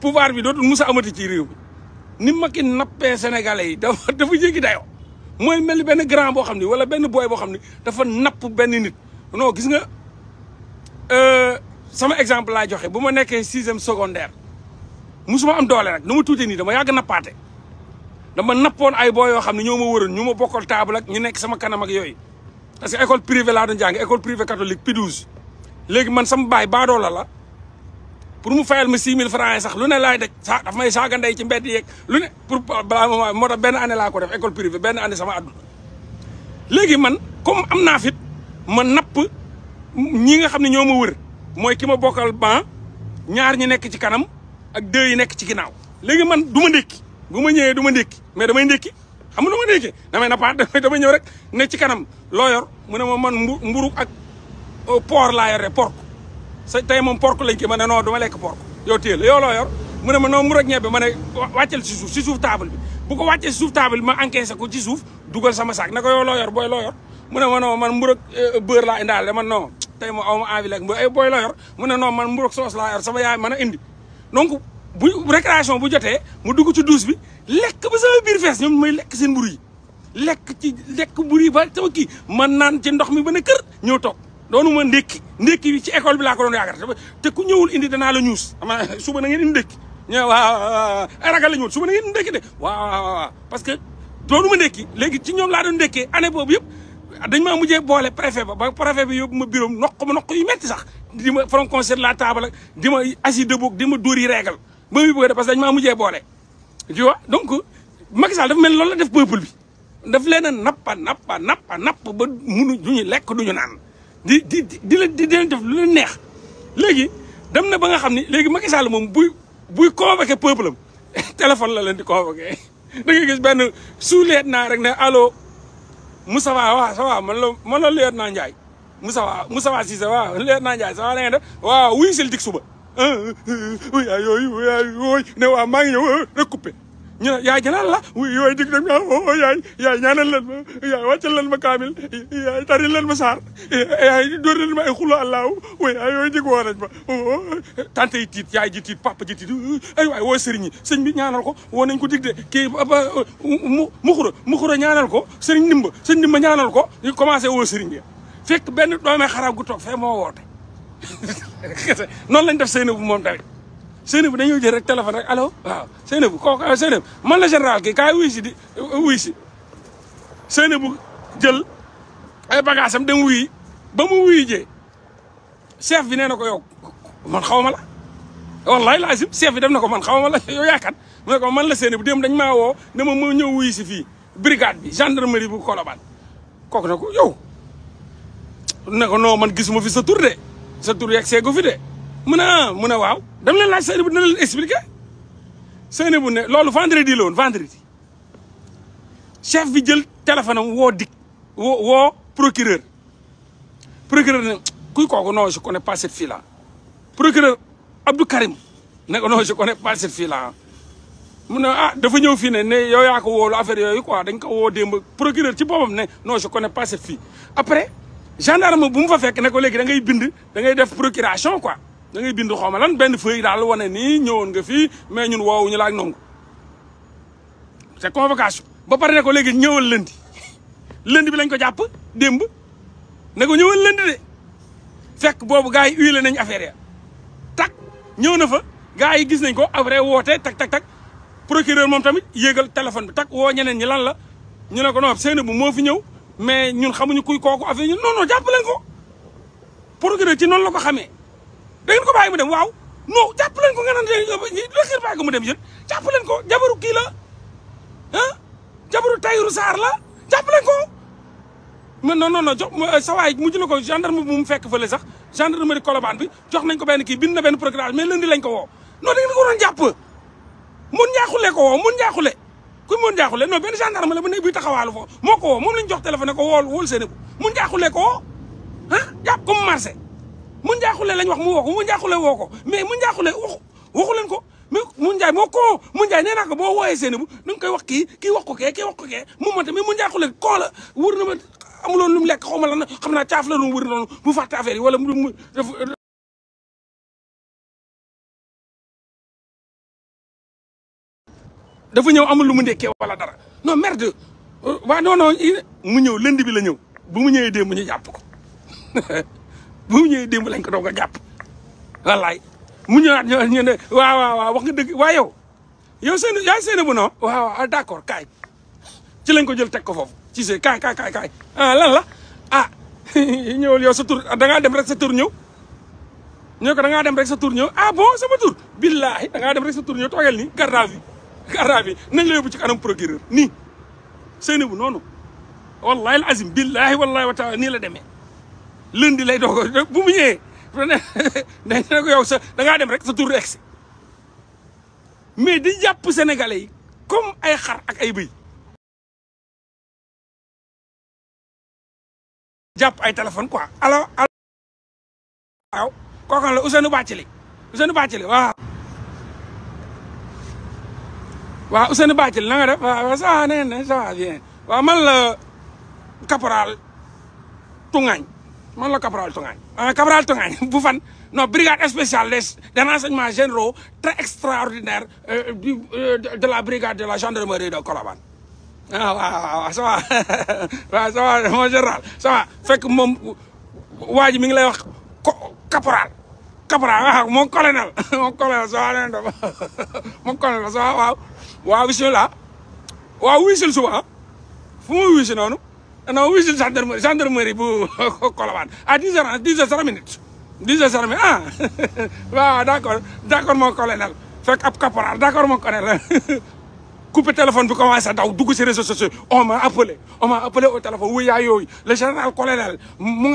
pouvoir bi dootul musa amati ci réew ni Macky nappee sénégalais yi dafa dafa jéggi dayoo mooy mel ni benn grand boo xam ni wala benn booy boo xam ni dafa napp benn nit non gis nga euh, sama exemple laa joxe bu ma nekkee sixième secondaire musuma am doole nag nu ma tuuti nii dama yàgg nappaate dama nappoon ay boo yoo xam ne ñoo ma wëroon ñu ma bokkal table ak ñu nekk sama kanam ak yooyu parce que école privée laa doon jàng école privée catholique Pidouze léegi man sama baay baadoola la pour mu fayal ma 6000 francs yi sax lu ne laay daj sa daf may saaga ndey ci mbedd yeeg lu ne pour balaa moment moo tax benn année laa ko def école privée benn année sama àdduna léegi man comme am naa fit ma napp ñi nga xam ne ñoo ma wër mooy ki ma bokal ban ñaar ñi nekk ci kanam ak deux yi nekk ci ginnaaw léegi man du ma ndékki bu ma ñëwee du ma ndékki mais damay ndékki xam nga lu ma ndékki damay nappaat damay ñëw rek ne ci kanam loo yor ne ma man mburu ak euh, porc laa yore porc sa tey moom porc lañ ki ma ne non du ma lekk porc yow téye la yow loo ma non mu rek ñebe ma si suuf si suuf table bi bu ko wàccee si suuf table bi ma encaissé ko ci suuf dugal sama saak ne ko yow loo yor booy loo yor ma non man mburok euh, beurre man non tey ma aw ma ay booy loo yor mu man mburok soos laa yor sama yaay mën a indi donc bu récréation bu jotee mu dugg ci douche bi lekk ba sama biir fees ñoom mooy lekk seen mburu yi lekk ci lekk mburu yi ba sama kii man naan ci ndox mi ba ne kër ñëw toog doonuma ndékki ndékki bi ci école bi laa ko doon yaakaar te ku ñëwul indi danaa la ñuus suba na ngeen indi ndékki ñu ne waaw ragal la ñëwul suba na ngeen indi ndékki de waaw parce que doonuma nekki léegi ci ñoom laa doon ndékkee année boobu yëpp dañ maa mujjee boole préfet ba ba préfet bi yóbbu ma bureau noq ma noq yu metti sax di ma front concert la table di ma assis debout di ma dóor yi régal ba muy bëgg parce que dañ maa mujjee boole tu vois donc Macky Sall dafa mel loolu la def peuple bi daf leen a nappa nappa nappa napp ba munu duñu lekk duñu naan di di di di leen def lu leen neex léegi dem na ba nga xam ni léegi Macky Sall moom buy buy convoqué peuple am téléphone la leen di convoqué da ngay gis benn suuleet naa rek ne allo Moussa Wa waaw ça va man la man la leet naa mu Moussa Wa Moussa Wa Cissé waaw leet naa Ndiaye ça va da ngeen def waaw wuyu sil dik suba ah yooyu yooyu ne waa maa ngi ñëw rek ñu ne yaay gënal la yooyu dig nag o oh, oh, yaay yaay ñaanal leen ma yaay wàccal leen ma kaamil yaay taril leen ma saar yaay dóor leen ma ay xulu àllaaw way ay yooyu dig woo nañ ma oh, tante yi yaay ji tiit papa ji waay woo sëriñ yi sëñ bi ñaanal ko woo nañ ko dig de kii muxura muxura ñaanal ko sëriñ ndimba sëñ ndimba ñaanal ko ñu commencé woo sëriñ bi fekk benn doomee xaraw gu toog fee moo woote noonu lañ def seen bu moom tamit Seynabou dañoo jël rek téléphone rek allo waaw Seynabou kooku ah, man la général kii kaay wuy si di uh, wuy si Seynabou jël ay bagages am dem wuy ba mu wuy jee chef bi nee na ko yow man xaw la wallaay laazim chef bi def na ko man xaw ma la yow yaakaar mu ne ko man la Seynabou dem dañ maa woo ne ma ma ñëw wuy si fii brigade bi gendarmerie bu Colobane kooku ne ko yow ne ko non man gisuma fi sa tur de sa tur seegu fi de. mu a mun a waaw dam la laaj Seynabou dina leen expliqué Seynabou ne loolu vendredi la woon vendredi chef bi jël téléphone am woo dik woo woo procureur procureur ne kuy kooku non ko ne pas cette fille là procureur Abdou Karim ne ko non je connais pas cette fille là mu ah, dafa ñëw fii ne ne yow yaa woolu affaire yooyu quoi dañ ko woo démb procureur ci boppam ne non ko ne pas cette fille après gendarme bu mu fa fekk ne ko léegi da ngay bind da ngay def procuration quoi da bindu bind ma lan benn feuille daal wane nii ñëwoon nga fii mais ñun woowu ñu laaj nangu c'est convocation ba pare ne ko léegi ñëwal lëndi lënd bi lañ ko jàpp démb ne ko ñëwal lënd de fekk boobu gars yi huilé nañ affaire ya tak ñëw na fa gars yi gis nañ ko après woote tak tak tak procureur moom tamit yéegal téléphone bi takk woo ñeneen ñi lan la ñu ne ko non seen bu moo fi ñëw mais ñun xamuñu kuy kooku affaire ñun non non jàpp leen ko procureur ci noonu la ko xamee. da ngeen ko bàyyi mu dem waaw non jàpp leen ko nga naan la xiir ko mu dem yéen jàpp leen ko jabaru kii la ah jabaru Tayrou saar la jàpp leen ko mais non non non jox sa waay mujj na ko gendarme bu mu fekk fële sax gendarmerie Colobane bi jox nañ ko benn kii bind na benn programme mais lundi lañ ko woo non da ngeen ko doon jàpp mun njaaxule ko woo mun njaaxule ku mun njaaxule non benn gendarme la bu nekk buy taxawaalu foofu moo ko woo moom jox téléphone ko wool wool seen bu mun le ko woo ah jàpp comme marché mun njaaxule lañ wax mu woo ko mun njaaxule woo ko mais mun njaaxule waxu waxu leen ko mais mun njaay moo ko mun njaay nee naa ko boo wooyee koy wax kii kii wax ko kee wax ko kee moom moo tamit mun njaaxule koo la wër na lu mu lekk xaw ma lan xam na caaf la doon wër noonu mu fàtte affaire yi mu def dafa ñëw amul lu mu ndekkee wala dara non merde euh, waaw non mu ñëw lënd bi la ñëw bu mu ñëwee dee mu ñu jàpp ko bu mu ñëwee démb lañ ko doog a jàpp wallaay mu ñëwaat ñëwaat ñu ne waaw waaw wax nga dëgg waaw yow yow seen yaay seen bu non waaw waaw d'accord ci lañ ko jël tek ko foofu ci see kaay kaay kaay ah, lan la ah ñëwal sa tur da ngaa dem rek sa tur ñëw ñoo da ngaa dem rek sa tur ñëw ah bon sama tur billaahi da ngaa sa tur ñëw toogeel nii garde à vue garde à ci kanam procureur nii seen bu noonu wallahi al azim billaahi wallahi wa taala nii la demee lundi lay doog bu mu ñëwee ne ne ko yow sa da dem rek sa tur egsi mais di jàpp sénégalais comme ay xar ak ay bëy jàpp ay téléphone quoi alors alors waaw kookan la Ousseynou Bathily Ousseynou Bathily waaw waaw Ousseynou waaw waaw man la caporal Tungañ man la caporal Tongagne ah caporal Tongagne bu fan non brigade spéciale des des renseignements généraux extraordinaire euh, euh, de la brigade de la gendarmerie de Colobane ah waaw waaw ça va waaw ça va waa ji mi ngi lay wax caporal caporal fu muy wiisi noonu naa wisul gendarmerie gendarmerie bu Colobane à 10 heures 10 heures 5 minutes 10 heures 5 minutes ah waaw d' accord d' accord mon colonel fekk caporal d' accord mon colonel téléphone bi commencé daw dugg si réseaux sociaux on m'a appelé on m'a téléphone wuy yaa le général colonel mu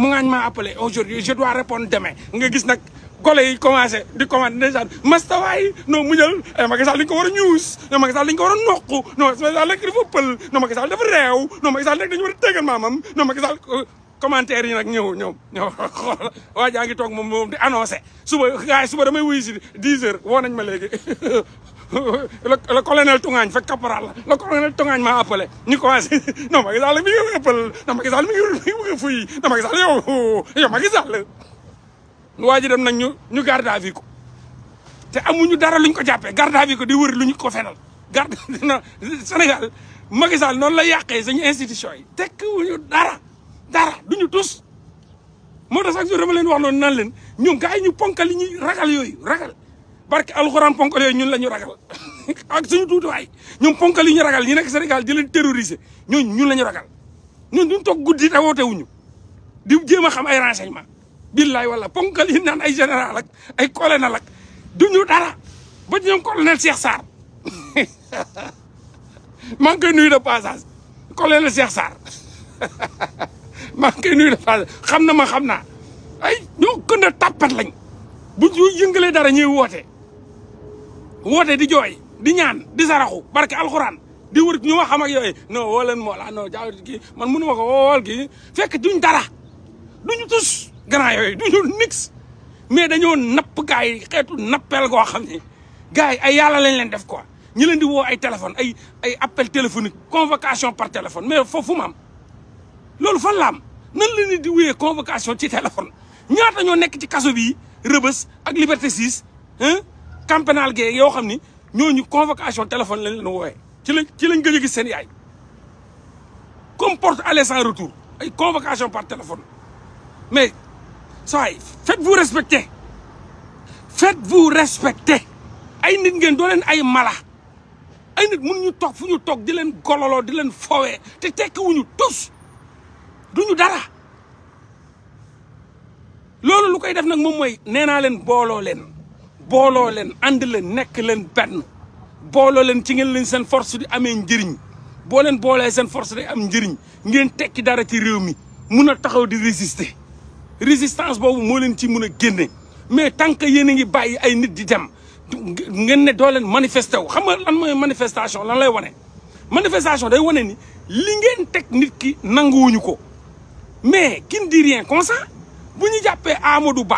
ngaañ m'a appelé aujourd'hui je dois répondre demain nga gis nag gole yi commencé di commande ndeysaan mastawaay non muñal ay eh, Macky Sall dañ ko war a ñuus non Macky Sall dañ ko war a noq non Macky Sall lekk dafa pël non Macky Sall dafa reew non Macky Sall nekk dañu a tegal maamam non Macky Sall euh, commentaire yi nag ñëw ñëw ñëw xool waa jaa ngi moom di annoncé suba gaay suba damay wuyu si dix heures woo ma léegi le colonel Tungaañ fekk caporal la le colonel Tungaañ maa appelé ñu commencé non Macky Sall mi ngi appel non Macky Sall mi ngi mi ngi fuy non Macky Sall yow yow Macky waa ji dem nañ ñu ñu garde à vue ko te amuñu dara luñ ko jàppee garde à vue ko di wër luñ ko fenal garde Sénégal Macky Sall noonu la yàqee suñu institution yi tekkiwuñu dara dara duñu tus moo ta chaque jour dama leen wax noonu naan leen ñoom gars yi ñu ponkal yi ñuy ragal yooyu ragal barke alxuraan ponkal yooyu ñun la ñu ragal ak suñu tuutiwaay ñoom ponkal yi ñu ragal ñi nekk Sénégal di leen terroriser ñooñu ñun la ñu ragal ñun duñ toog guddi te wuñu di jéem a xam ay renseignement billaay wala ponkal yi naan ay général ak ay colonel ak duñu dara ba ñoom colonel Cheikh Sarr maa ngi koy nuyu de passage colonel Cheikh Sarr maa ngi koy nuyu xam na ma xam naa ay ñoo gën a tàppat lañ bu ñu yëngalee dara ñuy woote woote di jooy di ñaan di saraxu barke alxuraan di wër ñu ma xam ak yooyu non woo leen moo la man mënu ma ko woowal kii fekk duñ dara duñu tus gannaaw yooyu du ñu nix mais dañoo napp gars yi xeetu nappel goo xam ne gars yi ay yàlla lañ leen def quoi ñi leen di woo ay téléphone ay ay appel téléphone convocation par téléphone mais foofu maam loolu fan laam nan la nit di wuyee convocation ci téléphone ñaata ñoo nekk ci kaso bii rëbës ak liberté 6 ah camp pénal yoo xam ni ñooñu convocation téléphone lañ leen woowee ci lañ ci lañ gëj a gis seen yaay comme porte aller sans retour ay convocation par téléphone mais saay faites-vous respecter faites-vous respecter ay nit ngeen doo ay mala ay nit mu ñu toog fu ñu toog di leen gololoo di leen foowee te tekkiwuñu tus ñu dara loolu lu koy def nag moom mooy nee naa leen booloo leen booloo leen ànd leen nekk leen benn booloo leen ci ngeen leen seen force di amee njëriñ boo leen boolee seen force day am njëriñ ngeen tekki dara ci réew mi mun a taxaw di résister résistance boobu moo leen ci mun a génne mais tant que yéen a ngi bàyyi ay nit di dem ngeen ne doo leen manifester wu xam lan mooy manifestation lan lay wane. manifestation day wane ni li ngeen teg nit ki nanguwuñu ko mais qui di dit rien consent bu ñu jàppee du Ba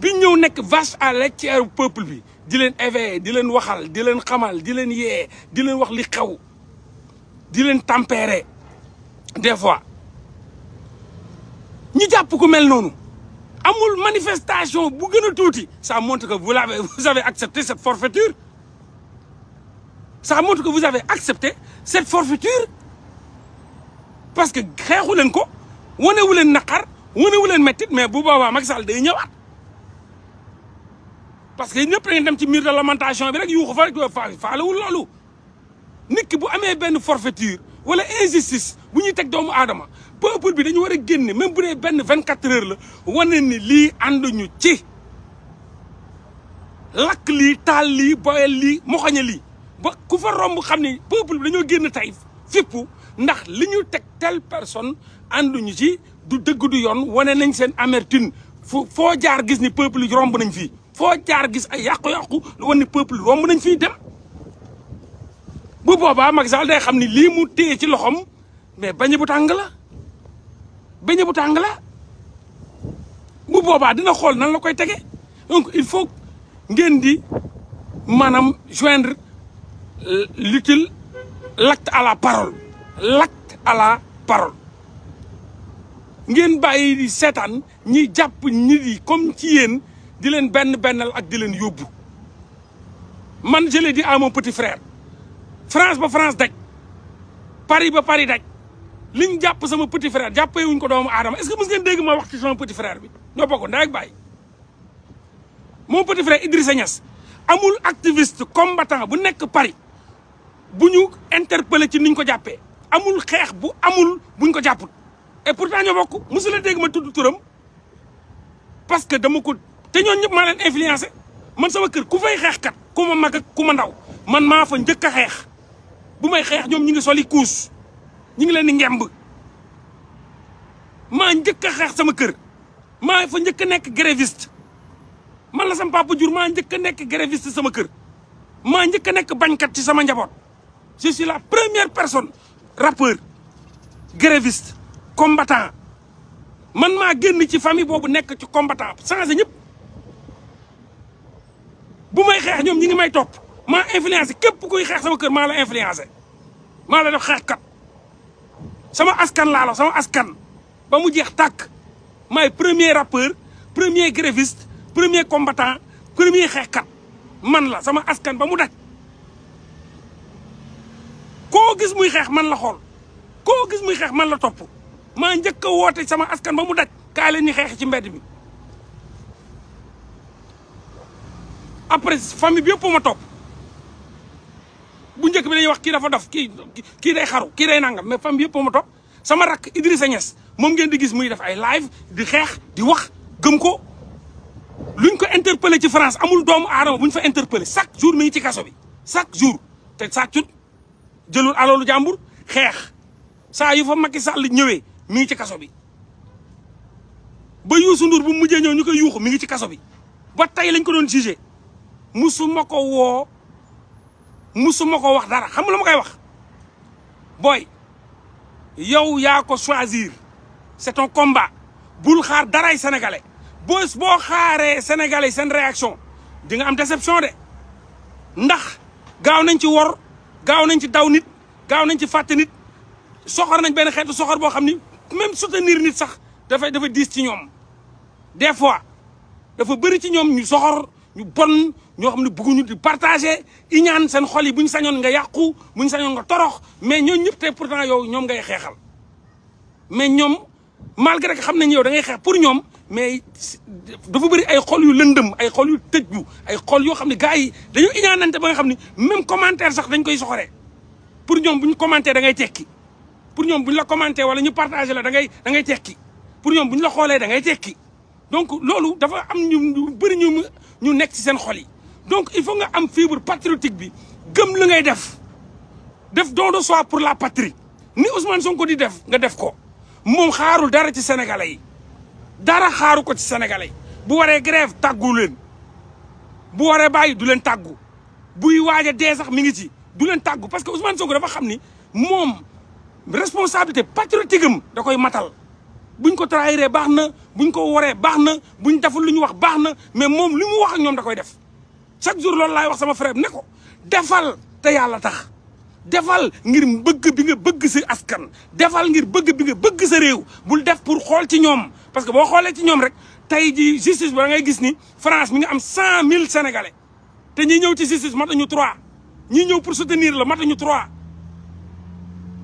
bi ñëw nekk vache à laitière peuple bi di leen éveiller di leen waxal di leen xamal di leen yee di leen wax li xew di leen tempérer des fois. ñi jàpp ku mel noonu amul manifestation bu gën a tuuti ça montre que vous l'avez vous avez accepté cette forfaiture ça montre que vous avez accepté cette forfaiture parce que xeexu leen ko wanewu leen naqar wanewu leen mettit mais bu boobaa Macky Sall day ñëwaat parce que ñëpp da ngeen dem ci mur de lamentation bi rek yuuxu fa rek faalewul loolu nit ki bu amee benn forfaiture wala injustice bu ñuy teg doomu aadama peuple bi dañu war a génne même bu dee benn vingt quatre heures la wane ni lii ànduñu ci lakk lii taal lii boyal lii moxoñe lii ba ku fa romb xam ni peuple bi dañoo génn tey fippu ndax li ñu teg telle personne ànduñu ci du dëgg du yoon wane nañ seen amertume fu foo jaar gis ni peuple yi romb nañ fii foo jaar gis ay yàqu-yàqu lu wane ni peuple romb nañ fii dem bu boobaa Macky Sall day xam ni lii mu téye ci loxoom mais bañ bu tàng la beñe bu tàng la bu boobaa dina xool nan la koy tege donc il faut ngeen di maanaam joindre l'utile l'acte à la parole l'acte à la parole ngeen bàyyi di seetaan ñi jàpp nit yi comme ci yéen di leen benn bennal ak di leen yóbbu man je l'ai dit à mon petit frère France ba France daj Paris ba Paris daj liñ jàpp sama petit frère jàppee wuñ ko doomu aadama est-ce que mës ngeen dégg ma wax ci sama petit frère bi ñoo bokk ndey ak baay mon petit frère Idrissa Niass amul activiste combattant bu nekk Paris bu ñu interpellé ci niñ ko jàppee amul xeex bu amul buñ ko jàpput et pourtant ñoo bokk mosu la dégg ma tudd turam parce que dama ko te ñoon ñëpp maa leen influencé man sama kër ku fay xeexkat ku ma mag ku ma ndaw man maa fa njëkk a xeex bu may xeex ñoom ñu ngi soli kuus ñi ngi leen di ngemb maa njëkk a xeex sama kër maa fa njëkk a nekk gréviste man la sama papa jur maa njëkk a nekk gréviste sama kër maa njëkk a nekk bañkat ci sama njaboot si suis la première personne rappeur gréviste combattant man maa génn ci famille boobu nekk ci combattant changé ñëpp bu may xeex ñoom ñi ngi may topp maa influencé képp kuy xeex sama kër maa la influencé maa la def xeexkat sama askan laa la sama askan ba mu jeex tàkk maay premier rappeur premier gréviste premier combattant premier xeexkat man la sama askan ba mu daj koo gis muy xeex man la xool koo gis muy xeex man la topp maa njëkk a woote sama askan ba mu daj kaa leen ñu xeex ci mbedd mi après famille bi yëpp ma topp bu njëkk bi dañuy wax kii dafa dof kii kii day xaru kii day nangam mais fam yëpp ma topp sama rakk Idrissa Niass moom ngeen di gis muy def ay live di xeex di wax gëm ko luñ ko interpellé ci France amul doomu aadama buñ fa interpellé chaque jour mi ngi ci kaso bi chaque jour te sàccut jëlul aloolu jàmbur xeex saa yi fa Macky Sall ñëwee mi ngi ci kaso bi ba Youssou Ndour bu mujjee ñëw ñu koy yuuxu mi ngi ci kaso bi ba tey lañ ko doon jugé musuma ko woo musuma ko wax dara xam nga lu ma koy wax boy yow yaa ko choisir c'est ton combat bul xaar daray sénégalais boo boo xaaree sénégalais seen réaction di nga am déception de ndax gaaw nañ ci wor gaaw nañ ci daw nit gaaw nañ ci fàtte nit soxor nañ benn xeetu soxor boo xam ni même soutenir nit sax dafay dafa diis ci ñoom des fois dafa bëri ci ñoom ñu soxor ñu bon ñoo xam ne ñu di partager iñaan seen xol yi bu ñu sañoon nga yàqu bu ñu sañoon nga torox mais ñooñu ñëpp tey pourtant yow ñoom ngay xeexal mais ñoom malgré que xam nañ yow da ngay xeex pour ñoom mais dafa bëri ay xol yu lëndëm ay xol yu tëjju ay xol yoo xam ne gars yi dañu iñaanante ba xam ne même commentaire sax dañ koy soxoree pour ñoom bu ñu commenté da ngay tekki pour ñoom bu ñu la commenté wala ñu la da ngay da ngay tekki pour ñoom bu ñu la xoolee da ngay tekki donc loolu dafa am ñu bëri ñu ñu nekk ci seen xol yi donc il faut nga am fibre patriotique bi gëm li ngay def def don de soi pour la patrie ni son ko di def nga def ko moom xaarul dara ci sénégalais yi dara xaaru ko ci sénégalais bu waree grève tàggu leen bu waree bàyyi du leen tàggu buy waaj dee sax mi ngi ci du leen tàggu parce que usman Ousmane Sonko dafa xam ni moom responsabilité patriotique am da koy matal buñ ko trahiree baax na buñ ko waree baax na buñ deful lu ñu wax baax na mais moom li mu wax ak ñoom da koy def chaque jour loolu laay wax sama frère ne ko defal te yàlla tax defal ngir bëgg bi nga bëgg sa askan defal ngir bëgg bi bëgg sa réew bul def pour xool ci ñoom parce que boo xoolee ci ñoom rek tey ji justice ba ngay gis ni France mi nga am cent mille sénégalais te ñi ñëw ci justice ñu trois ñi ñëw pour soutenir la ñu trois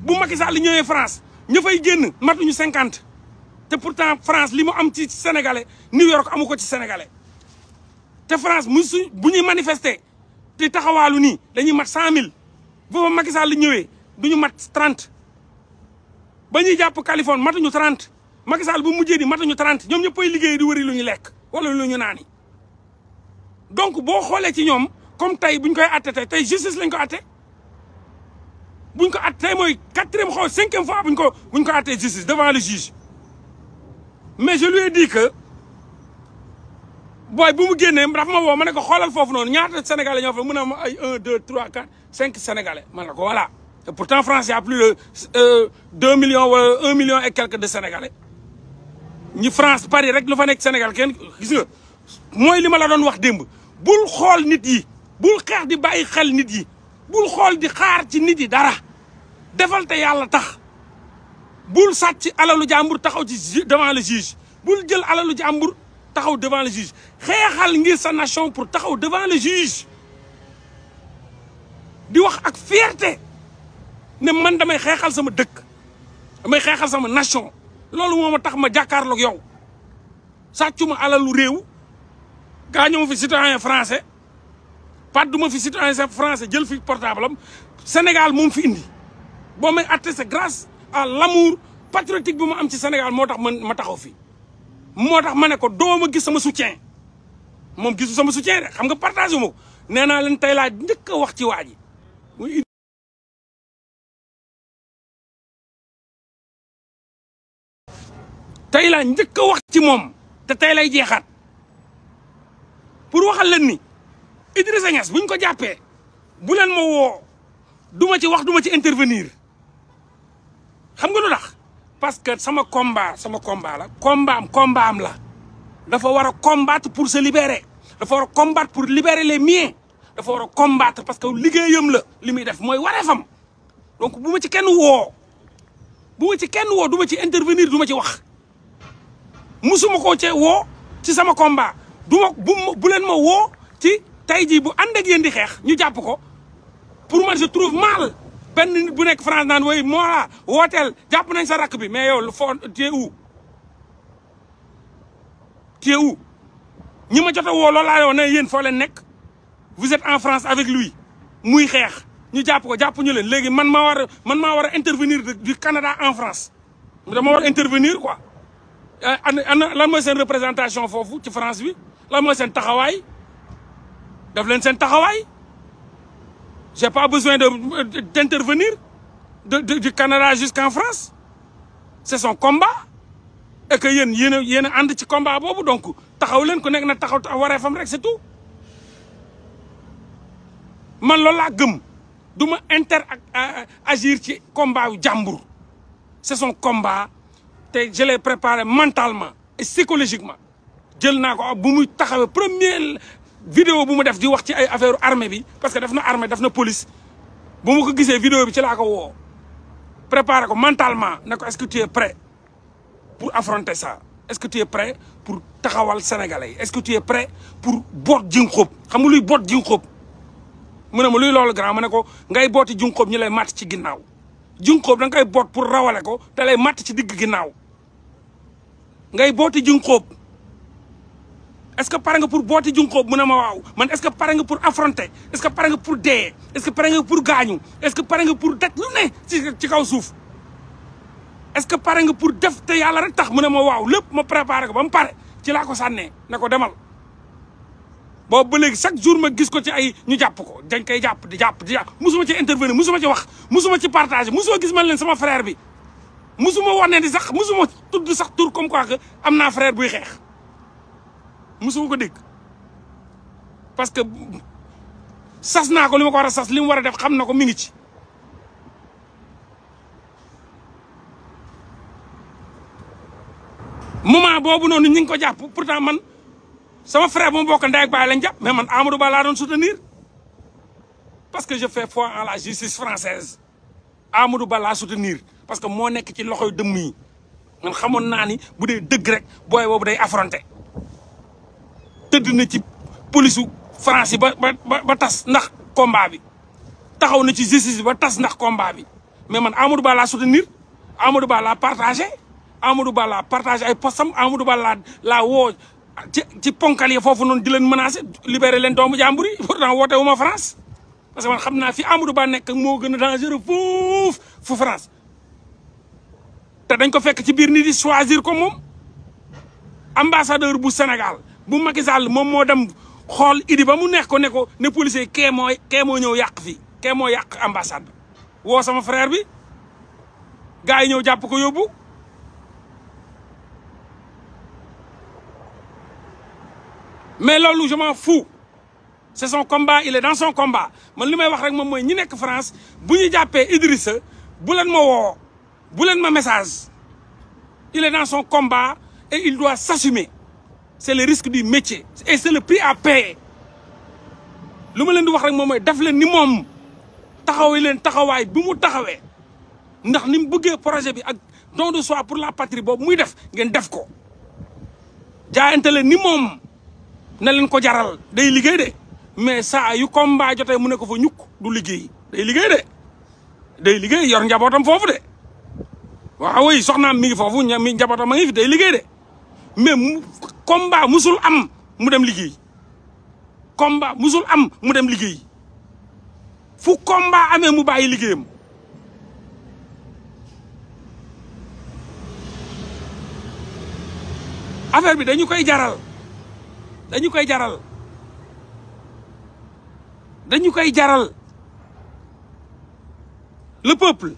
bu Macky Sall li ñëwee France ña fay génn ñu cinquante te pourtant France li mu am ci sénégalais New York amu ko ci sénégalais te France mu su bu ñuy manifester te taxawaalu nii dañuy mat cent mille booba Macky Sall ñëwee du ñu mat trente ba ñuy jàpp Californie matuñu trente Macky Sall bu mujjee mat ñu trente ñoom ñëppay liggéey di wëri lu ñu lekk wala lu ñu naani donc boo xoolee ci ñoom comme tey buñ koy atte tey tey justice lañ ko atte buñ ko atte tey mooy quatrième xaw cinquième fois buñ ko buñ ko atte justice devant le juge mais je lui ai que booy bu mu génnee dafa ma woo ma ne ko xoolal foofu noonu ñaata sénégalais ñoo fa mën a am ay 1 2 3 4 5 sénégalais ma ne ko voilà et pourtant France y a plus de euh, millions wala 1 million et quelques de sénégalais ñi France Paris rek lu fa nekk Sénégal kenn mooy li ma la doon wax démb bul xool nit yi bul xeex di bàyyi xel nit yi bul xool di xaar ci nit yi dara defal te yàlla tax bul ci alalu jàmbur taxaw ci devant le juge bul jël alalu jàmbur. taxaw devant le juge xeexal ngir sa nation pour taxaw devant le juge di wax ak fierté ne man damay xeexal sama dëkk damay xeexal sama nation loolu moo ma tax ma jàkkaarloog yow sàccuma alalu réew gaañuma fi citoyen français pàdduma fi citoyen français jël fi portable am Sénégal moom fi indi boo may attesté grâce à l'amour patriotique bi ma am ci Sénégal moo tax man ma taxaw fi moo tax ma ne ko doo ma gis sama soutien moom gisu sama soutien de xam nga partagé wu ma ko nee naa leen tey laa njëkk a wax ci waa ji muy laa njëkk a wax ci moom te tey lay jeexaat pour waxal leen ni Idrissa Niass buñ ko jàppee bu leen ma woo duma ci wax duma ci intervenir xam nga lu tax parce que sama combat sama combat la combat am la dafa war a combattre pour se libere dafa war a combattre pour libérer les miens dafa war a parce que liggéeyam la li muy def mooy wareefam donc bu ma ci kenn woo bu ma ci kenn woo du ma ci intervenir du ma ci wax musuma ko cee woo ci sama combat du ma bu leen ma woo ci tey jii bu ànd ak yéen di xeex ñu jàpp ko pour ma je trouve mal benn nit bu nekk France naan wooy Mawla wooteel jàpp nañ sa rakk bi mais yow lu foo téye wu. téye ñi ma jot a woo loolaa yow ne yéen foo leen nekk vous êtes en France avec lui muy xeex ñu jàpp ko jàpp ñu leen léegi man maa war a man maa war a intervenir du Canada en France dama war a intervenir quoi. Euh, ana lan mooy seen représentation foofu ci France bi lan mooy seen taxawaay daf leen seen taxawaay. j'ai pas besoin de d'intervenir de, de, du Canada jusqu'en France c'est son combat et que yéen yéen a yéen a ànd ci combat boobu donc taxaw leen ku nekk na taxaw taxaw waree fam rek c'est tout man loolu laa gëm du ma inter ak agir ci combat yu jàmbur c'est son combat te je l'ai préparé mentalement et psychologiquement jël naa ko bu muy taxawee premier vidéo bu mu def di wax ci ay affaire armée bi parce que daf na armée def na police bu mu ko gisee vidéo bi ci laa ko woo préparé ko mentalement ne ko est-ce pour affronter ça est-ce que tu pour taxawal sénégalais yi est-ce pour boot jinxóob xam luy boot jinxóob mu ne ma luy loolu grand ma ne ko ngay booti jinxóob ñu lay màtt ci ginnaaw jinxóob da nga boot pour rawale ko te lay màtt ci digg ginnaaw ngay booti jinxóob est-ce que pare nga pour booti junkoo mu ne ma waaw man est-ce que pare nga pour affronter est-ce que pare nga pour dee est-ce que pare nga pour gaañu est-ce que pare nga pour daj lu ne ci kaw suuf est-ce que pare nga pour def te yàlla rek tax mu ne ma waaw lép ma préparé ko ba mu pare ci laa ko sànnee ne ko demal boobu ba léegi chaque jour ma gis ko ci ay ñu jàpp ko dañ koy jàpp di jàpp di jàpp musuma ci intervenir musuma ci wax musuma ci partagé musuma gis ma leen sama frère bi musuma wax ne di sax musuma tudd sax tur comme am naa frère buy xeex musuma ko dégg parce que sas naa ko li ko war a sas li war a def xam na ko mi ngi ci moment boobu noonu ñi ngi ko jàpp pourtant man sama frère bu ma bokk ndey ak baay lañ jàpp mais man Amadou Ba doon soutenir parce que je fais fois à la justice française Amadou Ba laa soutenir parce que moo nekk ci loxoy dëmm yi man xamoon naa ni bu dee dëgg rek booy boobu day affronter tëdd na ci polisu France ba ba ba tas ndax combat bi taxaw na ci justice ba tas ndax combat bi mais man Amadou Ba laa soutenir Amadou Ba laa partagé Amadou Ba laa partagé ay postam Amadou Ba laa laa ci ci ponkal foofu noonu di leen menacé libéré leen doomu jàmbur yi pourtant woote wu ma France parce que man xam naa fi Amadou Ba nekk moo gën a dangereux foofu fu France te dañ ko fekk ci biir nit yi choisir ko moom ambassadeur bu Sénégal bu Macky moom moo dem xool idi ba mu neex ko ne ko ne policier kee moo moo ñëw yàq fii kee moo yàq ambassade woo sama frère bi gars yi ñëw jàpp ko yóbbu mais loolu je fu fous c'est son combat il est dans son combat man li may wax rek moom mooy ñi nekk France bu ñu jàppee Idrissa bu leen ma woo bu leen ma message il est dans son combat et il doit s'assumer c'est le risque du métier et c'est le prix à payer lu ma leen di wax rek moom mooy def leen ni moom taxawee leen taxawaay bi mu taxawee ndax ni mu bëggee projet bi ak don de soi pour la patrie boobu muy def ngeen def ko jaayante leen ni moom na leen ko jaral day liggéey de mais saa yu combat jotee mu ne ko fa ñukk du liggéey day liggéey de day liggéey yor njabootam foofu de waaw oui soxnaam mi ngi foofu mi njabootam ma ngi fi day liggéey de mais combat musul am mu dem liggéey komba musul am mu dem liggéey fu komba amee mu bàyyi liggéeyam affaire bi dañu koy jaral dañu koy jaral dañu koy jaral le peuple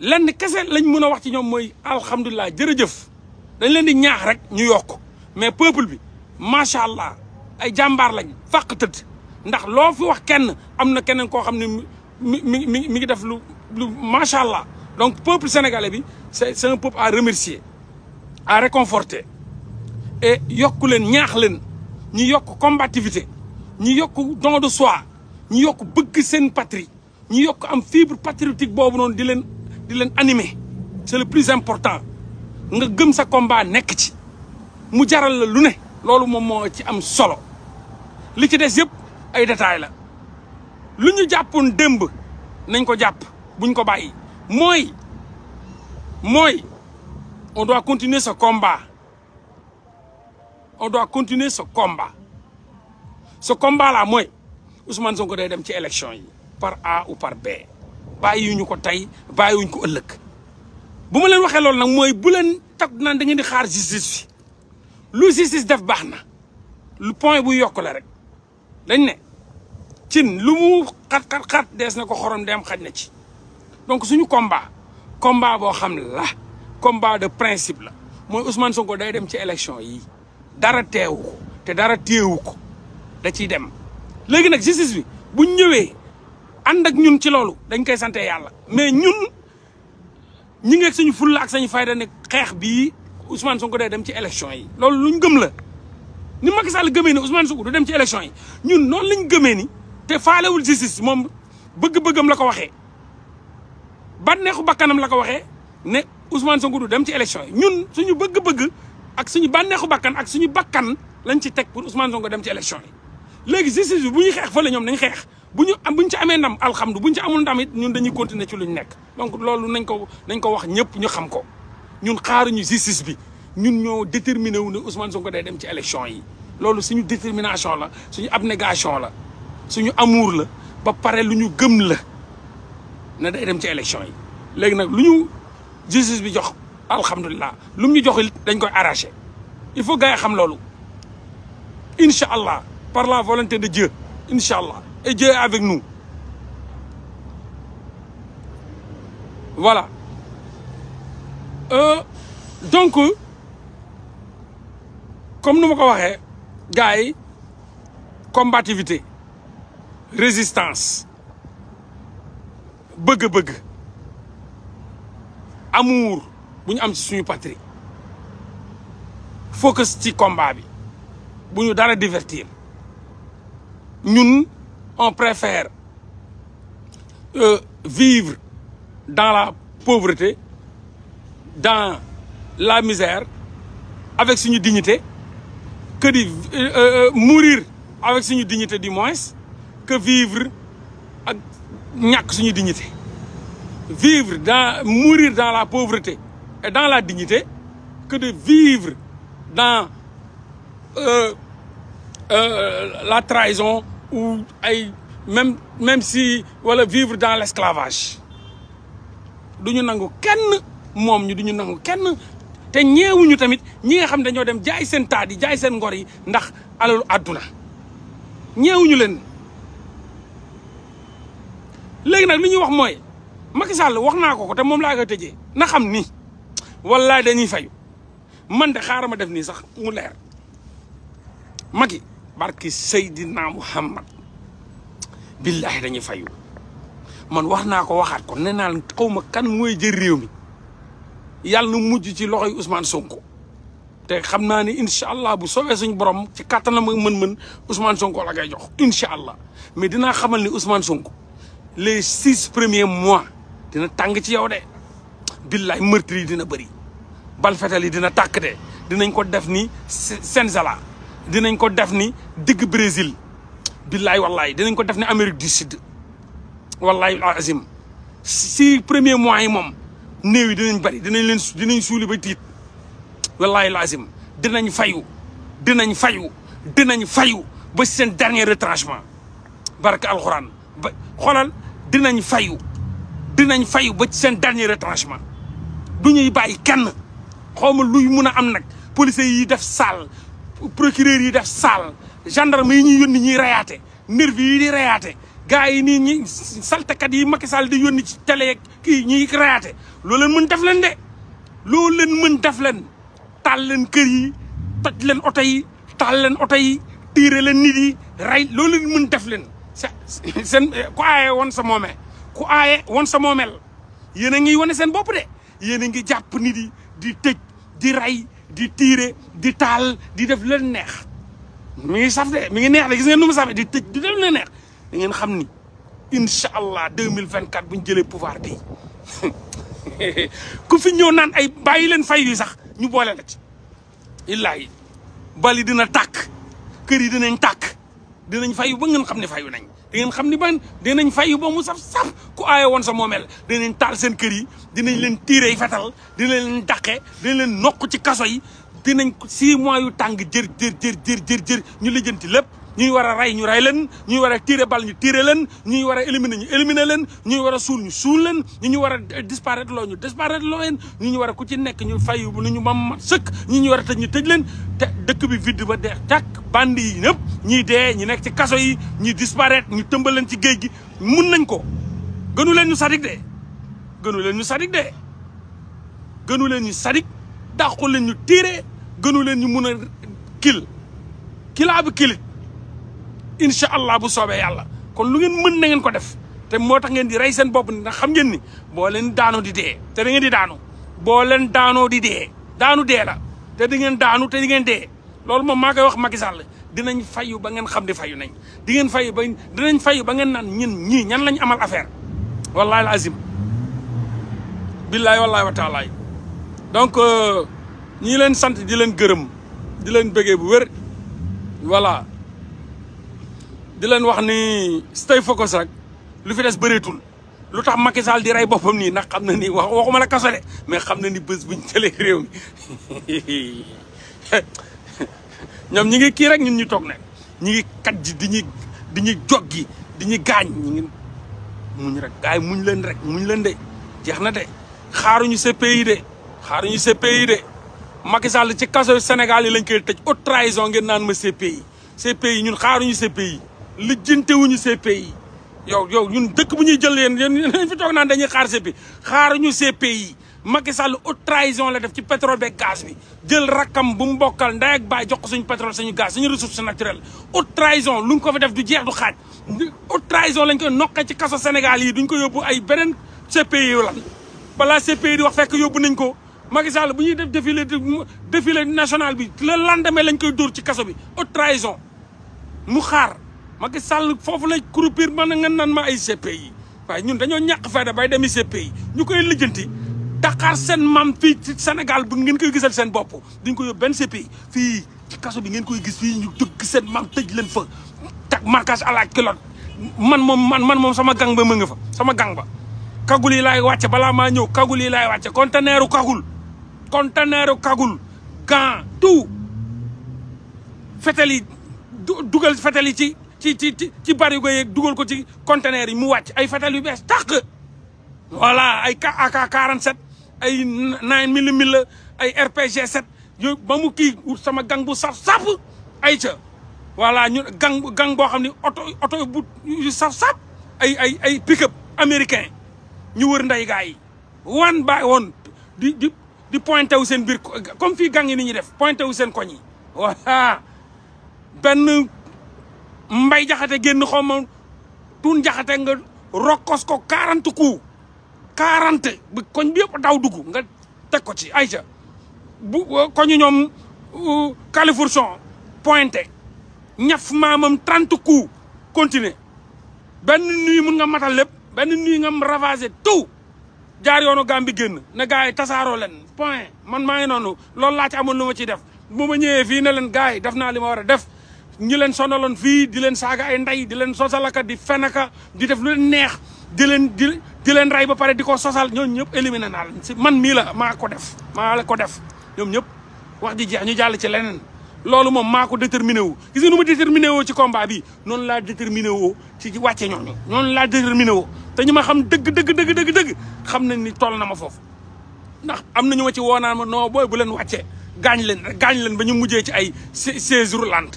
lenn kese lañ mën a wax ci ñoom mooy alhamdulilah jërëjëf dañ leen di ñaax rek ñu yokk mais peuple bi macha allah ay jàmbaar lañ fàq ndax loo fi wax kenn am na keneen koo xam ne mi mi mi mi ngi def lu lu macha allah donc peuple sénégalais bi c'est c'est un peuple à remercier à réconforter et yokku leen ñaax leen ñi yokk combativité ñi yokk don de soi ñi yokk bëgg seen patrie ñi yokk am fibre patriotique boobu noonu di leen di leen animer c'est le plus important nga gëm sa combat nekk ci mu jaral la lu ne loolu moom moo ci am solo li ci des yëpp ay détails la lu ñu jàppoon démb nañ ko jàpp buñ ko bàyyi mooy mooy on doit continuer ce combat on doit continuer ce combat ce combat là mooy Ousmane ko day dem ci élection yi par A ou par B bàyyiwuñu ko tey bàyyiwuñ ko ëllëg bu ma leen waxee loolu nag mooy bu leen tag naan da ngeen di xaar justice fi lu justice def baax na lu point bu yokk rek dañ ne cin lu mu xat xat xat dees na ko xorom dem xaj na ci donc suñu combat combat boo xam la combat de principe la mooy Ousmane Sonko day dem ci élection yi dara teewu ko te dara teewu ko da ciy dem léegi nag justice bi bu ñëwee ànd ak ñun ci loolu dañ koy sante yàlla mais ñun ñi suñu fulla ak sañu fayda ne xeex bii Ousmane Sonko day dem ci élection yi loolu luñ gëm la ni Macky Sall gëmee ni Ousmane Sonko du dem ci élection yi ñun noonu lañ gëmee ni te faalewul justice moom bëgg-bëggam la ko waxee bànneexu bakkanam la ko waxee ne Ousmane Sonko du dem ci élection yi ñun suñu bëgg-bëgg ak suñu bànneexu bakkan ak suñu bakkan lañ ci teg pour Ousmane Sonko dem ci élection yi léegi justice bi bu ñuy xeex fële ñoom nañ xeex bu ñu am bu ci amee ndam alhamdu buñu ci amul ndam ñun dañuy continuer ci luñ nekk donc loolu nañ ko nañ ko wax ñëpp ñu xam ko ñun ñu justice bi ñun ñoo déterminé wu ne Ousmane ko day dem ci élection yi loolu suñu détermination la suñu abnégation la suñu amour la ba pare lu ñu gëm la ne day dem ci élection yi léegi nag lu ñu justice bi jox alhamdulilah lu mu ñu jox dañ koy arraché il faut gars xam loolu incha allah par la volonté de jë incha allah et Dieu est avec nous voilà. Euh, donc comme nu ma ko waxee gars yi combativité résistance bëgg-bëgg amour bu ñu am ci suñu patri focus ci combat bi bu ñu dara divertir ñun on préfère euh, vivre dans la pauvreté dans la misère avec suñu dignité que di euh, euh, euh, mourir avec suñu dignité di moins que vivre ak ñàkk suñu dignité vivre dans mourir dans la pauvreté et dans la dignité que de vivre dans euh, euh, la trahison ou ay même même si wala vivre dans l'esclavage duñu nangu kenn moom ñu duñu nangu kenn te ñeewuñu tamit ñi nga xam dañoo dem jaay seen taat yi jaay seen ngor ndax alalu àdduna ñeewuñu leen léegi nag li ñuy wax mooy Macky Sall wax naa ko ko te moom laa koy tëjee na xam ni wallaay dañuy fayu man de xaaral ma def nii sax mu leer Macky barki Seydina Muhammad billahi dañuy fayu man wax naa ko waxaat ko ne naa xaw ma kan mooy jël réew mi yàlla na mujj ci loxoy Ousmane Sonko te xam naa ni incha allah bu soowee suñ borom ci kattanam ak mën-mën Ousmane Sonko la jox incha allah mais dinaa xamal ni Ousmane Sonko les six premier mois dina tàng ci yow de billaay meurtre dina bëri bal fetal dina tàkk de dinañ ko def ni Senzala dinañ ko def ni digg Brésil billaay wallaay dinañ ko def ni Amérique du Sud wallaay azim si premier mois yi moom. néew yi dinañ bari dinañ leen dinañ suuli ba tiit wallahi laasim dinañ fayu dinañ fayu dinañ fayu ba seen dernier retranchement barke alxuraan ba xoolal dinañ fayu dinañ fayu ba seen dernier retranchement du ñuy bàyyi kenn xawma luy mun a am nag policiers yi def saal procureur yi def saal gendarme yi ñuy yónni ñuy reyaate nervi yi di reyaate gars yi nii ñi saltakat yi Macky Sall di yónni ci télé kii ñuy reyaate loo leen mën def leen de loo leen mën def leen taal leen kër yi toj leen oto yi taal leen oto yi tiire leen nit yi rey loo leen mën def leen seen ku aaye woon sa moomee ku aaye woon sa moomeel yéen a ngi wone seen bopp de yéen a ngi jàpp nit yi di tëj di rey di tiire di taal di def leen neex mi ngi saf de mi ngi neex de gis ngeen nu mu safee di tëj di def leen neex da ngeen xam ni incha allah deux mille vingt quatre bu ñu jëlee pouvoir bi ku fi ñëw naan ay bàyyi leen fay yi sax ñu boole la ci illaahi bali dina tàkk kër yi dinañ tàkk dinañ fayu ba ngeen xam ne fayu nañ da ngeen xam ni ban dinañ fay ba mu saf-saf ku aaye woon sa moomeel dinañ taal seen kër yi dinañ leen tiire yi fetal dinañ leen daqe dinañ leen nokk ci kaso yi dinañ six mois yu tàng jër jër jër jër jër jër ñu lijjanti lépp ñuy war a rey ñu rey leen ñuy war a tiire bal ñu tiire leen ñuy war a ñu éliminer leen ñuy war a suul ñu suul leen ñu ñu war a disparaître ñu disparaître loo leen ñu ñu war a ku ci nekk ñu fay lu ñu mam mat sëkk ñu ñu war a tëj ñu tëj leen dëkk bi vide ba dee càkk band yi ñëpp ñiy dee ñi nekk ci kaso yi ñi disparaître ñu tëmbal leen ci géej gi mun nañ ko gënu leen ñu sadik de gënu leen ñu sadik de gënu leen ñu sadik dàqu leen ñu tiire gënu leen ñu mun a kil kilaa bi kilit incha allah bu soobee yàlla kon lu ngeen mën na ngeen ko def te moo tax ngeen di rey seen bopp ndax xam ngeen ni boo leen daanoo di dee te da ngeen di daanu boo leen daanoo di dee daanu dee la te di ngeen daanu te di ngeen dee loolu moom maa koy wax Macky Sall dinañ fayu ba ngeen xam di fayu nañ di ngeen fayu ba dinañ fayu ba ngeen naan ñin ñii ñan lañ amal affaire wallahi azim billahi wallahi wa taalaay donc euh, ñi leen sant di leen gërëm di leen bëggee bu wér voilà di leen wax ni stay focus rek lu fi des bëreetul lu tax Macky Sall di rey boppam nii ndax xam na ni wax waxuma la kaso de mais xam na ni bés buñ jëlee réew mi ñoom ñi ngi kii rek ñun ñu toog ne ñi ngi ji di ñuy di ñuy joggi di ñuy gaañ ñi muñ rek gaay muñ leen rek muñ leen de jeex na de xaaruñu CPI de xaaruñu CPI de Macky Sall ci kaso Sénégal yi lañ koy tëj haute trahison ngeen naan ma CPI CPI ñun xaaruñu CPI li lijjantewuñu CPI yow yow ñun dëkk bu ñuy jël yéen ñu fi toog naan dañuy xaar CPI xaaruñu CPI Macky Sall haute trahison la def ci pétrole beeg gaz bi jël rakkam bu mu bokkal ndey ak baay jox ko suñu pétrole suñu gaz suñu ressource naturelle haute trahison lu ñu ko fi def du jeex du xaaj haute trahison lañ koy noqe ci kaso Sénégal yi duñ ko yóbbu ay beneen CPI yu lan balaa CPI di wax fekk yóbbu nañ ko Macky Sall bu ñuy def défilé défilé national bi le lendemain lañ koy dóor ci kaso bi haute trahison mu xaar Macky Sall foofu la croupir man nga nan ma ay CPI waaye ñun dañoo ñàkk fayda bay demi CPI ñu koy lijjanti Dakar seen maam fii ci Sénégal bu ngeen koy gisal seen bopp duñ ko yóbbu benn CPI fii kaso bi ngeen koy gis fii ñu dëgg seen maam tëj leen fa tak marquage à man moom man man moom sama gang ba mu fa sama gang ba kagul yi laay wàcce balaa maa ñëw kagul yi laay wàcce conteneur kagul conteneur kagul gant tout fetel yi dugal ci ci ci ci ci barigo yeeg dugal ko ci conteneur yi mu wàcc ay fetal yu bees tàq voilà ay AK 47 ay 9 millimètres ay RPG 7 ba mu kii wut sama gang bu saf sap ay ca voilà ñu gang gang boo xam ni oto oto bu yu saf sap ay ay ay pick-up américain ñu wër nday gaa yi wan ba woon di di di pointé wu seen biir comme fii gang yi ni ñuy def pointé wu seen koñ yi mbay jaxate génn xaw ma tun jaxate nga rokkos ko quarante coups quarante bu koñ bi yëpp daw dugg nga teg ko ci ayca bu koñu ñoom califourchon euh, pointé ñaf maamam trente coups continuer benn nuyu mun nga matal lépp benn nuyu nga ravager tout jaar yoonu gàm bi génn na gars yi tasaaroo leen point man maa ngi noonu loolu laa ci amoon lu ma def bu ma ñëwee fii ne leen gars yi def naa li ma war a def ñi leen sonaloon fii di leen saaga ay ndey di leen sosalaka di fenaka di def lu leen neex di leen di di leen rey ba pare di ko sosal ñoom ñëpp éliminé naa leen man mii la maa ko def maa la ko def ñoom ñëpp wax ji jeex ñu jàll ci leneen loolu moom maa ko déterminé wu gis nga nu ma woo ci combat bi noonu laa déterminé woo ci wàcce ñooñu noonu laa déterminé woo te ñu ma xam dëgg dëgg dëgg dëgg dëgg xam nañ ni toll na ma foofu ndax am na ñu ma ci woonaan ma noo booy bu leen wàccee gaañ leen gaañ leen ba ñu mujjee ci ay seize roulant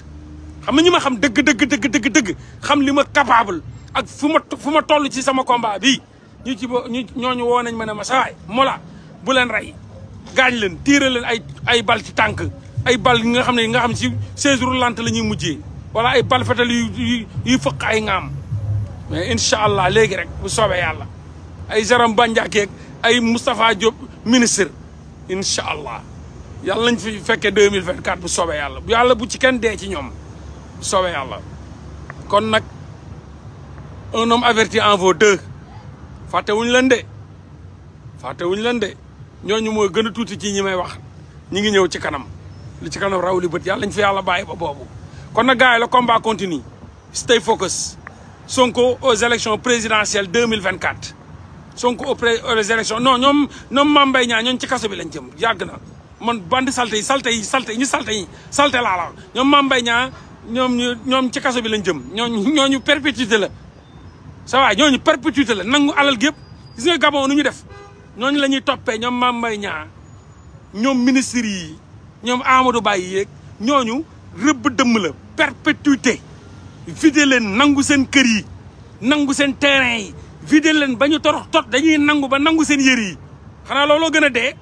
xam na ñi ma xam dëgg dëgg dëgg dëgg dëgg xam li ma capable ak fu ma fu ma toll ci sama combat bii ñu ci ñu ñooñu woo nañ ma ne ma sawaay mola bu leen rey gaañ leen tiire leen ay ay bal ci tànk ay bal yi nga xam ne nga xam si seize roulante la ñuy mujjee wala ay bal fetal yu yuy fëq ay ŋaam mais incha allah léegi rek bu soobee yàlla ay Jaram Bandiakeeg ay Moustapha Diop ministre incha allah yàlla nañ fi fekkee 2024 bu soobee yàlla yàlla bu ci kenn dee ci ñoom soobee yàlla kon nag un homme averti en vaut deux fàtte wuñu leen de fàtte wuñu leen de ñooñu mooy gën a tuuti ci ñi may wax ñi ngi ñëw ci kanam li ci kanam raw li bët yàlla ñu fi yàlla bàyyi ba boobu kon na gars yi la combat continue stay focus Sonko aux élections présidentielles son Sonko aux élections non ñoom ñoom Mame Mbaye Niang ñoom ci kaso bi lañ jëm yàgg na man bandi salte yi salte yi salte ñu salte yi salte laa la ñoom Mame ñaa ñoom ñu ñoom ci kaso bi lañ jëm ñooñu ñooñu perpétuité la sa ñooñu perpétuité la nangu alal gépp gis nga Gabon nu ñu def ñooñu la ñuy toppee ñoom Mame Mbaye Niang ñoom ministres yi ñoom Amadou Ba yi yeeg ñooñu rëbb dëmm la perpétuité vider leen nangu seen kër yi nangu seen terrain yi vider leen ba ñu torox tot dañuy nangu ba nangu seen yére yi xanaa looloo gën a dee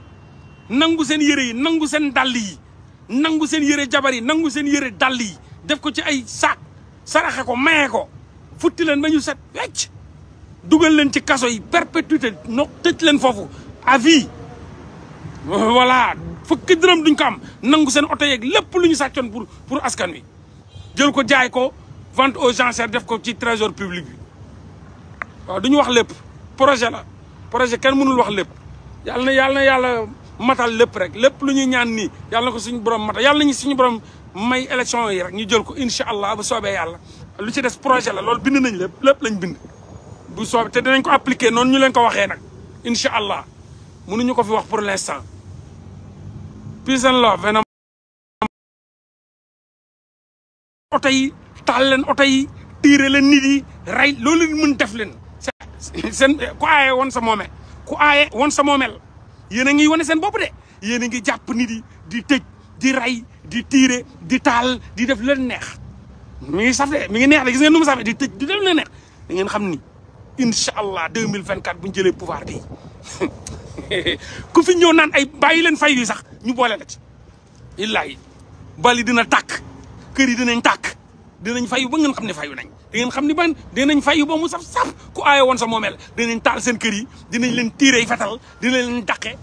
nangu seen yëre yi nangu seen dàll yi nangu seen yére jabar yi nangu seen yére dàll yi def ko ci ay saak saraxe ko maye ko futti leen ba set wecc dugal leen ci kaso yi perpétuité no tëj leen foofu à vie voilà fukki dërëm duñ ko am nangu seen oto yeeg lépp lu ñu sàccoon pour pour askan wi jël ko jaay ko vente aux enchères def ko ci trésor public bi waaw duñu wax lépp projet la projet kenn mënul wax lépp yàlla na yàlla yàlla matal lépp rek lépp lu ñuy ñaan ni yàlla na ko suñu borom matal yàlla ñu suñu borom may élection yi rek ñu jël ko incha allah bu soobee yàlla lu ci des projet la loolu bind nañ lépp lépp lañ bind bu soobee te dinañ ko appliquer noonu ñu leen ko waxee nag incha allah mënuñu ko fi wax pour l'instant peace and love venam oto leen oto yi leen nit yi rey loolu leen def leen seen ku aaye woon sa ku aaye woon sa yéen a ngi wane seen bopp de yéen a ngi jàpp nit yi di tëj di rey di tiire di taal di def leen neex mi ngi saf de mi ngi neex de gis ngeen nu mu safee di tëj di def leen neex da ngeen xam ni incha allah deux mille vingt quatre bu ñu jëlee pouvoir bi ku fi ñëw naan ay bàyyi leen fay yi sax ñu boole la ci. illaahi bali dina tàkk kër yi dinañ tàkk dinañ fayu ba ngeen xam ne fayu nañ da xam ni ban dinañ fayu ba mu saf saf ku aaye woon sa moomeel dinañ taal seen kër yi dinañ leen tiire tiiree fetal dinañ leen daqe.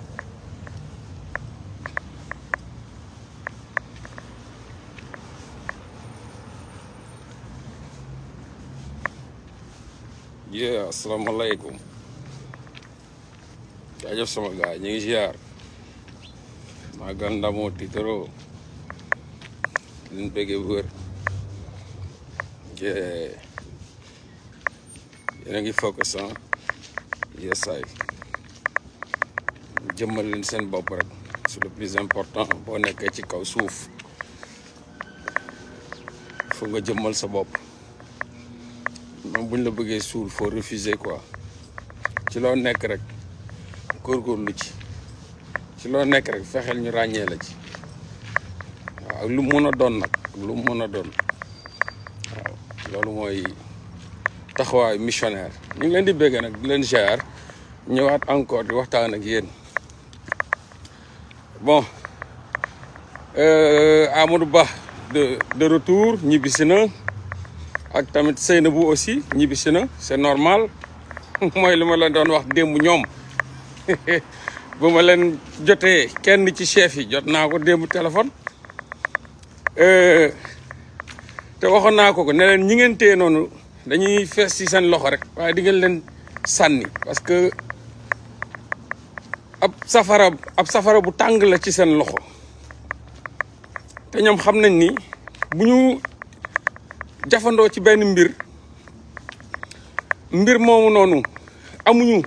yeah asalaamaaleykum jaajëf sama gaay ñu ngi ziar maagal ndamoo tiitaroo liñ bëggee bu wér yéen a ngi focus ah yesaay jëmmal seen bopp rek c'est le plus important boo nekkee ci kaw suuf foog nga jëmmal sa bopp même buñ la bëggee suul faut refuser quoi ci loo nekk rek lu ci ci loo nekk rek fexeel ñu ràññee la ci waaw ak lu mën a doon nag lu mën a doon waaw loolu mooy taxawaayu missionnaire ñu ngi leen di bégg nag di leen ziar ñëwaat encore di waxtaan ak yéen bon euh, Amadou Ba de de retour ñibbisi na. ak tamit Seynabou aussi ñibbisi na c'est normal mooy li ma leen doon wax démb ñoom bu ma leen jotee kenn ci chef yi jot naa ko démb téléphone euh, te waxoon naa ko ko ne leen ñi ngeen téye noonu dañuy fees ci seen loxo rek waaye di leen sànni parce que ab safara ab safara bu tàng la ci seen loxo te ñoom xam nañ ni bu ñu jafandoo ci benn mbir mbir moomu noonu amuñu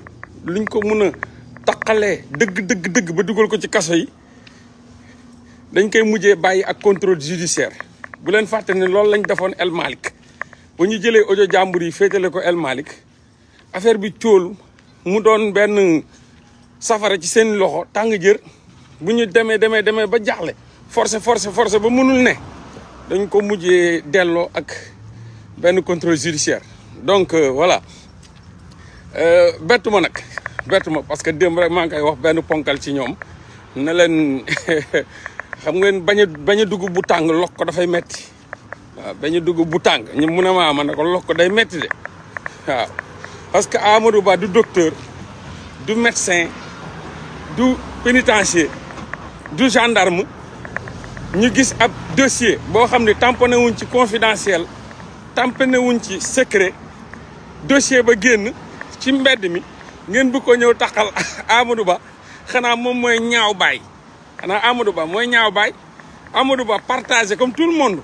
lu luñ ko mën a taqalee dëgg dëgg dëgg ba dugal ko ci kaso yi dañ koy mujjee bàyyi ak contrôle judiciaire bu leen fàtte ne loolu lañ defoon El Malick ñu jëlee audio jàmbur yi féetale ko El Malick affaire bi cóol mu doon benn safara ci seen loxo tàng jër bu ñu demee demee demee ba jaxle force force forcé ba mënul ne dañ ko mujjee delloo ak benn contrôle judiciaire donc euh, voilà euh, bettu ma nag bettu ma parce que démb rek maa ngi koy wax benn ponkal ci ñoom ne leen xam ngeen bañ bañ a dugg bu tàng lokk ko dafay metti waaw bañ a dugg bu tàng ñu mun a maa ma ne ko lokk ko day metti de waaw parce que Amadou Ba du docteur du médecin du pénitencier du gendarme ñu gis ab dossier boo xam ne tamponné wuñ ci confidentiel tamponné wuñ ci secret dossier ba génn ci mbedd mi ngeen bu ko ñëw taxal Amadou Ba xanaa moom mooy ñaaw baay xanaa Amadou Ba mooy ñaaw baay Amadou Ba partagé comme tout le monde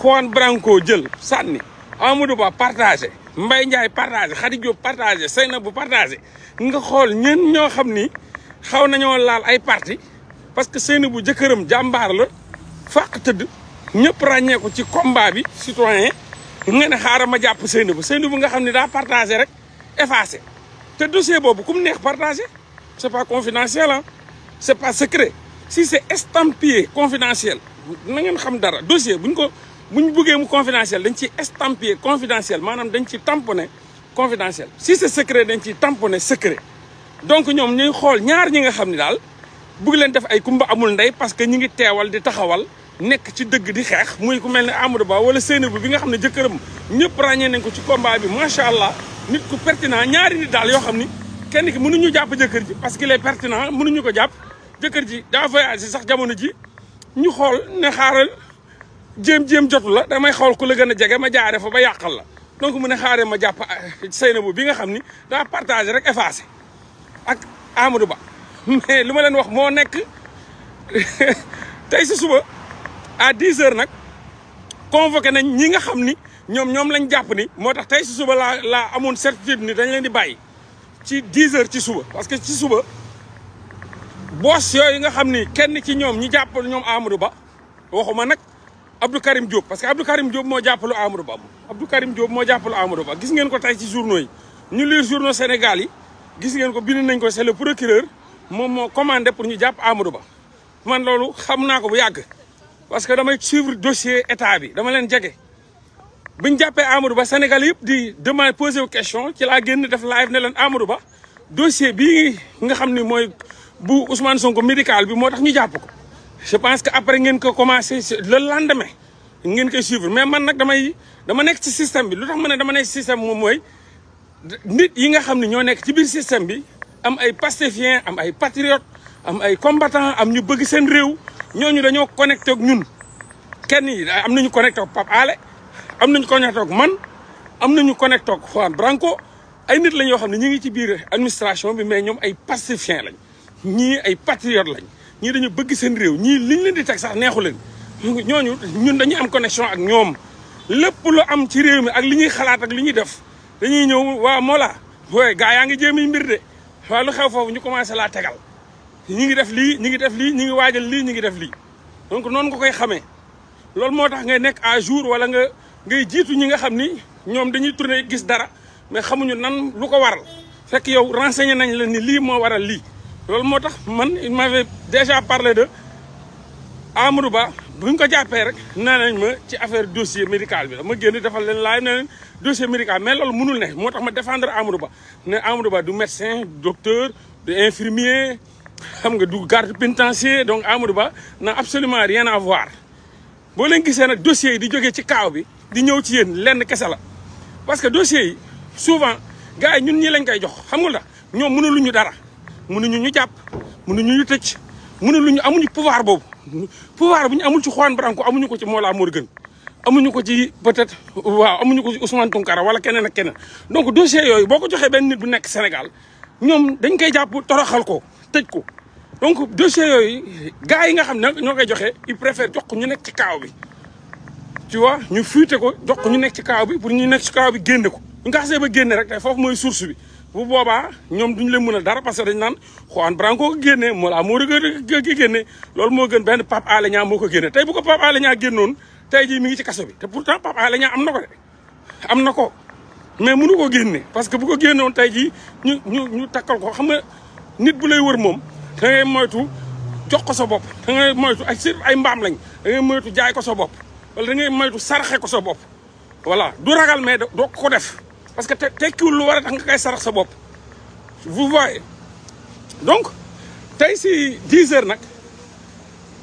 Juan Branco jël sànni Amadou Ba partagé Mbaye Ndiaye partagé Khady Diop partagé bu partagé nga xool ñeen ñoo xam ni xaw nañoo laal ay parti parce que bu jëkkëram jàmbaar la fàq tëdd ñëpp ràññee ci combat bi citoyen nga ne xaaral ma jàpp Seynabou Seynabou nga xam ne daa partagé rek effacé te dossier boobu ku mu neex partagé c' est pas confidentiel ah c' est pas secret si c' est estampillé confidentiel na ngeen xam dara dossier buñ ko bu buñ buggee mu confidentiel dañ ci estampillé confidentiel maanaam dañ ci tamponné confidentiel si c' est secret dañ ci tamponné secret donc ñoom ñuy xool ñaar ñi nga xam ni daal bëgg leen def ay kumba amul ndey parce que ñi ngi teewal di taxawal nekk ci dëgg di xeex muy ku mel ne Amadou Ba wala Seynabou bi nga xam ne jëkkëram ñëpp ràññee nañ ko ci combat bi macha allah nit ku pertinent ñaari nit daal yoo xam ni kenn ki mënuñu jàpp jëkkër ji parce qu'il est pertinent mënuñu ko jàpp jëkkër ji daa voyagé sax jamono ji ñu xool ne xaaral jéem-jéem jotu la damay xool ku la gën a jege ma jaare fa ba yàqal la donc mu ne xaaree ma jàpp ah, Seynabou bi nga xam ni daa partagé rek effacé ak Amadou Ba li ma leen wax moo nekk tey si suba à 10 heures nag convoqué nañ ñi nga xam ni ñoom ñoom lañ jàpp ni moo tax tey si suba laa laa amoon certitude ni dañ leen di bàyyi ci 10 heures ci suba parce que ci suba boos yooyu nga xam ni kenn ci ñoom ñu jàppal ñoom Amadou Ba waxuma nag Abdou Karim Diop parce que Abdou Karim Diop moo jàppalu Amadou Ba Abdou Karim Diop moo jàppalu Amadou Ba gis ngeen ko tey ci journaux yi ñu lire journaux Sénégal yi gis ngeen ko bind nañ ko c'est le procureur moom moo commandé pour ñu jàpp Amadou Ba man loolu xam naa ko bu yàgg parce que damay suivre dossier état bi dama leen jege bi ñu jàppee Amadou Ba Sénégal yëpp di demande posé question ci la génn def live ne leen Amadou Ba dossier bi nga xam ni mooy bu Ousmane Sonko médical bi moo tax ñu jàpp ko. je pense que après ngeen ko commencé le lendemain ngeen ko suivre mais man nag damay dama nekk ci système bi lu tax ma ne dama nekk ci système moom mooy nit yi nga xam ne ñoo nekk ci biir système bi am ay pastéfiens am ay patriotes. am ay combattant am ñu bëgg seen réew ñooñu dañoo connecté ak ñun kenn yi am nañu connecté ak Pape Alé am nañu connecté ak man am nañu connecté ak Branco ay nit la ñoo xam ne ñu ngi ci biir administration bi mais ñoom ay pacifiens lañ ñii ay patriotes lañ ñii dañu bëgg seen réew ñii liñ leen di teg sax neexu leen ñooñu ñun dañuy am connexion ak ñoom lépp lu am ci réew mi ak li ñuy xalaat ak li ñuy def dañuy ñëw waa Mola. waaye gaa yaa ngi jéem mbir de waaye lu xew foofu ñu commencé laa tegal. ñi ngi def lii ñi ngi def lii ñi ngi waajal lii ñi ngi def lii donc noonu nga koy xamee loolu moo tax ngay nekk à jour wala nga ngay jiitu ñi nga xam ni ñoom dañuy tourné gis dara mais xamuñu nan lu ko waral fekk yow renseigné nañ la ni lii moo waral lii loolu moo tax man il m'avait déjà parlé de Amadou Ba buñ ko jàppee rek nee nañ ma ci affaire dossier médical bi ma génn defal leen laaj ne leen dossier médical mais loolu mënul ne moo tax ma défendre Amadou Ba ne Amadou Ba du médecin docteur du infirmier xam nga du garde pénitentiaire donc Amadou Ba n'a absolument rien à voir boo leen gisee nag dossiers yi di joge ci kaaw bi di ñëw ci yéen lenn kese la parce que dossiers yi souvent gars yi ñun ñi lañ koy jox xam nga la ñoom ñu dara mënuñu ñu jàpp mënuñu ñu tëj ñu amuñu pouvoir boobu pouvoir bu ñu amul ci Juan Branco amuñu ko ci moo Mollah Morgun amuñu ko ci peut-être waaw amuñu ko ci Ousmane Tounkara wala keneen ak keneen donc dossier yooyu boo ko joxee benn bu nekk Sénégal ñoom dañ koy jàpp toroxal ko tëj ko donc dossier yooyu gars yi nga xam ne ñoo koy joxe i préfèrent jox ko ñu nekk ci kaaw bi tu ñu fuite ko jox ñu nekk ci kaaw bi pour ñu nekk ci kaaw bi génne ko ñu nga xasee ba génne rek tey foofu mooy source bi bu boobaa ñoom duñu leen mën a dara parce que dañ naan Juan Branco ko génnee Mollah moo ko génnee loolu moo gën benn Pape Alé Niang moo ko génne te bu ko Pape Alé Niang génnoon te jii mi ngi ci kase bi te pourtant Pape Alé Niang am na ko de am na ko mais mënu ko génne parce que bu ko génnoon tey jii ñu ñu ñu takkal ko xam nga nit bu lay wër moom da ngay moytu jox ko sa bopp da ngay moytu ay sir ay mbaam lañ da ngay moytu jaay ko sa bopp wala da ngay moytu saraxe ko sa bopp voilà du ragal mais doo ko def parce que te tekkiwul lu war a tax nga koy sarax sa bopp vous voyez donc tey si 10 heures nag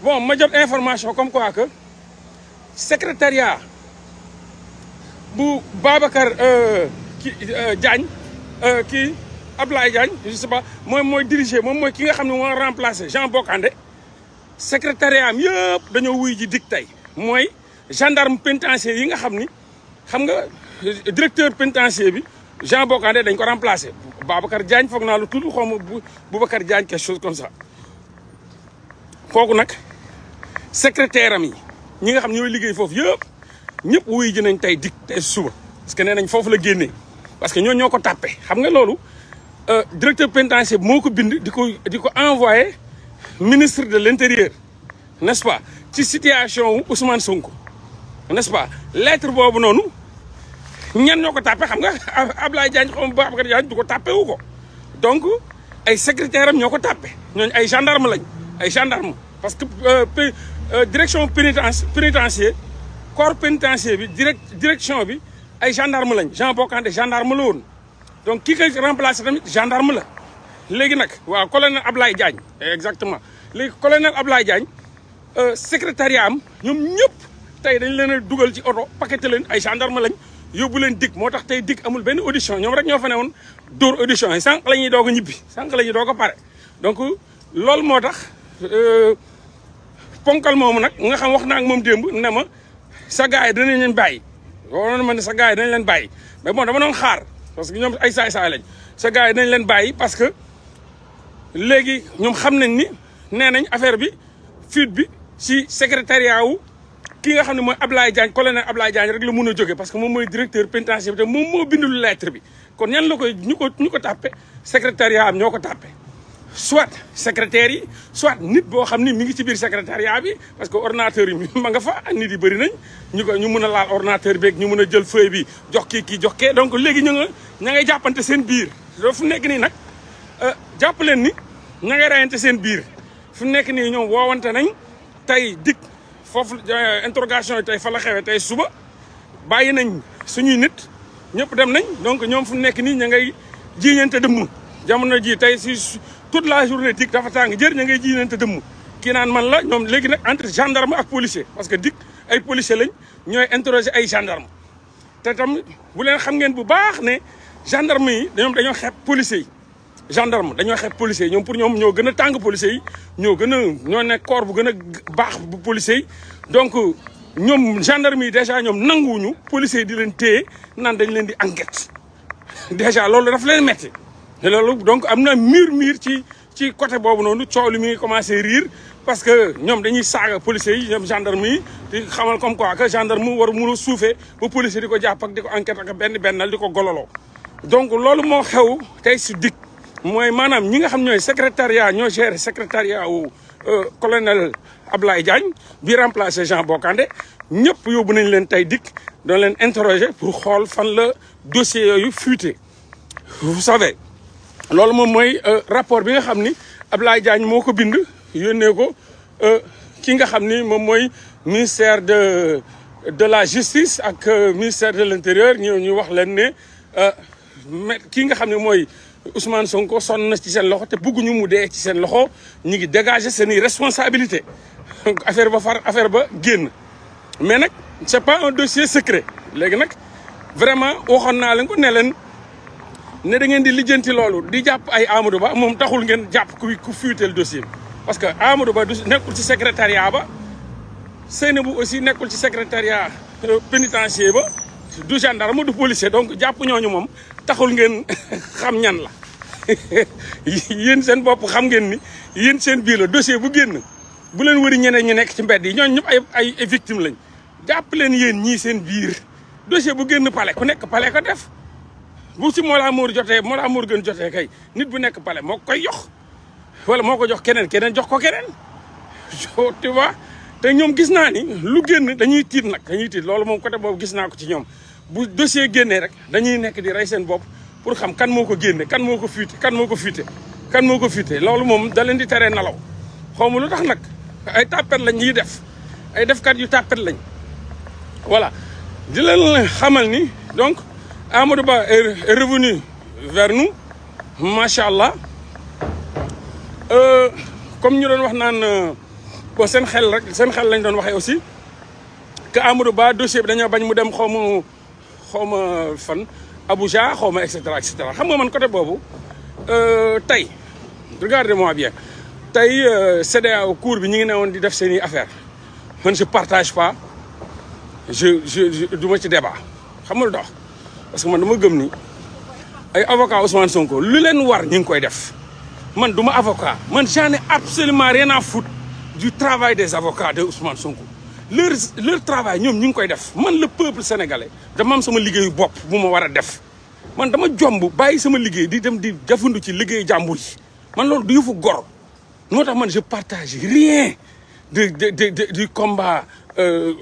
bon ma jot information comme quoi que secrétariat bu Babacar euh, euh, euh, kii Diagne kii Abdoulaye Diagne je sais pas mooy diriger moom mooy ki nga xam ne moo remplacer Jean Bocandé secrétariat am yëpp dañoo wuy ji dig tey mooy gendarme pénitentiaire yi nga xam ni xam nga directeur pénitentiaire bi Jean Bocandé dañ ko remplacer Babacar Diagne foog naa lu tudd xaw ma bu Boubacar Diagne quelque chose comme ça kooku nag secrétaire am yi ñi nga xam ñooy liggéey foofu yëpp ñëpp wuy ji nañ tey dig tey suba parce que nee nañ foofu la génne parce que ñoo ñoo ko tàppe xam nga loolu Euh, directeur pénitentiaire moo ko bind di ko di ko envoyé ministre de l' intérieur n' est ce pas ci situation wu Ousmane Sonko n' est ce pas letre boobu noonu ñan ñoo ko tàppe xam nga Ablaye Diagne xaw ma Babacar Diagne du ko tappewu ko donc ay secrétaire am ñoo ko tàppe ñooñ ay gendarme lañ ay gendarme parce que euh, euh, direction pénitence pénitentiaire corps pénitentiaire bi direct direction bi ay gendarme lañ Jean Bocandé gendarme la donc ki koy remplacé tamit gendarme la léegi nag waaw colonel Ablaye jaañ exactement léegi colonel Ablaye Diagne euh, secrétariat am ñoom ñëpp tey dañ leen a dugal ci oto paqueté leen ay gendarme lañ yóbbu leen dig moo tax tey dig amul benn audition ñoom rek ñoo fa newoon dóor audition yi sànq la ñuy doog a ñibbi sànq la ñuy doog a pare donc loolu moo tax euh, ponkal moomu nag nga xam wax naa moom démb ne ma sa yi danañ leen bàyyi waroon na ma ne sa gars yi leen bàyyi mais dama doon xaar parce que ñoom ay saay-saay lañ sa gars yi nañ leen bàyyi parce que léegi ñoom xam nañ ni nee nañ affaire bi fuite bi si secretaria wu ki nga xam ne mooy Ablaye Diagne colonel Ablaye Diagne rek la mun a jóge parce que moom mooy directeur pénitentiaire bi te moom moo bindul lettre bi kon ñan la koy ñu ko ñu ko tàppe secrétariat am ñoo ko tàppe soit secrétaire yi soit nit boo xam ni mi ngi ci biir secrétariat bi parce que ordinateur yi ma nga fa ak nit yi bëri nañ ñu ko ñu mën a laal ordinateur beeg ñu mën a jël feuille bi jox kii ki jox ke donc léegi ñu nga ña ngay jàppante seen biir loolu fu nekk nii nag euh, jàpp leen ni ña ngay seen biir fu nekk nii ñoom woowante nañ tey dikk foofu euh, interrogation yi tey fa la xewee tey suba bàyyi nañ suñuy nit ñëpp dem nañ donc ñoom fu nekk nii ña ngay jiiñante dëmm jamono ji tey si tout la journée dik dafa tàng jër ña ngay jiinante dëmm kii naan man la ñoom léegi nag entre gendarme ak policier parce que dik ay policier lañ ñooy interroger ay gendarme te tam bu leen xam ngeen bu baax ne gendarme yi ñoom dañoo xeeb policier yi gendarme dañoo xeeb policier yi ñoom pour ñoom ñoo gën a tàng policier yi ñoo gën a ñoo nekk corps bu gën a baax bu policier yi donc ñoom gendarme yi déjà ñoom nanguwuñu policier di leen téye naan dañ leen di enquête déjà loolu daf leen metti loolu donc am na mur mur ci ci côté boobu noonu coow li mi commencé riir parce que ñoom dañuy saaga policiers yi ñoom gendarme yi di xamal comme quoi que gendarme war mun a suufee ba policier di ko jàpp ak di ko enquête ak benn bennal di ko gololoo donc loolu moo xew tey si dik mooy maanaam ñi nga xam ñooy secrétariat ñoo géré secrétariat wu euh, colonel Ablaye Diagne bi remplacé Jean Bocandé ñëpp yóbbu nañ leen tey dikk doon leen interroger pour xool fan la dossier yooyu fuité vous loolu moom mooy euh, rapport bi nga xam ni Ablaye Diagne moo ko bind yónnee ko euh, ki nga xam ni moom mooy ministère de de la justice ak euh, ministère de l' intérieur ñëw ñu wax leen ne ki nga xam ne mooy Ousmane Sonko sonn na ci seen loxo te bëgguñu mu dee ci seen loxo ñu ngi dégager seen i responsabilité donc affaire ba far affaire ba génn mais nag c' est pas un dossier secret léegi nag vraiment waxoon naa leen ko ne leen. ne da ngeen di lijjanti loolu di jàpp ay Amadou Ba moom taxul ngeen jàpp ku ku fuiteel dossier parce que amado Ba nekkul ci secrétariat ba bu aussi nekkul ci secrétariat euh, pénitentiaire ba du gendarme du policier donc jàpp ñooñu moom taxul ngeen xam ñan la yéen seen bopp xam ngeen ni yéen seen biir la dossier bu génn bu leen wëri ñeneen ñu nekk ci mbedd yi ñooñu ñëpp ay ay ay lañ jàpp leen yéen ñii seen biir dossier bu génn pale ku nekk pale ko def bu si moo Morgun jotee Mollah Morgun jotee kay nit bu nekk pale moo koy jox wala moo ko jox keneen keneen jox ko keneen tu vois te ñoom gis naa ni lu génn dañuy tiit nag dañuy tiit loolu moom côté boobu gis naa ko ci ñoom bu dossier génnee rek dañuy nekk di rey seen bopp pour xam kan moo ko génne kan moo ko fuite kan moo ko fuite kan moo ko fuite loolu moom da leen di teree nalaw xaw ma lu tax nag ay tàppet lañ ñuy def ay defkat yu tàppet lañ voilà di leen xamal ni donc Amadou Ba est revenu vers nous macha allah euh, comme ñu doon wax naan euh, bo seen xel rek seen xel lañ doon waxee aussi que Amadou Ba dossier bi dañoo bañ mu dem xaw ma xaw ma fan Abuja xaw ma et cetera et cetera xam nga man côté boobu euh, tey regardez-moi bien tey CEDEAO cour bi ñu ngi ne woon di def seen i affaire man je partage pas je du ma ci débat xam dox parce que man dama gëm ni ay avocat Ousmane Sonko lu leen war ñu ngi koy def man du ma avocat man j'en ai absolument rien à foutre du travail des avocats de Ousmane Sonko leur leur travail ñoom ñu ngi koy def man la peuple sénégalais dama am sama liggéeyu bopp bu ma war a def man dama jomb bàyyi sama liggéey di dem di jafandu ci liggéey jàmbur yi man loolu du yëfu gor moo tax man je partage rien de de combat Euh,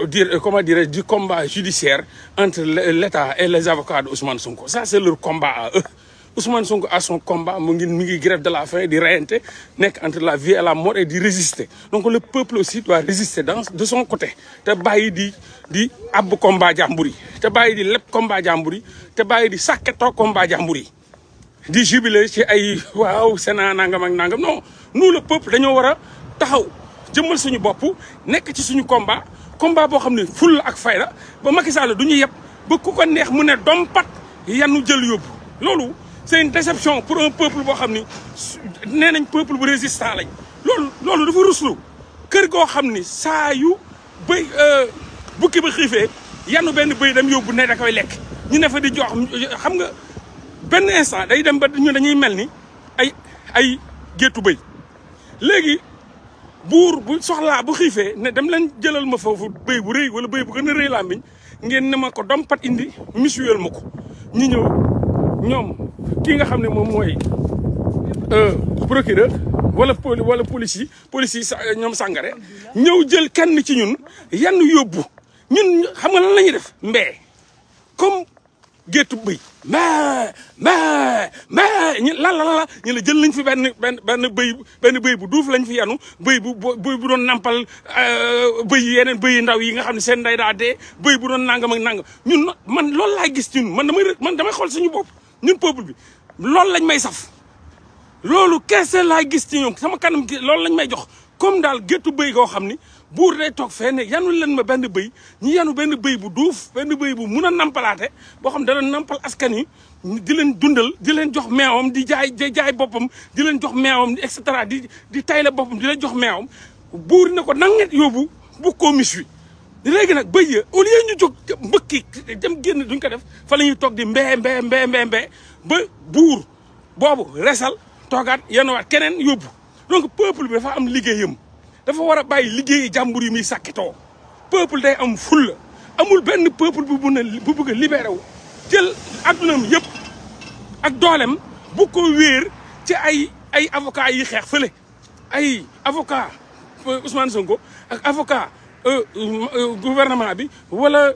euh, dire euh, comment dirais du combat judiciaire entre l'État et les avocats de Ousmane Sonko sa c'est leur combat à eux Ousmane Sonko a son combat mu ngi mu ngi grève de la faim di reyante nekk entre la vie et la mort et di résister donc le peuple aussi doit résister dans de son côté te bàyyi di di abb combat jàmbur yi te bàyyi di lépp combat jàmbur yi te bàyyi di sàkketoo combat jàmbur yi di jubiler ci ay waaw Sénat nangam ak nangam non nous le peuple dañoo war a taxaw jëmmal suñu bopp nekk ci suñu combat combat boo xam ne fulla ak fayda ba Macky Sall du ñu yeb ba ku ko neex mu ne dompat yanu jël yóbbu loolu c'est une déception pour un peuple boo xam ni nee nañ peuple bu résistant lañ loolu loolu dafa ruslu kër goo xam ni saa yu bëy euh, bukki ba xiifee yanu benn bëy dem yóbbu ne da koy lekk ñu ne fa di jox xam nga benn instant day dem ba ñu dañuy mel ni ay ay géttu bëy buur bu soxlaa bu xiifee ne dem leen jëlal ma foofu béy bu rëy wala béy bu gën a rëy làmmiñ ngeen ne ma ko dompat indi misuweel ma ko ñu ñëw ñoom kii nga xam ne moom mooy euh, procureur wala poli wala police yi police yi ñoom sàngare ñëw jël kan kenn ci ñun yan yóbbu ñun xam nga lan la def mbee comme géttu bëy mais mais mais ñu lan la ñu la jël lañ fi benn benn benn bëy benn bëy bu duuf lañ fi yanu bëy bu bëy bu doon nampal euh, bëy yeneen bëy ndaw yi nga xam ne seen nday daa bëy bu doon nangam ak nangam ñun man lool laa gis ci ñun man damay man damay xool suñu bopp ñun peuple bi loolu lañ may saf loolu keese laa gis ci ñoom sama kanam loolu lañ may jox comme daal géttu bëy goo xam ni buur day toog fee ne yanu leen ma benn bëy ñi yanu benn bëy bu duuf benn bëy bu mun a nampalaate boo xam dana nampal askan yi di leen dundal di leen jox meewam di jaay di jaay boppam di leen jox meewam et cetera di di tayle boppam di leen jox meewam buur na ko nanget yóbbu bu komis wi léegi nag bëy ya au lieu ñu jog mbëkki dem génn duñ ko def fa la ñuy toog di mbee mbee mbee mbee ba buur boobu resal toogaat yenuwaat keneen yóbbu donc peuple bi dafa am liggéeyam dafa war a bàyyi liggéeyi jàmbur yi muy sàkkitoo peuple day am fulla amul benn peuple bu mun a bu bëgg a libéré jël addunam yëpp ak doolem bu ko wéer ci ay ay avocat yi xeex fële ay avocat euh, Ousmane Sonko ak avocat euh, euh, gouvernement bi wala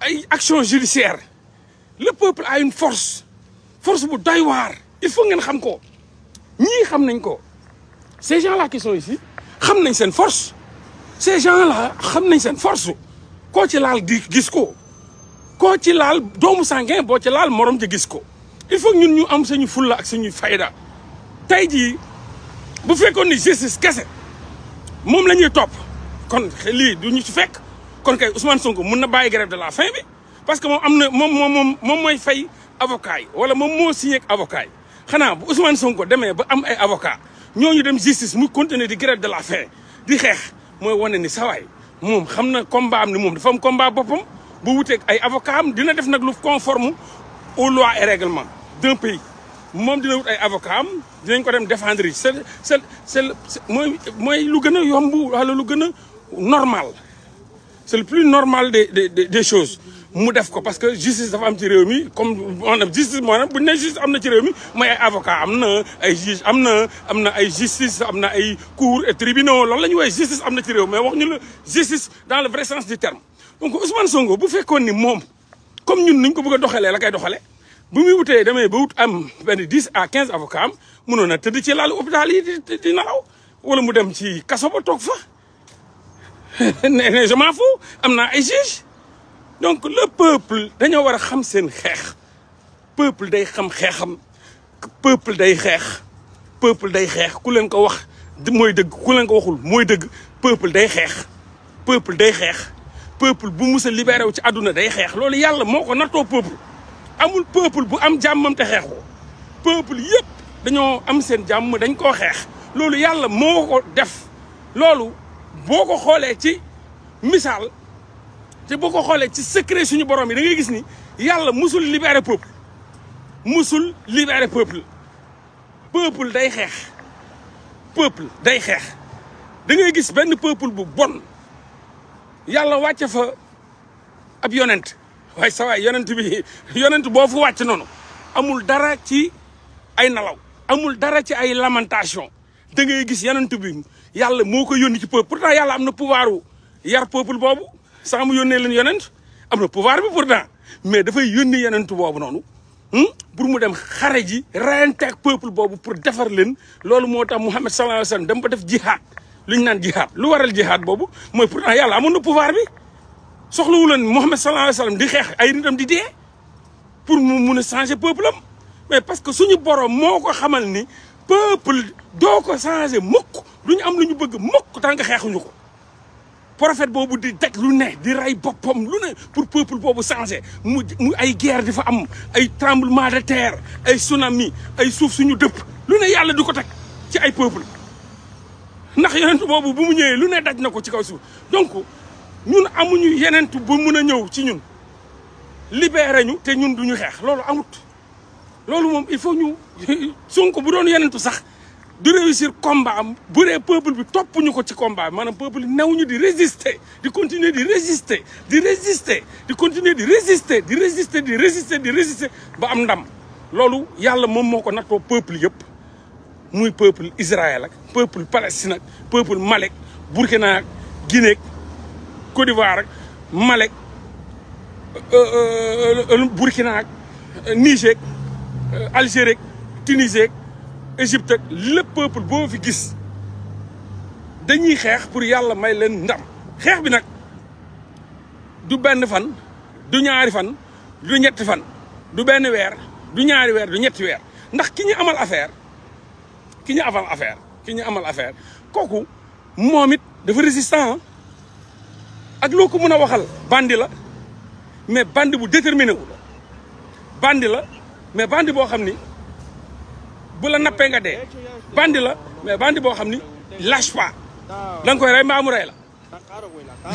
ay action judiciaire le peuple a une force force bu doy waar il faut ngeen xam ko ñii xam nañ ko ces gens là qui sont xam nañ seen force ces gens là xam nañ seen force koo ci laal di gis ko koo ci laal doomu sanguin boo ci laal morom ja gis ko il faut ñun ñu am suñu fulla ak suñuy fayda tey jii bu fekkoon ni justice kese moom lañuy topp kon lii du ñu ci fekk kon kay Ousmane Sonko mun na bàyyi grève de la faim bi parce que moom am na moom moom moom mooy fay avocat yi wala moom moo signé ak avocat yi xanaa bu Ousmane Sonko demee ba am ay avocat ñooñu dem justice mu continuer di grève de la faim di xeex mooy wane ni sawaay moom xam na combat am ni moom dafa am combat boppam bu wuteeg ay avocat am dina def nag lu conforme au lois et règlements d'un pays moom dina wut ay avocat am dinañ ko dem défendre yi c'est c'est mooy mooy lu gën a yomb wala lu gën a normal c'est le plus normal des des des choses mu def ko parce que justice dafa am ci réew mi comme maanaam justice maanaam bu ñu nee justice am na mooy avocat am na ay juge am na am na ay justice am na ay cours et tribunaux loolu la ñu woowee justice am na ci réew mais wax ñu la justice dans le vrai sens du terme. donc Ousmane Sonko bu fekkoon ni moom comme ñun ni ñu ko bëgg a doxalee la doxalee bu muy wutee demee ba wut am benn dix à quinze avocats am mënoon a tëdd ci laalu hôpital yi di di nalaw wala mu dem ci kaso ba toog fa ne je am naa ay juge donc le peuple dañoo war a xam seen xeex peuple day xam xeexam peuple day xeex peuple day xeex ku leen ko wax mooy dëgg ku waxul mooy dëgg peuple day xeex peuple day xeex peuple bu musa a wu ci àdduna day xeex loolu yàlla moo ko nattoo peuple amul peuple bu am jàmmam te xeex ko peuple yëpp dañoo am seen jàmm dañ koo xeex loolu yàlla moo ko def loolu boo ko xoolee ci misaal te boo ko xoolee ci secret suñu borom yi da ngay gis ni yàlla musul libérer peuple musul libérer peuple peuple day xeex peuple day xeex da ngay gis benn peuple bu bon yàlla wàcce fa ab yonent waaye sa waay yonent bi yonent boo fu wàcc noonu amul dara ci ay nalaw amul dara ci ay lamentation da ngay gis yonent bi yàlla moo ko yónni ci peuple pourtant yàlla am na pouvoir yar peuple boobu sax mu yónnee leen yonent am na pouvoir bi pourtant mais dafay yónnee yonent boobu noonu hmm, pour mu dem xare ji reyanteeg peuple boobu pour defar leen loolu moo tax Muhammad sallallahu alayhi wa sallam dem ba def jihaad lu ñu naan jihaad lu waral jihaad boobu mooy pour pourtant yàlla amoon na pouvoir bi soxlawu leen Muhammad sallallahu alayhi wa sallam di xeex ay nitam di dee pour mu mun a changer peuple am mais parce que suñu borom moo ko xamal ni peuple doo ko changer mukk du ñu am lu ñu bëgg mukk tant que xeexuñu ko. prophète boobu di daj lu ne di rey boppam lu ne pour peuple boobu changé mu mu ay guerre di fa am ay tremblement de terre ay tsunami ay suuf suñu dëpp lu ne yàlla di ko teg ci ay peuple ndax yenentu boobu bu mu ñëwee lu ne daj na ko ci kaw suuf donc ñun amuñu yenentu ba mun a ñëw ci ñun libéré ñu te ñun ñu xeex loolu amut loolu moom il faut ñu Sonko bu doon yenentu sax du réussir combat am bu dee peuple bi topp ñu ko ci combat bi maanaam peuple new ñu di résister di continuer di résister di résister di continuer di résister di résister di résister di résister ba am ndam loolu yàlla moom moo ko nattoo peuple yëpp muy peuple Israël ak peuple Palestine ak peuple Malek Burkina ak Guinée ak Côte d'Ivoire ak Malek euh, euh, euh, Burkina ak Niger ak Algérie ak Tunisie ak Égypte ak lépp peuple boo fi gis dañuy xeex pour yàlla may leen ndam xeex bi nag du benn fan du ñaari fan du ñetti fan du benn weer du ñaari weer du ñetti weer ndax ki ñu amal affaire ki ñu amal affaire ki ñu amal affaire kooku moom it dafa résistant ah. ak loo ko mën a waxal bandi la mais bandi bu déterminé wu la bandi la mais bandi boo xam ni bu la nappee nga dee bandi la mais bandi boo xam ni lâche pas da nga koy rey mbaamu rey la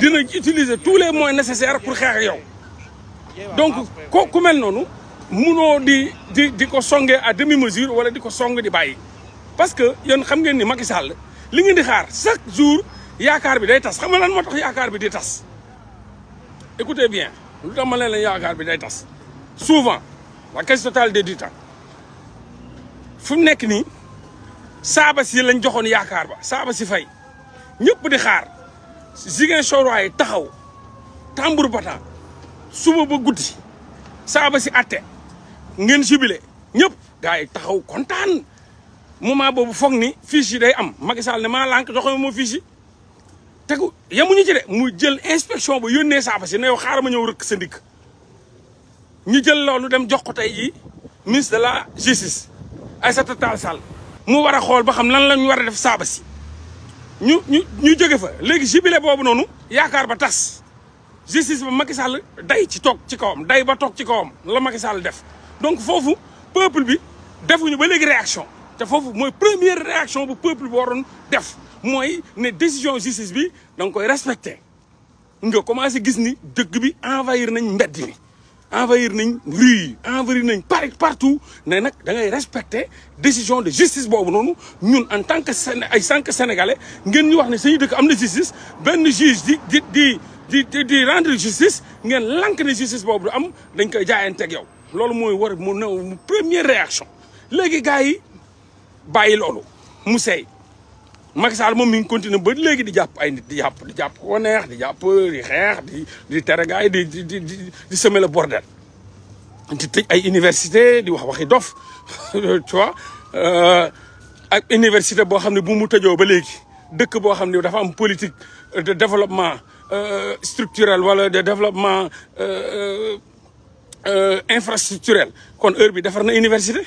dina utiliser tous les moyens nécessaires pour xeex yow donc ko ku noonu munoo di di di ko songe à demi mesure wala di ko song di bàyyi parce que yéen xam ngeen ni Macky Sall li ngeen di xaar chaque jour yaakaar bi day tas xam nga lan moo tax yaakaar bi di tas écoutez bien lu tax ma la yaakaar bi day tas souvent la caisse totale des di ans fu mu nekk nii saaba si lañ joxoon yaakaar ba saaba si fay ñëpp di xaar Ziguinchor waay taxaw tambour bata suba ba guddi saaba si atte ngeen jubile ñëpp gars yi taxaw kontaan moment boobu foog ni fiche yi day am Macky Sall ne maa lànk joxe moo fiche yi tegu yemuñu ci de mu jël inspection ba yónnee saaba si ne yow xaaral ñëw rëkk sa ndigg ñu jël loolu dem jox ko tey jii ministre de la justice Aïssata Tall Sall mu war a xool ba xam lan lañ war a def saaba si ñu ñu ñu jóge fa léegi jibile boobu noonu yaakaar ba tas justice ba Macky Sall day ci toog ci kawam day ba toog ci kawam la Macky Sall def donc foofu peuple bi defuñu ba léegi réaction te foofu mooy première réaction bu peuple bi waroon def mooy ne décision justice bi da nga koy respecté nga commencé gis ni dëgg bi envahir nañ mbedd mi envahir nañ rue yi envahir nañ pari partout ne nag da ngay respecter décision de justice boobu noonu ñun en tant que Séné ay sànq sénégalais ngeen ñu wax ne suñu dëkk am na justice benn juge di di di di di rendre justice ngeen lank ne justice boobu du am dañ koy jaayanteeg yow. loolu mooy war mu ne première réaction léegi gars yi bàyyi loolu mu seey Macky Sall moom mi ngi continuer ba léegi di jàpp ay nit di jàpp di jàpp ko di jàpp di xeex di di di di di di bordel di tëj ay université di wax waxi dof tu vois euh, ak université boo xam ne bu mu tëjoo ba léegi dëkk boo xam ne dafa am politique de développement euh, structurel wala de développement euh, infrastructurel kon heure bi defar na université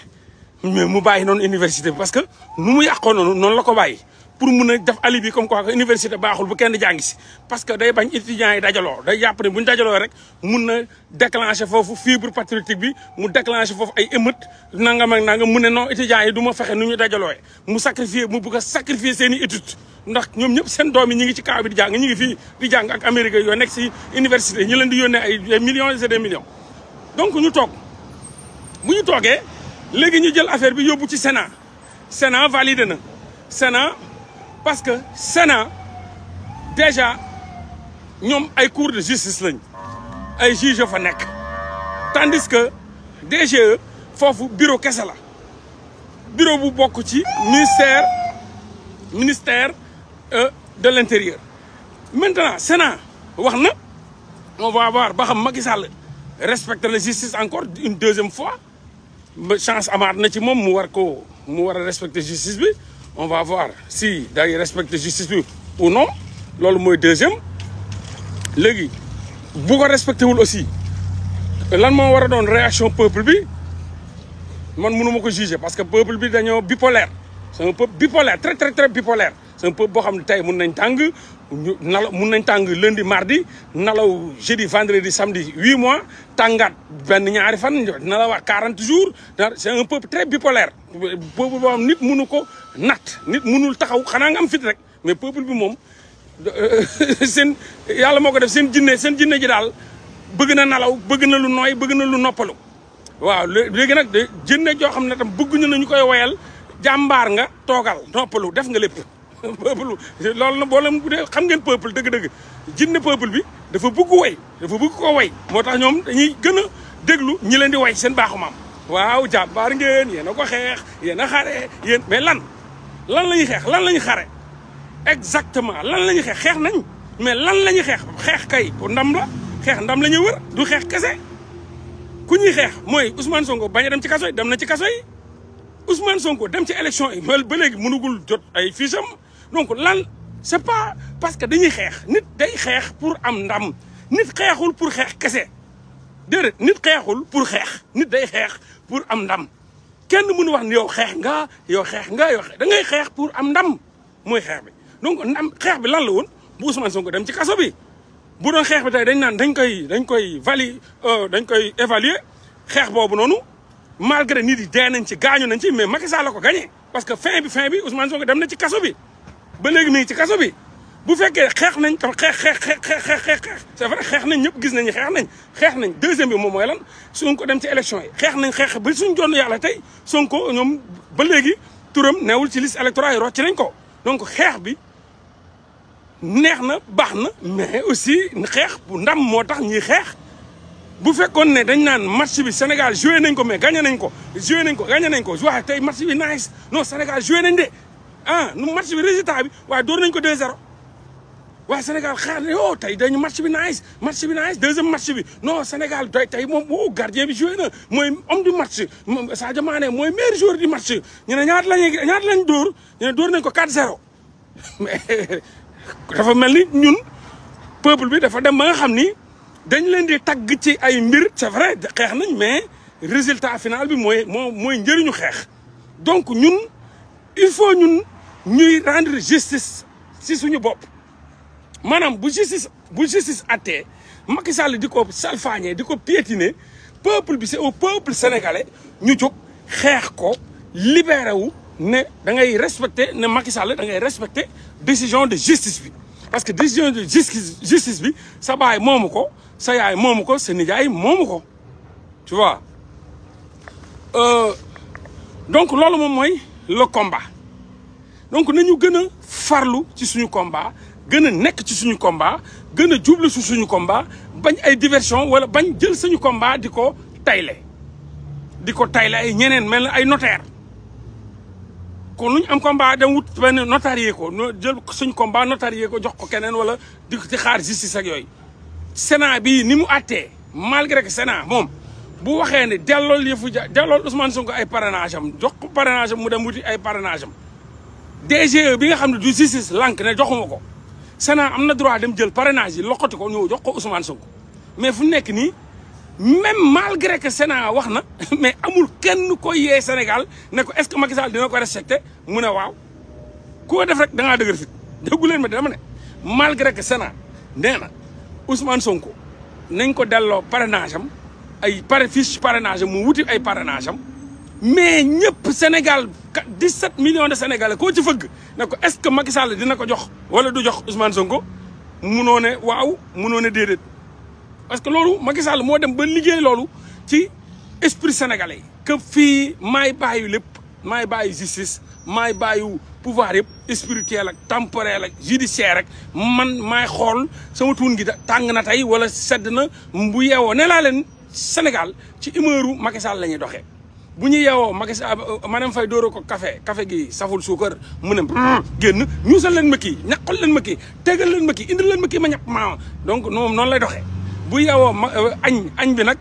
mais mu bàyyi noonu université parce que nu mu yàqoo noonu noonu la ko bàyyi pour mun a def alibi comme quoi université baaxul bu kenn jàngi si parce que day bañ étudiants yi dajaloo day jàpp ne bu ñu dajaloo rek mun na déclencher foofu fibre patriotique bi mu déclencher foofu ay émeute nangam ak nangam mu ne non étudiants yi du ma fexe nu ñu dajaloo mu sacrifier mu bugg a sacrifier seen i études ndax ñoom ñëpp seen doom yi ñu ngi ci kaw bi di jàng ñu ngi fii di jàng ak Amérique yoo nekk si leen di yónnee ay des millions donc ñu toog bu ñu toogee léegi ñu jël affaire bi yóbbu ci Sénat Sénat validé na Sénat parce que Sénat déjà ñoom ay cours de justice lañ ay juge fa nekk tandis que DGE foofu bureau kese la bureau bu bokk ci ministère ministère euh, de l'intérieur maintenant Sénat wax na on va voir ba xam Macky Sall respecte la justice encore une deuxième fois chance amaat na ci moom mu war ko mu war a respecter justice bi on va voir si day respecte justice bi ou non loolu mooy deuxième léegi bu ko respecté wul aussi lan moo war a doon réaction peuple bi man mënu ma ko juger parce que peuple bi dañoo bipolaire c'est un peuple bipolaire très très très bipolaire c'est un peuple boo xam ne tey mun nañ tàng nalaw mun nañ tàng lundi mardi nalaw jeudi vendredi samedi huit mois tàngaat benn ñaari fan nalawaat quarante jours c'est un peuple très boobu boo xam nit mënu ko natt nit mënul taxaw xanaa nga am fit rek mais peuple bi moom seen yàlla moo ko def seen jinne seen jinne ji daal bëgg na nalaw bëgg na lu nooy bëgg na lu noppalu waaw léegi nag de jinne joo xam ne tam bëgguñu nañu koy woyal jàmbaar nga toogal noppalu def nga lépp peuple loolu na boo leen guddee xam ngeen peuple dëgg-dëgg jinne peuple bi dafa bëgg way dafa bëgg koo woy moo tax ñoom dañuy gën a déglu ñi leen di way seen baaxu waaw jàmbaar ngeen yéen a ko xeex yéen a xare yéen mais lan lan la ñuy xeex lan lañuy ñu xare exactement lan la ñuy xeex xeex nañ mais lan lañuy ñuy xeex xeex kay ndam la xeex ndam la ñuy wër du xeex kese ku ñuy xeex mooy Ousmane Sonko bañ a dem ci kaso dem na ci kaso yi Ousmane Sonko dem ci élection yi ba léegi mënugul jot ay fiisam donc lan c'est pas parce que dañuy xeex nit day xeex pour am ndam nit xeexul pour xeex kese déedéet nit xeexul pour xeex nit day xeex pour am ndam kenn mënu wax ne yow xeex nga yow xeex nga yow da ngay xeex pour am ndam mooy xeex bi donc ndam xeex bi lan la woon bu Ousmane Sonko dem ci kaso bi bu doon xeex bi tey dañ naan dañ koy dañ koy vali euh, dañ koy évaluer xeex boobu noonu malgré nit yi dee nañ ci gaañu nañ ci mais Macky Sall la ko gagné parce que fin bi fin bi dem na ci kaso bi ba léegi mi ci kaso bi bu fekkee xeex nañ tam xeex xeex xeex xeex xeex c'est nañ ñëpp gis nañ xeex nañ xeex nañ deuxième bi moom mooy lan suñ ko dem ci élection yi xeex nañ xeex ba suñ jonn yàlla tey Sonko ñoom ba léegi turam neewul ci liste électorale yi rocc nañ ko donc xeex bi neex na baax na mais aussi xeex bu ndam moo tax ñuy xeex bu fekkoon ne dañ naan match bi Sénégal joué nañ ko mais gagné nañ ko joué nañ ko gagné nañ ko waaye tey match bi nice non Sénégal joué nañ de ah nu match bi résultat bi waaye door nañ ko 2-0 waaye Sénégal xaar ne oh tey dañu match bi nice match bi nice deuxième match bi non Sénégal doy tey moom woo oh, gardien bi joué na mooy homme du match Sadio Mané mooy meilleur joueur du match ñu ne ñaata lañuy ñaata lañ dóor ñu ne dóor nañ ko 4-0 dafa mel ni ñun peuple bi dafa dem ba nga xam ni dañ leen di tagg ci ay mbir c'est xeex nañ mais résultat final bi mooy moo mooy njëriñu xeex donc ñun il faut ñun ñuy rendre justice si suñu bopp maanaam bu justice bu justice attee Sall di ko salfaañee di ko piétiner peuple bi c'est au peuple sénégalais ñu jóg xeex ko libéré wu ne da ngay respecter ne Macky Sall da ngay respecter décision de justice bi. parce que décision de justice justice bi sa baay moomu ko sa yaay moomu ko sa nijaay moomu ko tu vois euh, donc loolu moom mooy le combat. donc nañu gën a farlu ci suñu combat gën a nekk ci suñu combat gën a jublu ci suñu combat bañ ay diversion wala bañ jël suñu combat di ko tayle di ko tayle ay ñeneen mel na ay notaire kon lu ñu am combat dem wut ne notarié ko jël suñu combat notarié ko jox ko keneen wala di ci xaar justice ak yooyu Sénat bi ni mu àttee malgré que Sénat moom bu waxee ne dellool yëfu ja dellool Ousmane Sonko ay parrainage am jox ko parrainage mu dem wuti ay parrainage am DGE bi nga xam ne du justice lànk ne joxuma ko Sénat am na droit dem jël parrainage yi loqati ko ñëw jox ko Ousmane Sonko mais fu nekk nii même malgré que Sénat wax na mais amul kenn koy yee Sénégal ne ko est-ce que Macky Sall dina ko respecté mu ne waaw ku ko def rek da dëgër fit déggu leen ma dama ne malgré que Sénat nee na Ousmane Sonko nañ ko delloo parrainage am ay pare fiche parrainage am mu wuti ay parrainage am mais ñëpp Sénégal 17 million de Sénégalais koo ci fëgg ne ko est-ce que Macky Sall dina ko jox wala du jox Ousmane Sonko munoo ne waaw munoo ne déedéet parce que loolu Macky Sall moo dem ba liggéey loolu ci esprit sénégalais yi fii maay bàyyi lépp maay bàyyi justice maay bàyyi pouvoir yëpp spirituel ak temporel ak judiciaire rek man maay xool sama tuun gi tàng na tey wala sedd na bu yeewoo ne laa leen Sénégal ci humeur u Macky Sall la ñuy doxee bu ñu yeewoo Macky Sall ah, maanaam Faye dóoroo ko café café gi saful suukar mu ne génn ñuusal leen ma kii ñaqal leen ma kii tegal leen ma kii indil leen ma kii ma maa donc moom noonu lay doxee bu yeewoo ma euh, añ añ bi nag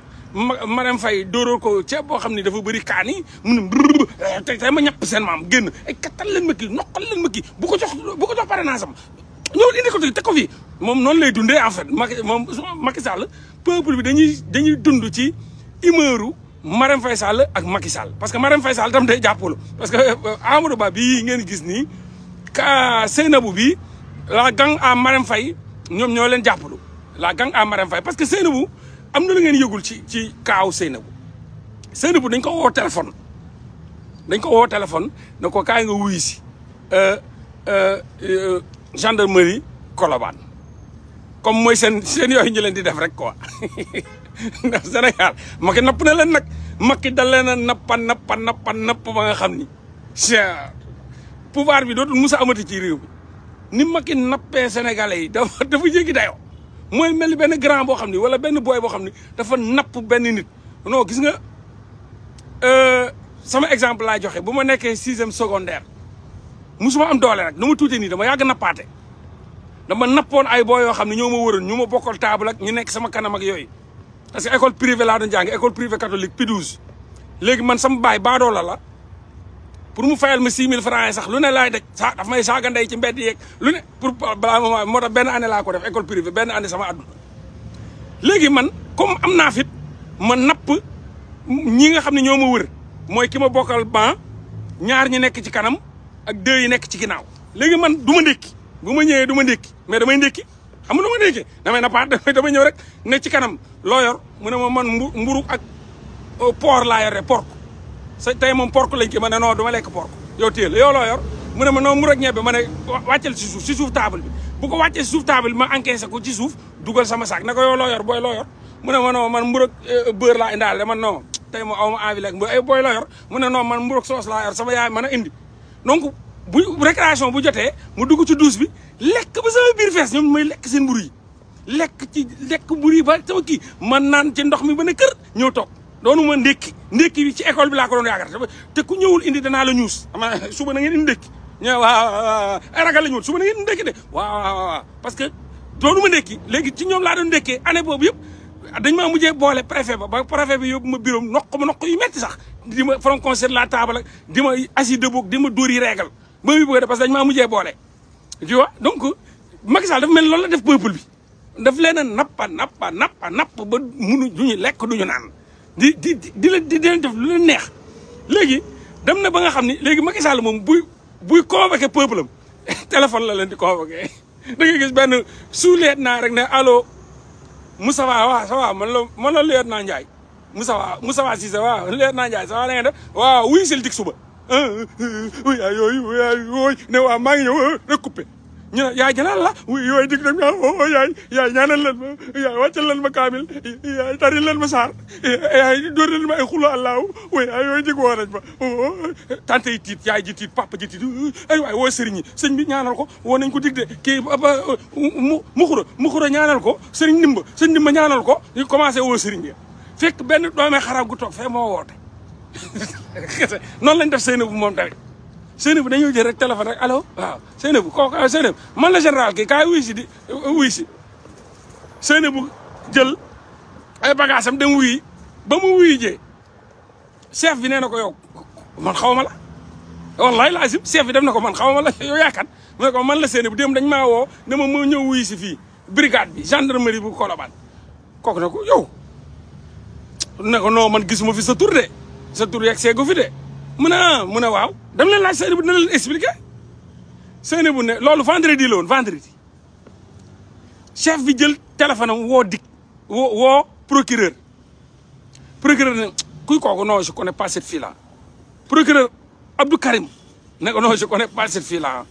madame Faye dóoroo ko ceeb boo xam ne dafa bëri kaani mu ne euh, tey tey ma ñàpp seen maam génn ay kattal leen ma kii noqal leen ma kii bu ko jox bu ko jox parrainage am ñëwul indi ko tey teg ko fii moom noonu lay dundee en fait Macky moom Macky Sall peuple bi dañuy dañuy dund ci humeur Marème Faye Sall ak Macky Sall parce que Marème Faye Sall tam day jàppalu parce que euh, Amadou Ba bii ngeen gis nii ka Seynabou bi la gang à Marème fay ñoom ñoo leen jàppalu la gang à Marème Faye parce que Seynabou am na lu ngeen yëgul ci ci kaaw Seynabou Seynabou dañ ko woo téléphone dañ ko woo téléphone ne ko kaay nga wuyu si euh, euh, gendarmerie Colobane comme mooy seen seen yooyu ñu leen di def rek quoi ndax Sénégal Macky napp na leen nag Macky da leen a nappa nappa nappa napp ba nga xam ni pouvoir bi dootul musa amati ci réew mi ni Macky nappee sénégalais yi dafa dafa jéggi dayoo mooy mel ni benn grand boo xam ni wala benn boy boo xam ni dafa napp benn nit noo gis nga euh, sama exemple laa joxe bu ma nekkee sixième secondaire musuma am doole nag nu ma nii dama yàgg nappaate dama nappoon ay boo yoo xam ne ñoo ma wëroon ñu ma bokkal table ak ñu nekk sama kanam ak yooyu parce que école privée laa doon jàng école privée catholique P12 léegi man sama baay baadoola la pour mu fayal ma 6000 francs yi sax lu ne laay daj saa daf may saaga ndey ci mbedd yeeg lu ne pour balaa ma benn année laa ko def école privée benn man comme am naa fit ma napp ñi nga xam ne ñoo ma wër mooy ki ma bokkal ban ñaar ñi nekk ci kanam ak deux yi nekk ci ginnaaw léegi man du ma ndékki bu ma ñëwee du ma ndékki mais damay ndékki xam nga nu ma na damay na part damay ñëw rek ne ci kanam loo yor mu ne ma man mburu ak euh, porc laa yore porc sa tey moom porc lañ ki ma ne non du ma lekk porc yow téel yow loo yor mu ne man non mburu ak ñebbe ma ne wàccal si suuf si suuf table bu ko wàccee si suuf table bi ma encaissé ci suuf dugal sama saak ne ko yow loo yor booy loo yor man mburu ak euh, beurre man non tey ma aw ma envie lekk ay eh, booy loo yor mu noo man mburu ak soos laa sama yaay mën a indi donc bu récréation bu jotee mu dugg ci douche bi lekk ba sama biir fees ñoom moy lekk seen mburu yi lekk ci lekk mburu yi ba sama kii man naan ci ndox mi ba ne kër ñëw toog doonu ma ndekki ndekki bi ci école bi laa ko doon yaakaar ñëwul indi danaa la ñuus ama suba na ngeen indi ndékki ño waaw ragal la ñu woon suba na ngeen indi ndékki que doonu ma ndékki léegi ci ñoom laa doon ndekkee année boobu yëpp dañ maa mujjee boole préfet ba ba préfet bi yóbbu ma bureau noq ma noq yu metti sax di ma front concert la table di ma assis debout di ma dóor yi régal ba muy bëgg parce que dañ maa mujjee boole tu vois donc Macky Sall dafa mel loolu la def peuple bi daf leen a nappa nappa nappa napp ba munu duñu lekk duñu naan di di di leen di leen def lu neex léegi dem na ba nga xam ni léegi Macky Sall moom buy buy convoqué peuple am téléphone la leen di convoqué da ngay gis benn suuleet naa rek ne allo Moussa Wa waaw ça va man la man la leet naa Ndiaye Moussa Wa mu Wa Cissé waaw leet naa Ndiaye ça va na nga def waaw wuyu sil dik suba yaay yooyu yaay yooyu ne waa maa ngi ñëw rek eh, eh, coupé ñu ne yaay jëlaat la yooyu dig dem ñaa o yaay yaay ñaanal leen ma yaay wàccal leen ma kaamil yaay tari leen ma saar yaay dóor leen ma ay xulo àllaahu way yaay yooyu dig woo nañ ma oh, oh, oh. tante yi yaay ji papa ji tiit ay waay woo sëriñ yi sëñ bi ñaanal ko woo nañ ko dig de kii mu muxura muxura ñaanal ko sëriñ ndimba sëñ ndimba ñaanal ko ñu commencé woo sëriñ yi fekk benn doomee xaraab gu toog fee moo noonu lañ def Seynabou moom tamit Seynabou dañoo jël rek téléphone rek allo waaw Seynabou kooku ah Seynabou man la général kii kaay wuy si di uh, wuy si Seynabou jël ay bagages am wuy ba mu wuy jee chef bi nee na ko yow man xaw ma la wallahi laazim chef bi def na ko man xaw la yow yaakaar mu ne ko man la Seynabou dem dañ maa woo dama ma ñëw wuy si fii brigade bi gendarmerie bu Colobane kooku ne ko yow ne ko non man gisuma fi sa tur de sa tur yeeg seegu fi de mun a ah, mun a waaw dam leen laaj Seynabou dina leen expliquer Seynabou ne loolu vendredi la woon vendredi chef bi jël téléphone am woo dik woo woo procureur procureur ne kuy kooku non je connais pas cette fille là procureur Abdou Karim ne ko non je connais pas cette fille là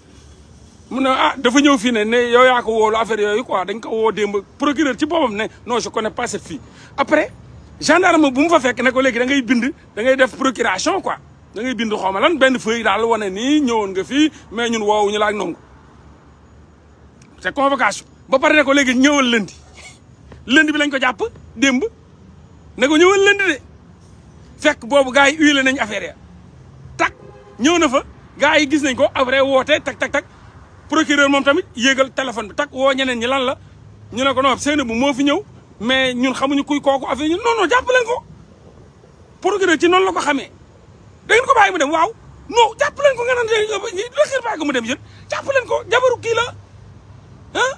mu ah, dafa ñëw fii ne ne yow yaa ko woolu affaire yooyu quoi dañ ko woo démb procureur ci boppam ne non je connais pas cette après gendarme bu mu fa fekk ne ko léegi da ngay bind dangay def procuration quoi da ngay bind xaw ma lan benn feuille daal wane nii ñëwoon nga fii mais ñun woowuñu la ak nangu c'est ba pare ko léegi ñëwal lëndi lënd bi lañ ko jàpp démb ne ko ñëwal lënd de fekk boobu gars yi huilé nañ affaire tak ñëw na fa gars yi gis nañ ko après woote tak tak tak procureur moom tamit yéegal téléphone bi tak woo ñeneen ñi lan la ñu ne ko non seen bu moo ñëw mais ñun xamuñu kuy kooku affaire ñun non non jàppaleen ko procureur ci noonu la ko xamee da ngeen ko bàyyi mu dem waaw non jàppaleen ko nga naan dëgg bàyyi ko mu dem yéen jàppaleen ko jabaru kii la ah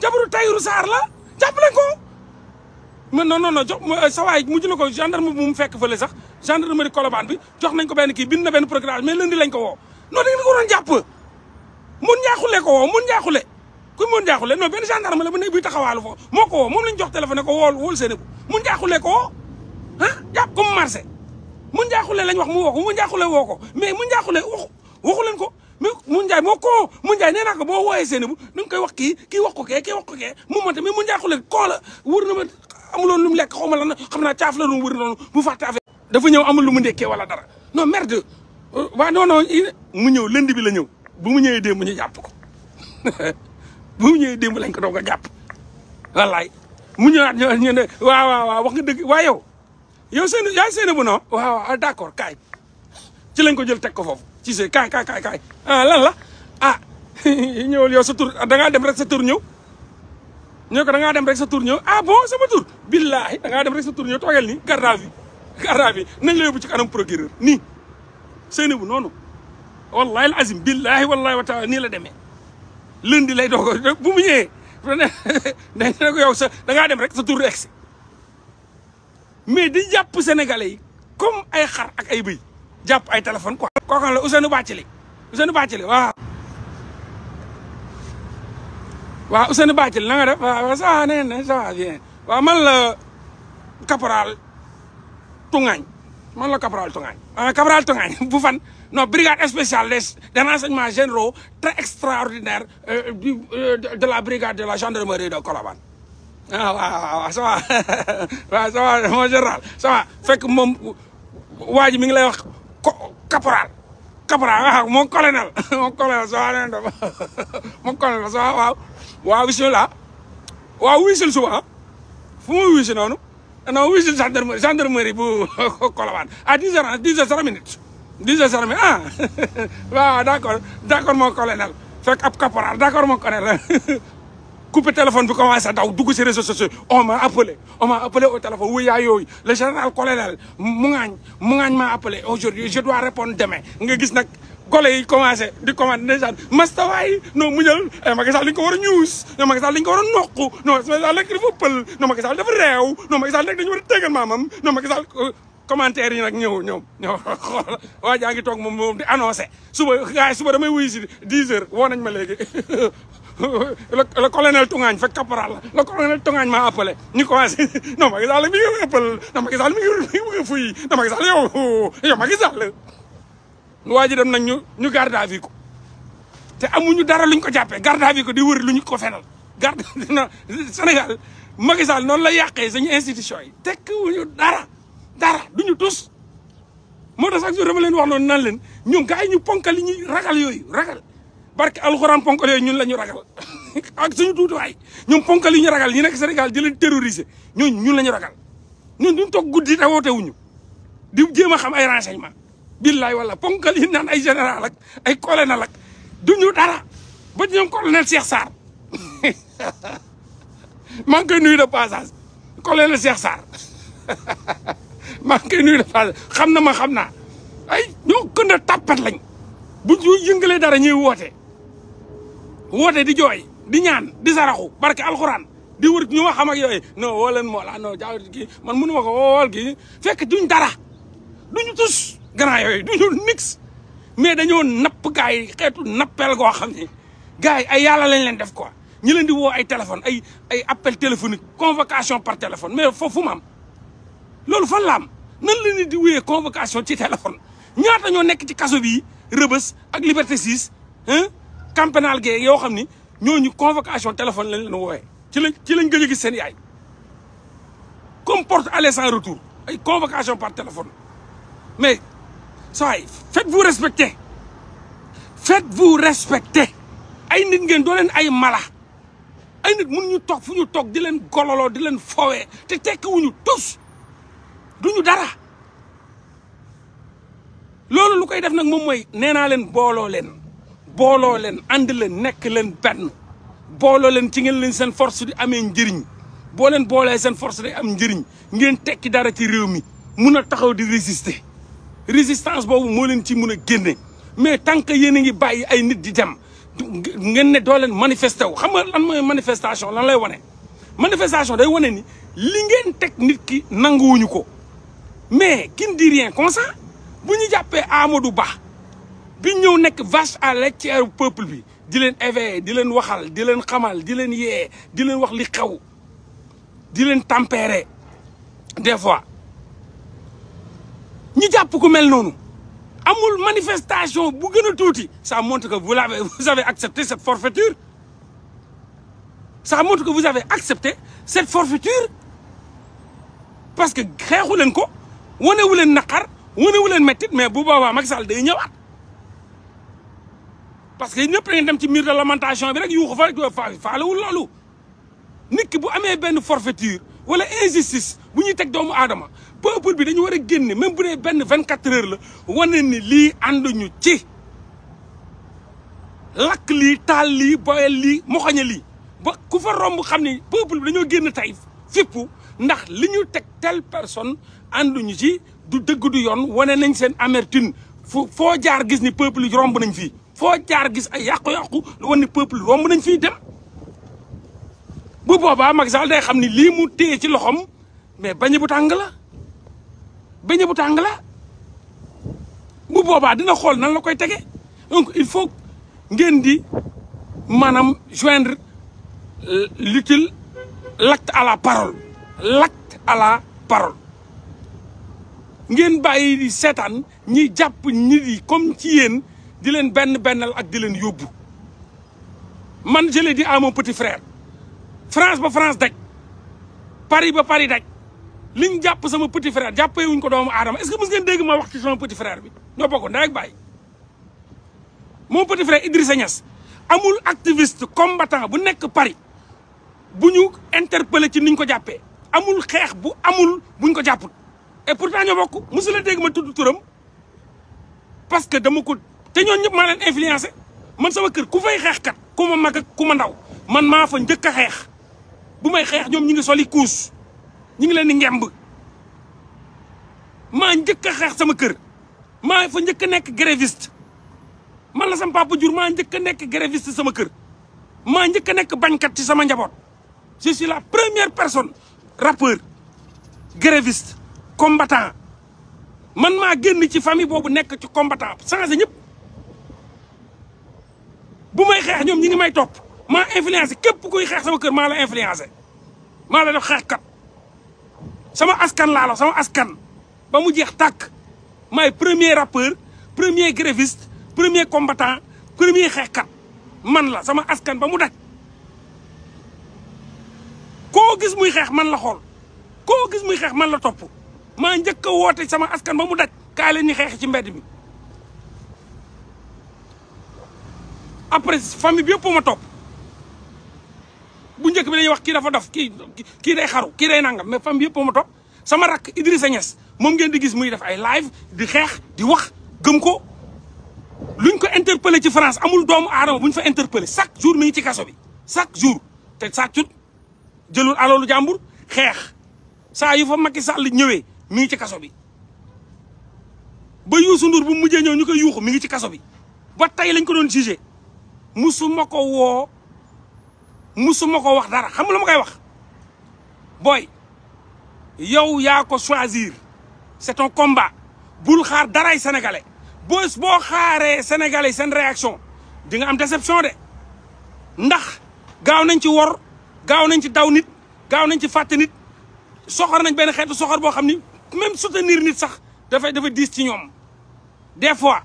jabaru Tayiru Sarr la jàppaleen ko mais non non non jox euh, sa waay na ko gendarme bu mu fekk fële sax gendarmerie Colobane bi jox nañ ko benn kii bind na benn procureur mais lundi lañ ko woo non da ngeen ko waroon jàpp mun njaaxule ko kuy mun jaaxule non benn gendarme la bu nekk buy taxawaalu foofu moo ko woo moom lañ jox téléphone ko wool wool Sénégal mun jaaxule ko jàpp ko mu marché mun jaaxule lañ wax mu woo ko mun jaaxule woo ko mais mun jaaxule waxu waxu leen ko mais mun njaay moo ko mun njaay nee naa ko boo wooyee Sénégal da nga koy wax kii kii wax ko kee kii wax ko kee moom moo tamit mun jaaxule koo la wër na ma amuloon lu mu lekk xaw ma lan xam naa caaf la doon wër noonu bu fàtte affaire dafa ñëw amul lu mu ndekkee wala dara noo merde euh, waaw non non mu ñëw lënd bi la ñëw bu mu ñëwee dee mu ñu jàpp ko bu mu ñëwee démb lañ ko doog a jàpp wallaay mu ñëwaat ñu ne waaw waaw waaw wax dëgg waaw yow yow seen yaay seen bu non waaw waaw ah, d'accord kaay ci lañ ko jël tek ko foofu ci see kaay kaay kaay kaay ah lan la ah ñëwal yow sa tur ah, da ngaa dem rek sa tur ñëw ñoo ko da ngaa dem rek sa tur ñëw ah bon sama tur billaahi da sa tur ñëw toogeel nii garde à nañ la yóbbu ci kanam procureur nii seen bu noonu wallahi al azim billaahi wallahi wa taala nii la demee lundi lay doog a bu mu ñëwee dañ dem rek sa tur egsi mais di jàpp sénégalais comme ay xar ay bëy jàpp ay téléphone quoi. koo xam ne Ousseynou Bathily Ousseynou Bathily waaw. waaw Ousseynou Bathily na nga def waaw ça nee na ça va bien waaw man la caporal Tungaañ man la caporal Tungaañ ah caporal Tungaañ bu fan. non brigade spéciale des des renseignements généraux très extraordinaire euh, euh, du euh, de la brigade de la gendarmerie de Colobane ah waaw waaw ça va waaw ça va mon général ça va fekk moom waa ji mi ngi lay wax caporal caporal waaw mon colonel mon colonel ça va nen def mon colonel ça va waaw waaw bismillah waaw wiisil suba ah. fu mu wiisi noonu non wiisil gendarmerie gendarmerie bu Colobane à dix heures dix heures zéro minutes des armées ah waaw d' accord d' accord mon colonel fekk ab caporal d' accord mon colonel téléphone bi commencé daw dugg si réseaux sociaux on m'a appelé on m'a appelé au téléphone wuy yaa yooyu le général colonel mu ngaañ m'a appelé aujourd'hui je dois répondre demain nga gis gole yi commencé di commande ndeysaan mastawaay non mu ñël eh, Macky Sall li ñu ko war a ñuus non Macky Sall li ko war a noq non Macky Sall rek dafa pël non Macky Sall dafa réew non Macky Sall a déggal commentaire yi nag ñëw ñoom ñëw xool ngi toog moom moom di annoncé suba gars yi suba damay wuyu si woo nañ ma léegi le colonel Tungaañ fekk caporal la le Tungaañ maa appelé ñu commencé non Macky Sall mi ngi appel a waa ji dem ñu ñu garde à vue ko te amuñu dara luñ ko jàppee garde à vue ko lu ñu luñ ko fenal garde Sénégal Macky Sall noonu la yàqee suñu institution yi tekkiwuñu dara dara duñu tus moo tax chaque jour dama leen wax noonu nan leen ñun gars ñu ponkal yi ñuy ragal yooyu ragal barke alxuraan ponkal yooyu ñun la ñu ragal ak suñu tuutiwaay ñun ponkal yi ñu ragal ñu nekk Sénégal di leen terroriser ñun ñun la ñu ragal ñun duñ toog guddi te woote wuñu di jéem a xam ay renseignement billaay wala ponkal yi naan ay général ak ay colonel ak duñu dara ba ñoom colonel Cheikh Sarr maa ngi koy nuyu de passage colonel Cheikh maa ngi koy nuyu xam na ma xam naa ay ñoo gën a tàppat lañ bu ñu yëngalee dara ñuy woote woote di jooy di ñaan di saraxu barke alxuraan di wër ñu wax ama yooy yooyu non woo leen moo la man mënu ma ko wool kii fekk duñ dara duñu tus grand yooyu duñu nix mais dañoo napp gars xeetu nappel goo xam ne gars yi ay yàlla lañ leen def quoi ñi leen di woo ay téléphone ay ay appel téléphonique convocation par téléphone mais foofu mu am loolu fan laam nan la nit di convocation ci téléphone ñaata ñoo nekk ci kaso bii rëbës ak liberté 6 camp pénal gee yoo xam ni ñooñu convocation téléphone lañ leen wooyee ci lañ ci lañ gëj a gis seen yaay comme porte aller sans retour ay convocation par téléphone mais saay faites-vous respecte faites-vous respecter ay nit ngeen doo ay mala ay nit mun ñu toog fu ñu toog di leen gololoo di leen fowee te tekkiwuñu tus duñu dara loolu lu koy def nag moom mooy nee naa leen booloo leen booloo leen ànd leen nekk leen benn booloo leen ci ngeen leen seen force di amee njëriñ boo leen boolee seen force day am njëriñ ngeen tekki dara ci réew mi mun a taxaw di résister résistance boobu moo leen ci mun a génne mais tant que yéen a ngi bàyyi ay nit di dem ngeen ne dooleen leen manifester wu xam nga lan mooy manifestation lan lay wane manifestation day wane ni li ngeen teg nit ki nanguwuñu ko mais qui di rien comme ça bu ñu jàppee du Ba bi ñëw nekk vache à laitière peuple bi di leen éveiller di leen waxal di leen xamal di leen yee di leen wax li xew di leen tempérer des fois ñu jàpp ku mel noonu amul manifestation bu gën a tuuti ça montre que vous l'avez vous avez accepté cette forfaiture ça montre que vous avez accepté cette forfaiture parce que xeexu leen ko wanewu leen naqar wanewu leen mettit mais bu boobaa Macky Sall day ñëwaat parce que ñëpp ngeen dem ci mur de lamentation bi rek yuuxu fa rek fa faalewul loolu nit bu amee benn forfaiture wala injustice bu ñuy teg doomu aadama peuple bi dañu war a génne même bu dee benn vingt quatre heures la wane ni lii ànduñu ci lakk lii taal lii boyal lii moxoña lii ba ku fa romb xam ni peuple bi dañoo génn tey fippu ndax li ñu teg telle personne ñu ci du dëgg du yoon wane nañ seen amertume fu foo jaar gis ni peuple yi romb nañ fi foo jaar gis ay yàqu-yàqu lu wan ni peuple romb nañ fii dem bu boobaa Macky Sall day xam ni lii mu téye ci loxom mais bañ bu tàng la bañ bu tàng la bu boobaa dina xool nan la koy tege donc il faut ngeen di maanaam joindre euh, l'utile l'acte à la parole l'acte à la parole ngeen bàyyi seetaan ñi jàpp nit yi comme ci yéen di leen benn bennal ak di leen yóbbu man je l'ai dit à mon petit frère France ba France daj Paris ba Paris daj liñ jàpp sama petit frère jàppee wuñ ko doomu aadama est-ce que mës ngeen dégg ma wax ci sama petit frère bi ñoo bokk ndey ak baay mon petit frère Idrissa Niass amul activiste combattant bu nekk Paris bu ñu interpellé ci niñ ko jàppee amul xeex bu amul buñ ko jàppul et pourtant ñoo bokk mosu la dégg ma tudd turam parce que dama ko te ñoo ñëpp maa leen influencé man sama kër ku fay xeexkat ku ma mag ku ma ndaw man maa fa njëkk a xeex bu may xeex ñoom ñi ngi soli kuus ñi ngi leen di ngemb maa njëkk a xeex sama kër maa fa njëkk a nekk gréviste man la sama papa jur maa njëkk a nekk gréviste sama kër maa njëkk a nekk bañkat ci sama njaboot je suis la première personne rappeur gréviste combatant man maa génn ci famille boobu nekk ci combattant changé ñëpp bu may xeex ñoom ñi ngi may topp maa influencé képp kuy xeex sama kër maa la influencé maa la def kat sama askan laa la sama askan ba mu jeex tàkk maay premier rappeur premier gréviste premier combatant premier xeexkat man la sama askan ba mu daj koo gis muy xeex man la xool koo gis muy xeex man la topp maa njëkk a woote sama askan ba mu daj kaa leen ni xeex ci mbedd mi après famille bi yëpp ma topp bu njëkk bi dañuy wax kii dafa dof kii kii day xaru kii day nangam mais famille yëpp ma topp sama rakk Idrissa Niass moom ngeen di gis muy def ay live di xeex di wax gëm ko luñ ko interpellé ci France amul doomu aadama buñ fa interpellé chaque jour mi ngi ci kaso bi chaque jour te sàccut jëlul alalu jàmbur xeex saa yu fa Macky Sall ñëwee mi ngi ci kaso bi ba Youssou bu mujjee ñëw ñu koy yuuxu mi ngi ci kaso bi ba tey lañ ko doon jugé musuma ko woo musuma ko wax dara xam nga lu ma koy wax booy yow yaa ko choisir c'est ton combat bul xaar daray sénégalais boo boo xaaree sénégalais seen réaction di nga am déception de ndax gaaw nañ ci wor gaaw nañ ci daw nit gaaw nañ ci fàtte nit soxor nañ benn xeetu soxor boo xam ni même soutenir nit sax dafay dafa diis ci ñoom des fois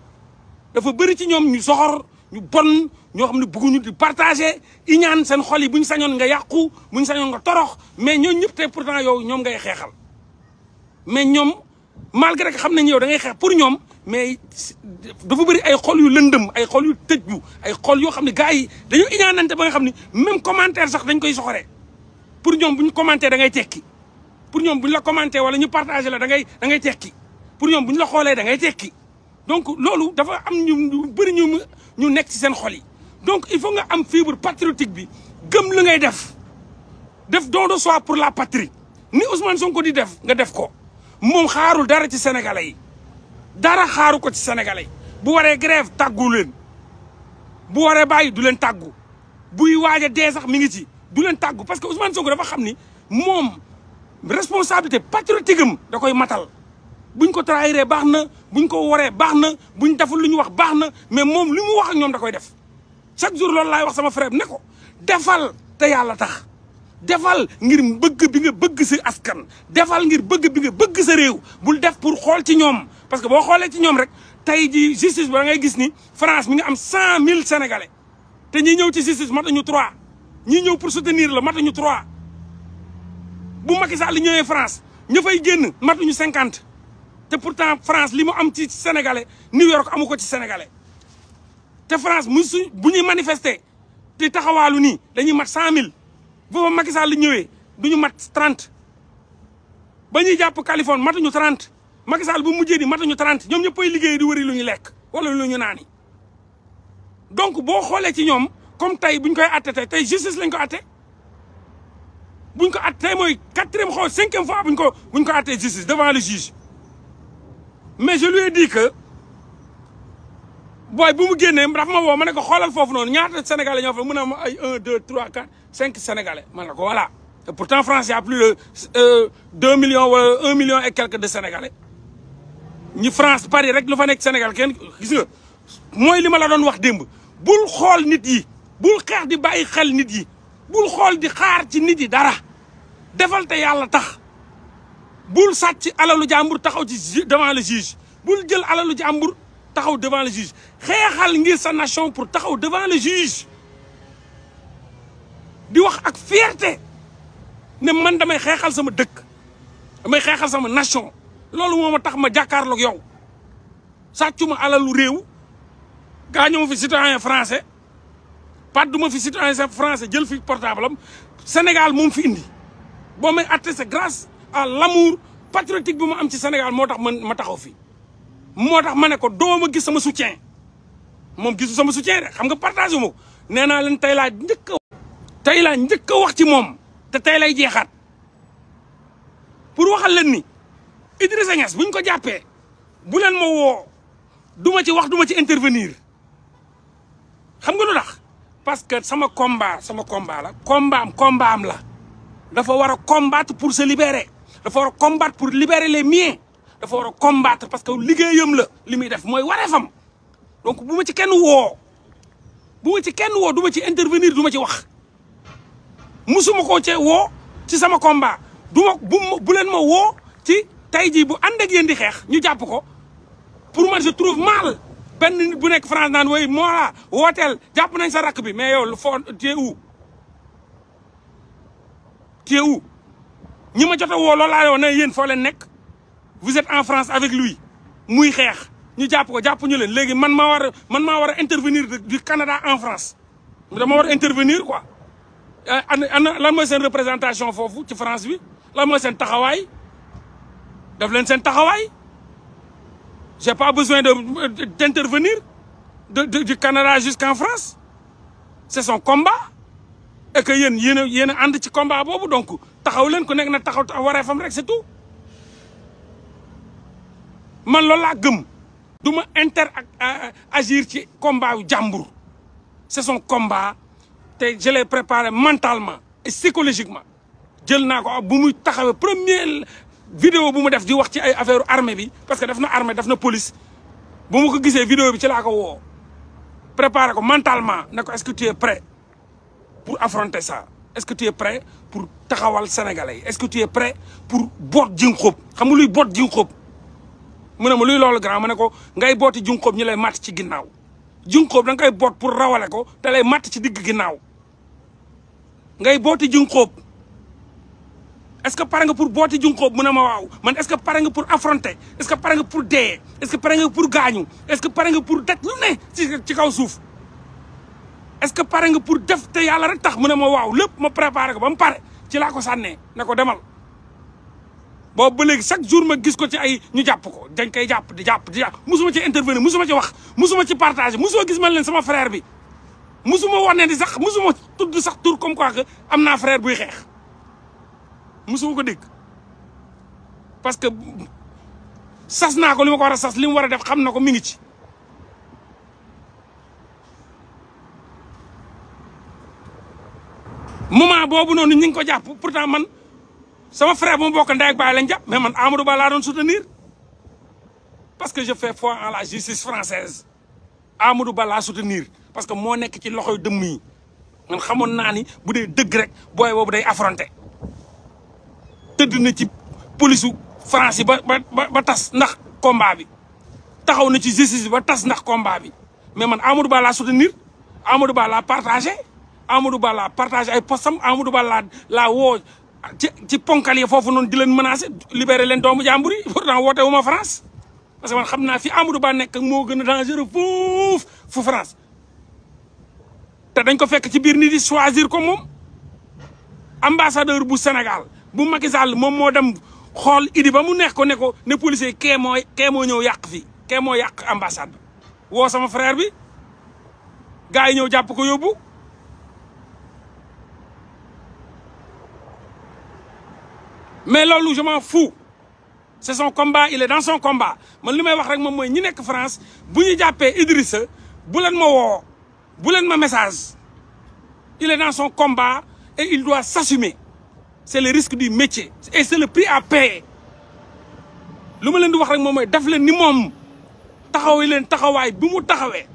dafa bëri ci ñoom ñu soxor ñu bon ñoo xam ne bëgguñu di partager iñaan seen xol yi bu ñu sañoon nga yàqu bu ñu sañoon nga torox mais ñooñu ñëpp te pourtant yow ñoom ngay xeexal mais ñoom malgré que xam nañ yow da xeex pour ñoom mais dafa bëri ay xol yu lëndëm ay xol yu tëjju ay xol yoo xam ne gars yi dañoo iñaanante ba nga xam ne même commentaire sax dañ koy soxore pour ñoom bu ñu commenté da ngay tekki pour ñoom bu ñu la commenté wala ñu partagé la da ngay da ngay tekki pour ñoom bu ñu la xoolee ngay tekki donc loolu dafa am ñu bëri ñu ñu nekk ci seen xol yi donc il faut nga am fibre patriotique bi gëm li ngay def def don de soi pour la patrie ni Ousmane ko di def nga def ko moom xaarul dara ci sénégalais yi dara xaaru ko ci sénégalais bu waree grève tàggu leen bu waree bàyyi du leen tàggu buy waaj dee sax mi ngi ci du leen tàggu parce que Ousmane ko dafa xam ni moom responsabilité patriotique am da koy matal buñ ko trahiré baax na buñ ko waree baax na buñ deful lu ñu wax baax na mais moom li mu wax ak ñoom da koy def chaque jour loolu laay wax sama frère nekko defal te yàlla tax defal ngir bëgg bi nga bëgg sa askan defal ngir bëgg bi bëgg sa réew bul def pour xool ci ñoom parce que boo xoolee ci ñoom rek tey jii justice bi da ngay gis ni France mi ngi am cent mille sénégalais te ñi ñëw ci justice ñu trois ñi ñëw pour soutenir la ñu trois bu Macky Sall ñëwee France ña fay génn ñu cinquante te pourtant France li mu am ci sénégalais New York amu ko ci sénégalais te France mu bu ñuy manifester te taxawaalu nii dañuy mat cent mille bu fa Macky Sall ñëwee du ñu mat trente ba ñuy jàpp Californie ñu trente. Macky Sall bu mujjee di matañu 30 ñoom ñëppay liggéey di wëri lu ñu lekk wala lu ñu naani donc boo xoolee ci ñoom comme tey buñ koy atte tey tey justice lañ ko atte buñ ko atte tey mooy quatrième xaw cinquième fois buñ ko buñ ko attee justice devant le juge mais je lui ai dit que booy bu mu génnee dafa ma woo ma ne ko xoolal foofu noonu ñaata sénégalais ñoo fa mën a ma ay un deux trois quatre cinq sénégalais man la ko voilà. te pourtant France y a plus de euh, deux millions wala un million et quelques de sénégalais. ñi France Paris rek lu fa nekk Sénégal kenn mooy li ma la doon wax démb bul xool nit yi bul xeex di bàyyi xel nit yi bul xool di xaar ci nit yi dara defal te yàlla tax bul sàcc alalu jàmbur taxaw ci devant le juge bul jël alalu jàmbur taxaw devant le juge xeexal ngir sa nation pour taxaw devant le juge di wax ak fierté ne man damay xeexal sama dëkk damay xeexal sama nation loolu moo ma tax ma jàkkaarloog yow ma alalu réew gaañuma fi citoyen français ma fi citoyen français jël fi portable am Sénégal moom fi indi boo may attesté grâce à l'amour patriotique bi mu am ci Sénégal moo tax man ma taxaw fi moo tax ma ne ko doo ma gis sama soutien moom gisu sama soutien rek xam nga partage ma ko nee naa leen tey laa njëkk a laa njëkk a wax ci moom te tey lay jeexaat pour waxal leen ni Idrissa Niass buñ ko jàppee bu leen ma woo duma ci wax duma ci intervenir xam nga lu tax parce que sama combat sama combat la combat am la dafa war a combattre pour se libérer dafa war a combattre pour libérer les miens dafa war a combattre parce que liggéeyam la li muy def mooy wareefam donc bu ma ci kenn woo bu ma ci kenn woo du ma ci intervenir du ma ci wax musuma ko cee woo ci sama combat du ma bu leen ma woo ci tey jii bu ànd ak yéen di xeex ñu jàpp ko pour man je trouve mal benn nit bu nekk France naan woy Mollah wooteel jàpp nañ sa rakk bi mais yow lu foo téye wu. téye ma jot a woo loolaa yow na yéen foo leen nekk vous êtes en France avec lui muy xeex ñu jàpp ko jàpp ñu leen léegi man ma war a man maa war a intervenir du Canada en France dama war a intervenir quoi. Euh, ana lan mooy seen représentation foofu ci France bi lan mooy seen taxawaay. daf leen seen taxawaay j'ai pas besoin de intervenir de du Canada jusqu'en France c'est son combat et que yéen yéen a yéen ànd ci combat boobu donc taxaw leen ku nekk na taxaw wareefam rek c'est tout man loolu laa gëm du ma inter ak agir ci combat yu jàmbur c'est son combat te je l'ai préparé mentalement et psychologiquement jël naa ko bu muy taxawee premier vidéo bu mu def di wax ci ay affaire armée bi parce que daf na armée daf na police bu mu ko gisee vidéo bi ci laa ko woo préparé ko mentalement ne ko est que tu es pour affronter ça est-ce que tu es pour taxawal sénégalais yi est que tu es prêt pour boot jinxóob xam nga luy boot jinxóob mu ne ma luy loolu grand ma ne ko ngay booti jinxóob ñu lay màtt ci ginnaaw jinxóob da nga koy boot pour rawale ko te lay màtt ci digg ginnaaw ngay booti jinxóob est-ce que pare nga pour booti junkoob mu ne ma waaw man est-ce que pare nga pour affronter est-ce que pare nga pour dee est-ce que pare nga pour gaañu est-ce que pare nga pour daj lu ne ci kaw suuf est que pare nga pour def te yàlla rek tax mu ne ma waaw lépp ma préparé ko ba mu pare ci laa ko sànnee na ko demal boobu ba léegi chaque jour ma gis ko ci ay ñu jàpp ko dañ kay jàpp di jàpp di jàpp musuma ci intervenir musuma ci wax musuma ci partager musuma gis ma leen sama frère bi musuma wane di sax musuma tudd sax tur comme quoi que am naa frère buy xeex musuma ko dégg parce que sas naa ko li ma ko war a sas li war a def xam na ko mi ngi ci moment boobu noonu ñu ngi ko jàpp pourtant man sama frère bu ma bokk ndey ak lañ jàpp mais man Amadou Ba doon soutenir parce que je fais fois à la justice française Amadou Ba laa soutenir parce que moo nekk ci loxoy dëmm yi man xamoon naa ni bu dee dëgg rek booy boobu day affronter tëdd na ci polisu France yi ba ba ba tas ndax combat bi taxaw na ci justice ba tas ndax combat bi mais man Amadou Ba laa soutenir Amadou Ba laa partagé Amadou Ba laa partagé ay postam Amadou Ba laa laa ci ci ponkal foofu noonu di leen menacé libéré leen doomu jàmbur yi pourtant woote wu ma France parce que man xam naa fi Amadou Ba nekk moo gën a dangereux foofu fu France te dañ ko fekk ci biir nit yi choisir ko moom ambassadeur bu Sénégal bu Macky Sall moom moo dem xool idi ba mu neex ko ne ko ne policier kee moo moo ñëw yàq fii kee moo yàq ambassade woo sama frère bi gars yi ñëw jàpp ko yóbbu mais loolu je fu fous c'est son combat il est dans son combat man li may wax rek moom mooy ñi nekk France bu ñu jàppee Idrissa bu leen ma woo bu leen ma message il est dans son combat et il doit s'assumer c'est le risque du métier et c'est le prix à payer lu ma leen di wax rek moom mooy def leen ni moom taxawee leen taxawaay bi mu taxawee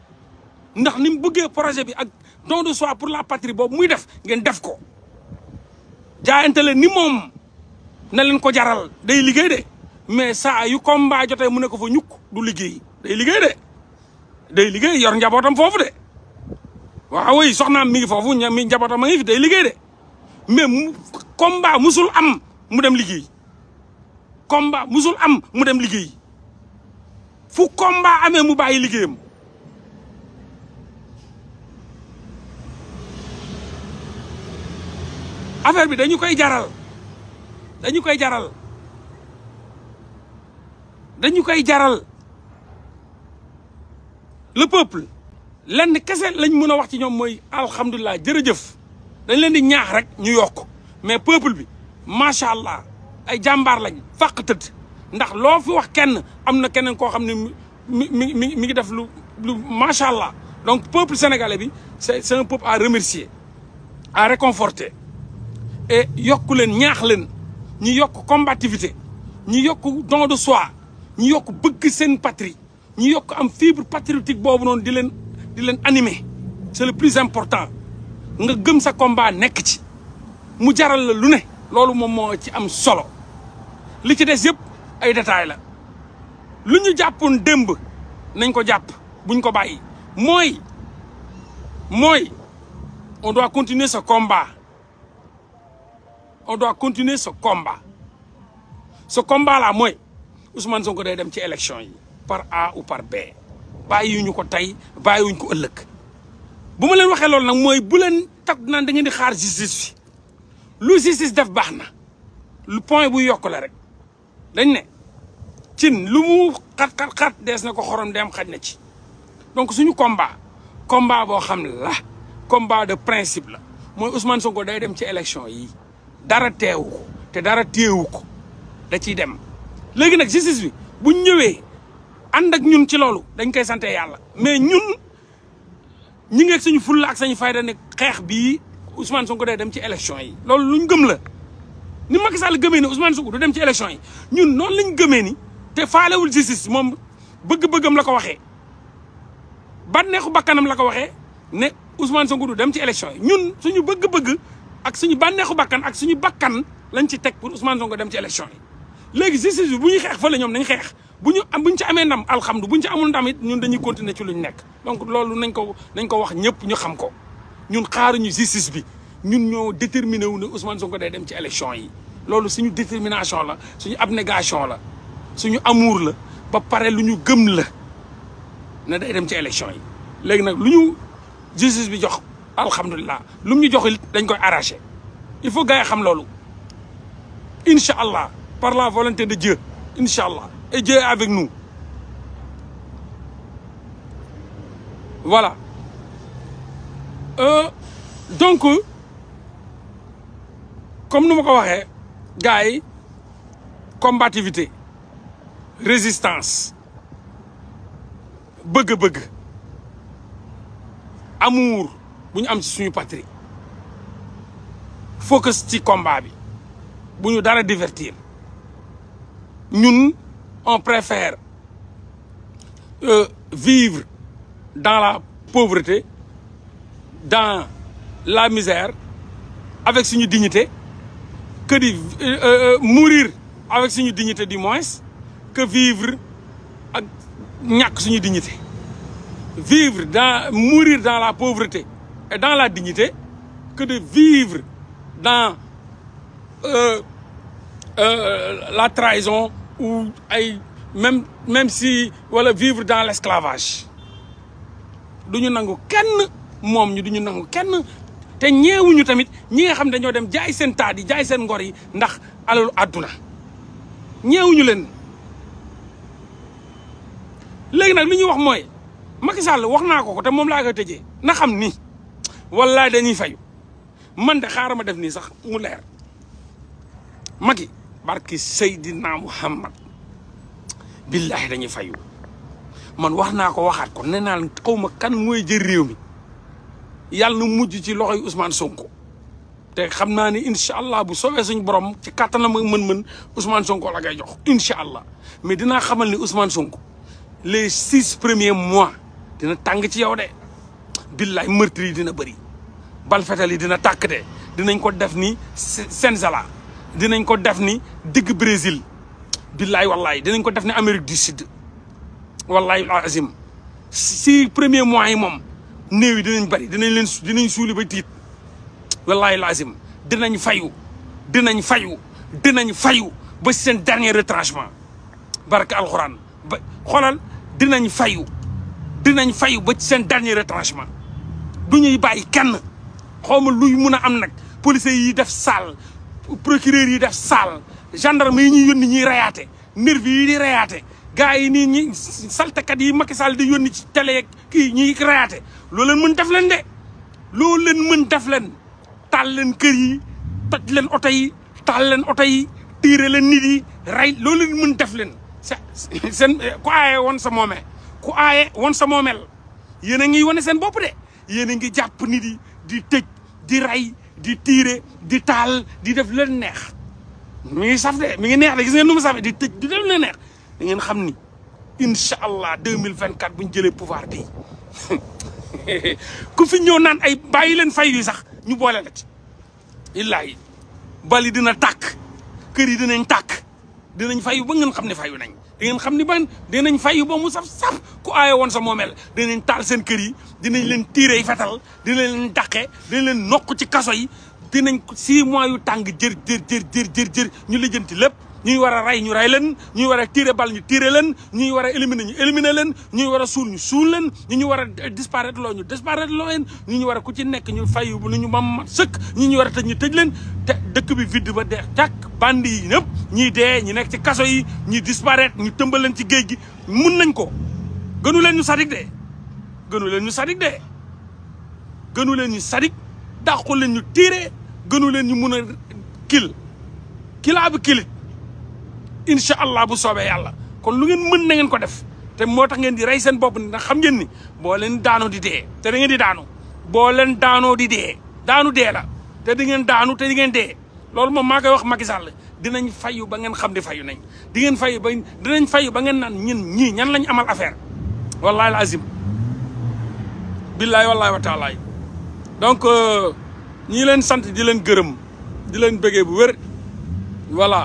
ndax ni mu bëggee projet bi ak don de soi pour la patrie boobu muy def ngeen def ko jaayante leen ni moom na leen ko jaral day liggéey de mais saa yu combat jotee mu ne ko fa ñukk du liggéey day liggéey de day liggéey yor njabootam foofu de waaw oui soxnaam mi ngi foofu mi njabootam ma ngi fi day liggéey de mais mu combat musul am mu dem liggéey komba musul am mu dem liggéey fu komba amee mu bàyyi liggéeyam affaire bi dañu koy jaral dañu koy jaral dañu koy jaral le peuple lenn kese lañ mun a wax ci ñoom mooy alhamdulilah jërëjëf dañ leen di ñaax rek ñu yokk mais peuple bi macha allah ay jàmbaar lañ fàq ndax loo wax kenn am na keneen koo xam ne mi mi mi mi ngi def lu lu macha allah donc peuple sénégalais bi c'est c'est un peuple à remercier à réconforter et yokk leen ñaax leen ñu yokk combativité ñu yokk don de soi ñu yokk bëgg seen patrie ñu yokk am fibre patriotique boobu noonu di leen di leen animer c'est le plus important nga gëm sa combat nekk ci mu jaral la lu ne loolu moom moo ci am solo li ci des yëpp ay détails la lu ñu jàppoon démb nañ ko jàpp buñ ko bàyyi mooy mooy on doit continuer ce combat on doit continuer ce combat ce combat là mooy Ousmane ko day dem ci élection yi par A ou par B bàyyiwuñu ko tey bàyyiwuñ ko ëllëg bu ma leen waxee loolu nag mooy buleen takk naan da di xaar justice lu justice def baax na lu point bu yokk la rek dañ ne cin lu mu xat xat xat dees na ko xorom dem xaj na ci donc suñu combat combat boo xam la combat de principe la mooy Ousmane Sonko day dem ci élection yi dara teewu ko te dara teewu ko da ciy dem léegi nag justice bi bu ñëwee ànd ak ñun ci loolu dañ koy sante yàlla mais ñun ñi ngeeg suñu fulla ak sañu fayda ne xeex bii Ousmane Sonko day dem ci élection yi loolu luñ gëm la ni Macky Sall gëmee ni Ousmane Sonko du dem ci élection yi ñun noonu lañ gëmee ni te faalewul justice moom bëgg-bëggam la ko waxee bànneexu bakkanam la ko waxee ne Ousmane Sonko du dem ci élection yi ñun suñu bëgg-bëgg ak suñu bànneexu bakkan ak suñu bakkan lañ ci teg pour Ousmane Sonko dem ci élection yi léegi justice bu ñuy xeex fa ñoom nañ xeex bu ñu am bu ñu ci amee ndam alhamdu bu ñu ci amul ndam it ñun dañuy continuer ci luñ nekk donc loolu nañ ko nañ ko wax ñëpp ñu xam ko ñun xaaruñu justice bi ñun ñoo déterminé wu ne soo ko day dem ci élection yi loolu suñu détermination la suñu abnégation la suñu amour la ba pare lu ñu gëm la ne day dem ci élection yi léegi nag lu ñu justice bi jox alhamdulilah lu mu ñu jox dañ koy arraché il faut gars yi xam loolu incha allah par la volonté de Dieu incha allah et Dieu est avec nous voilà euh, donc comme nu ma ko waxee gars yi combativité résistance bëgg-bëgg amour bu am ci suñu patrie focus ci combat bi buñu ñu dara divertir ñun on préfère euh, vivre dans la pauvreté dans la misère avec suñu dignité que di euh, euh, euh, mourir avec suñu dignité du moins que vivre ak ñàkk suñu dignité vivre dans mourir dans la pauvreté et dans la dignité que de vivre dans euh, euh, la trahison ou ay même même si wala vivre dans l' esclavage du ñu nangu kenn moom ñu du ñu nangu kenn te ñeewuñu tamit ñi nga xam dañoo dem jaay seen taat yi jaay seen ngor yi ndax alalu àdduna ñeewuñu leen léegi nag li ñuy wax mooy Macky Sall wax naa ko ko te moom laa koy tëjee na xam ni wallaay dañuy fayu man de xaaral ma def nii sax mu leer Macky barki Seydina Muhammad billahi dañuy fayu man wax naa ko waxaat ko nee naa leen ma kan mooy jël réew mi yàlla na mujj ci loxoy Ousmane Sonko te xam naa ni incha allah bu soowee suñ borom ci kattana ak mën-mën Ousmane Sonko lagay jox incha allah mais dinaa xamal ni Ousmane Sonko les six premiers mois dina tàng ci yow de billaay meurtre yi dina bëri bal fetal dina tàkk de dinañ ko def ni Senzala. dinañ ko def ni digg Brésil billaay wallaay dinañ ko def ni Amérique du Sud wallaay azim si premier mois yi moom néew yi dinañ bari dinañ leen dinañ suuli ba tiit wallaay azim dinañ fayu dinañ fayu dinañ fayu ba seen dernier retranchement barke alxuraan ba xoolal dinañ fayu dinañ fayu ba seen dernier retranchement du ñuy bày kenn xawma luy mun a am nag policiers yi def salle procureur yi def saal gendarme yi ñuy yónni ñuy reyaate nervi yi di rayaate gars yi nii ñi saltekat yi Macky Sall di yónni ci télé kii ñuy reyaate loolu leen mën def leen de loolu mën def leen taal leen kër yi toj leen oto yi leen oto yi tiire leen nit yi rey loolu leen mën def leen seen ku aaye woon sa moomee ku aaye won sa moomeel yéen a ngi wane seen bopp de yéen a ngi jàpp nit di di tëj di ray di tiire di taal di def leen neex mi ngi saf mi ngi neex de gis ngeen nu mu safee di tëj di def leen neex da ngeen xam ni incha allah deux mille vingt quatre bu ñu jëlee pouvoir bi ku fi ñëw naan ay bàyyi leen fay yi sax ñu boole la ci. illaahi bal yi dina tàkk kër yi dinañ tàkk dinañ fayu ba ngeen xam ne fayu nañ. di xam ni ban dinañ fay ba mu saf-saf ku aaye woon sa moomeel dinañ taal seen kër yi dinañ leen tiire tiirey fetal dinañ leen daqe dinañ leen nokk ci kaso yi dinañ six mois yu tàng jër jër jër jër jër jër ñu lijjanti lépp ñuy war a rey ñu rey leen ñuy war a tiire bal ñu tiire leen ñuy war a ñu éliminer leen ñuy war a suul ñu suul leen ñu ñu war a disparaître loo ñu disparaître loo leen ñu ñu war a ku ci nekk ñu fay bu ñu mam mat sëkk ñi ñu war a tëj ñu tëj leen te dëkk bi vide ba de càkk bandi yi ñëpp ñiy dee ñi nekk ci kaso yi ñuy disparaître ñu tëmbal leen ci géej gi mun nañ ko gënu leen ñu sadik de gënu leen ñu sadik de gënu leen ñu sadik dàqu leen ñu tiire gënu leen ñu mun a kil kilaa bi kilit incha allah bu soobee yàlla kon lu ngeen mën na ngeen ko def te moo tax ngeen di rey seen bopp ndax xam ngeen ni boo leen daanoo di dee te da ngeen di daanu boo leen daanoo di dee daanu dee la te di ngeen daanu te di ngeen dee loolu moom maa koy wax Macky Sall dinañ fayu ba ngeen xam di fayu nañ di ngeen fayu ba dinañ fayu ba ngeen naan ñin ñii ñan lañ amal affaire wallahi la azim billaay wallaay wa taalaay euh, ñii leen sant di leen gërëm di leen bëggee bu wér voilà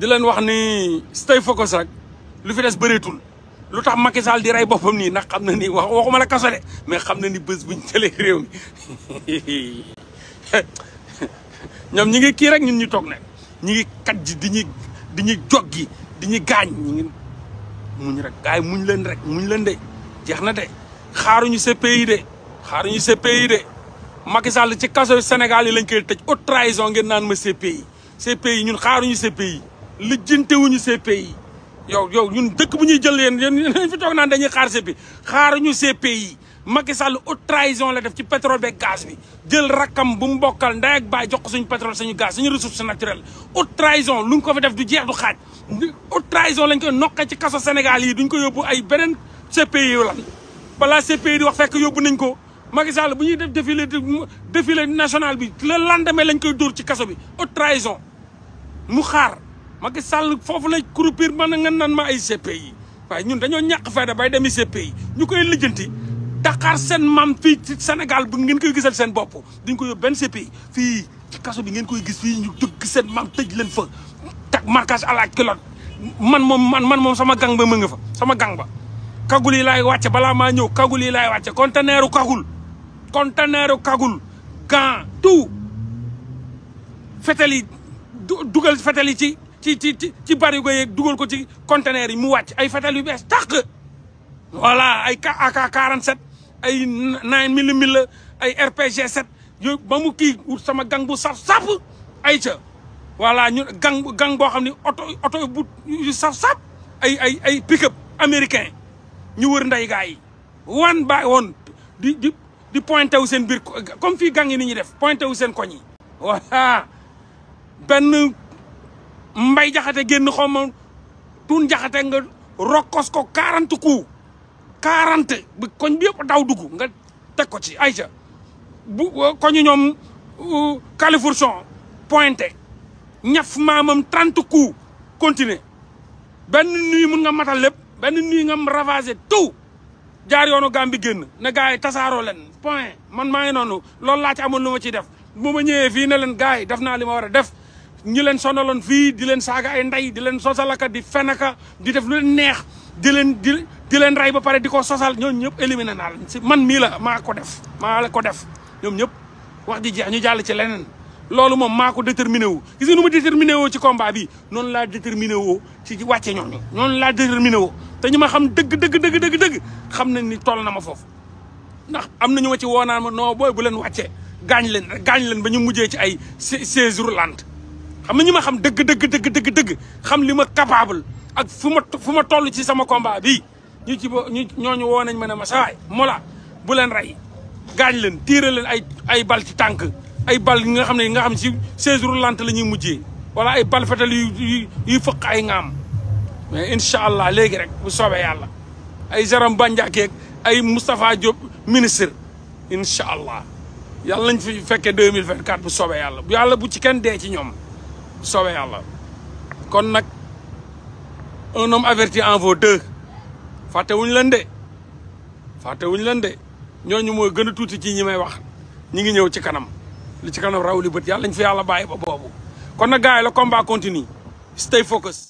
di leen wax ni stay focus rek lu fi des bëreetul lu tax Macky Sall di rey boppam nii ndax xam na ni wax waxuma la kaso de mais xam na ni bës buñ jëlee réew mi ñoom ñi ngi kii rek ñun ñu toog ne ñi ngi kat ji di ñuy di ñuy joggi di ñuy gaañ muñ rek gaay muñ leen rek muñ leen de jeex na de xaaruñu CPI de xaaruñu CPI de Macky Sall ci kaso Sénégal yi lañ koy tëj haute trahison ngeen naan ma CPI CPI ñun xaaruñu CPI lijjantewuñu CPI yow yow ñun dëkk bu ñuy jël yen yéen fi toog naan dañuy xaar CPI xaaruñu CPI Macky Sall haute trahison la def ci pétrole beeg gaz bi jël rakkam bu mu bokkal ndey ak baay jox ko suñu pétrole suñu gaz suñu ressource naturelle haute trahison luñ ko fi def du jeex du xaaj haute trahison lañ koy noqe ci kaso Sénégal yi duñ ko yóbbu ay beneen CPI yu lan balaa CPI di wax fekk yóbbu nañ ko Macky Sall bu ñuy def défilé défilé national bi le lendemain lañ koy dóor ci kaso bi haute trahison mu xaar Macky Sall foofu lay croupir man nga naan ma ay CPI waaye ñun dañoo ñàkk fayda bay demi CPI ñu koy lijjanti Dakar seen maam fii ci Sénégal bu ngeen koy gisal seen bopp duñ ko yóbbu benn CPI fii ci kaso bi ngeen koy gis fii ñu dëgg seen maam tëj leen fa tak marquage à man moom man man moom sama gang ba mu nga fa sama gang ba kagul yi laay wàcce balaa maa ñëw kagul yi laay wàcce conteneur u kagul conteneur u kagul gant tout dugal fetel ci ci ci ci ci barigo yeeg dugal ko ci conteneur yi mu wàcc ay fetal yu bees tàq voilà ay AK 47 ay 9 millimètres la ay RPG 7 ba mu kii sama gang bu saf saf ay ca voilà ñu gang boo xam ne oto oto bu yu sap saf ay ay ay pick-up américain ñu wër nday gaa yi wan ba woon di di di pointé wu seen biir comme fii gang yi ni ñuy def pointé wu seen koñ benn mbay jaxate génn xaw ma tun jaxate nga rokkos ko quarante coups quarante bi koñ bi yëpp daw dugg nga teg ko ci ayca bu euh, koñu ñoom califourchon euh, pointé ñaf maamam trente coups continuer benn nuy mun nga matal lépp benn nuit nga ravager tout jaar yoonu gàmm bi génn na gars yi tasaaroo leen point man maa ngi noonu loolu laa ci amoon lu ci def bu ma ñëwee fii ne leen gars yi def naa li ma war a def ñi leen sonaloon fii di leen saaga ay nday di leen sosalaka di fenaka di def lu leen neex di leen di di leen rey ba pare di ko sosal ñoom ñëpp éliminé naa leen si man mii la maa ko def maa la ko def ñoom ñëpp wax ji jeex ñu jàll ci leneen loolu moom maa ko déterminé wu gis nga nu woo ci combat bi noonu laa déterminé woo ci wàcce ñooñu noonu laa déterminé woo te ñu ma xam dëgg dëgg dëgg dëgg dëgg xam nañ ni tol na ma foofu ndax am na ñu ma ci woonaan ma noo booy bu leen wàcce gaañ leen gaañ leen ba ñu mujjee ci ay séjour lente xam na ñu ma xam dëgg dëgg dëgg dëgg xam li ma capable ak fu ma fu ma toll ci sama combat bii ñu ci ñu ñooñu woo nañ ma ne ma sawaay mola bu leen rey gaañ leen tiire leen ay ay bal ci tànk ay bal yi nga xam ne nga xam ci seize jours lant la ñuy mujjee wala ay bal fetal yu yuy fëq ay ŋaam mais incha allah léegi rek bu soobee yàlla ay Jaram Bandiakeeg ay Moustapha Diop ministre incha allah yàlla nañ fi fekkee 2024 bu soobee yàlla yàlla bu ci kenn dee ci ñoom sowe yàlla kon nag un homme averti en vaut deux fàtte wuñ leen de fàtte wuñ leen de ñooñu mooy gën a tuuti ci ñi may wax ñi ngi ñëw ci kanam li ci kanam raw li bët yàlla ñu fi yàlla bàyyi ba boobu kon nag gars yi la combat continue stay focus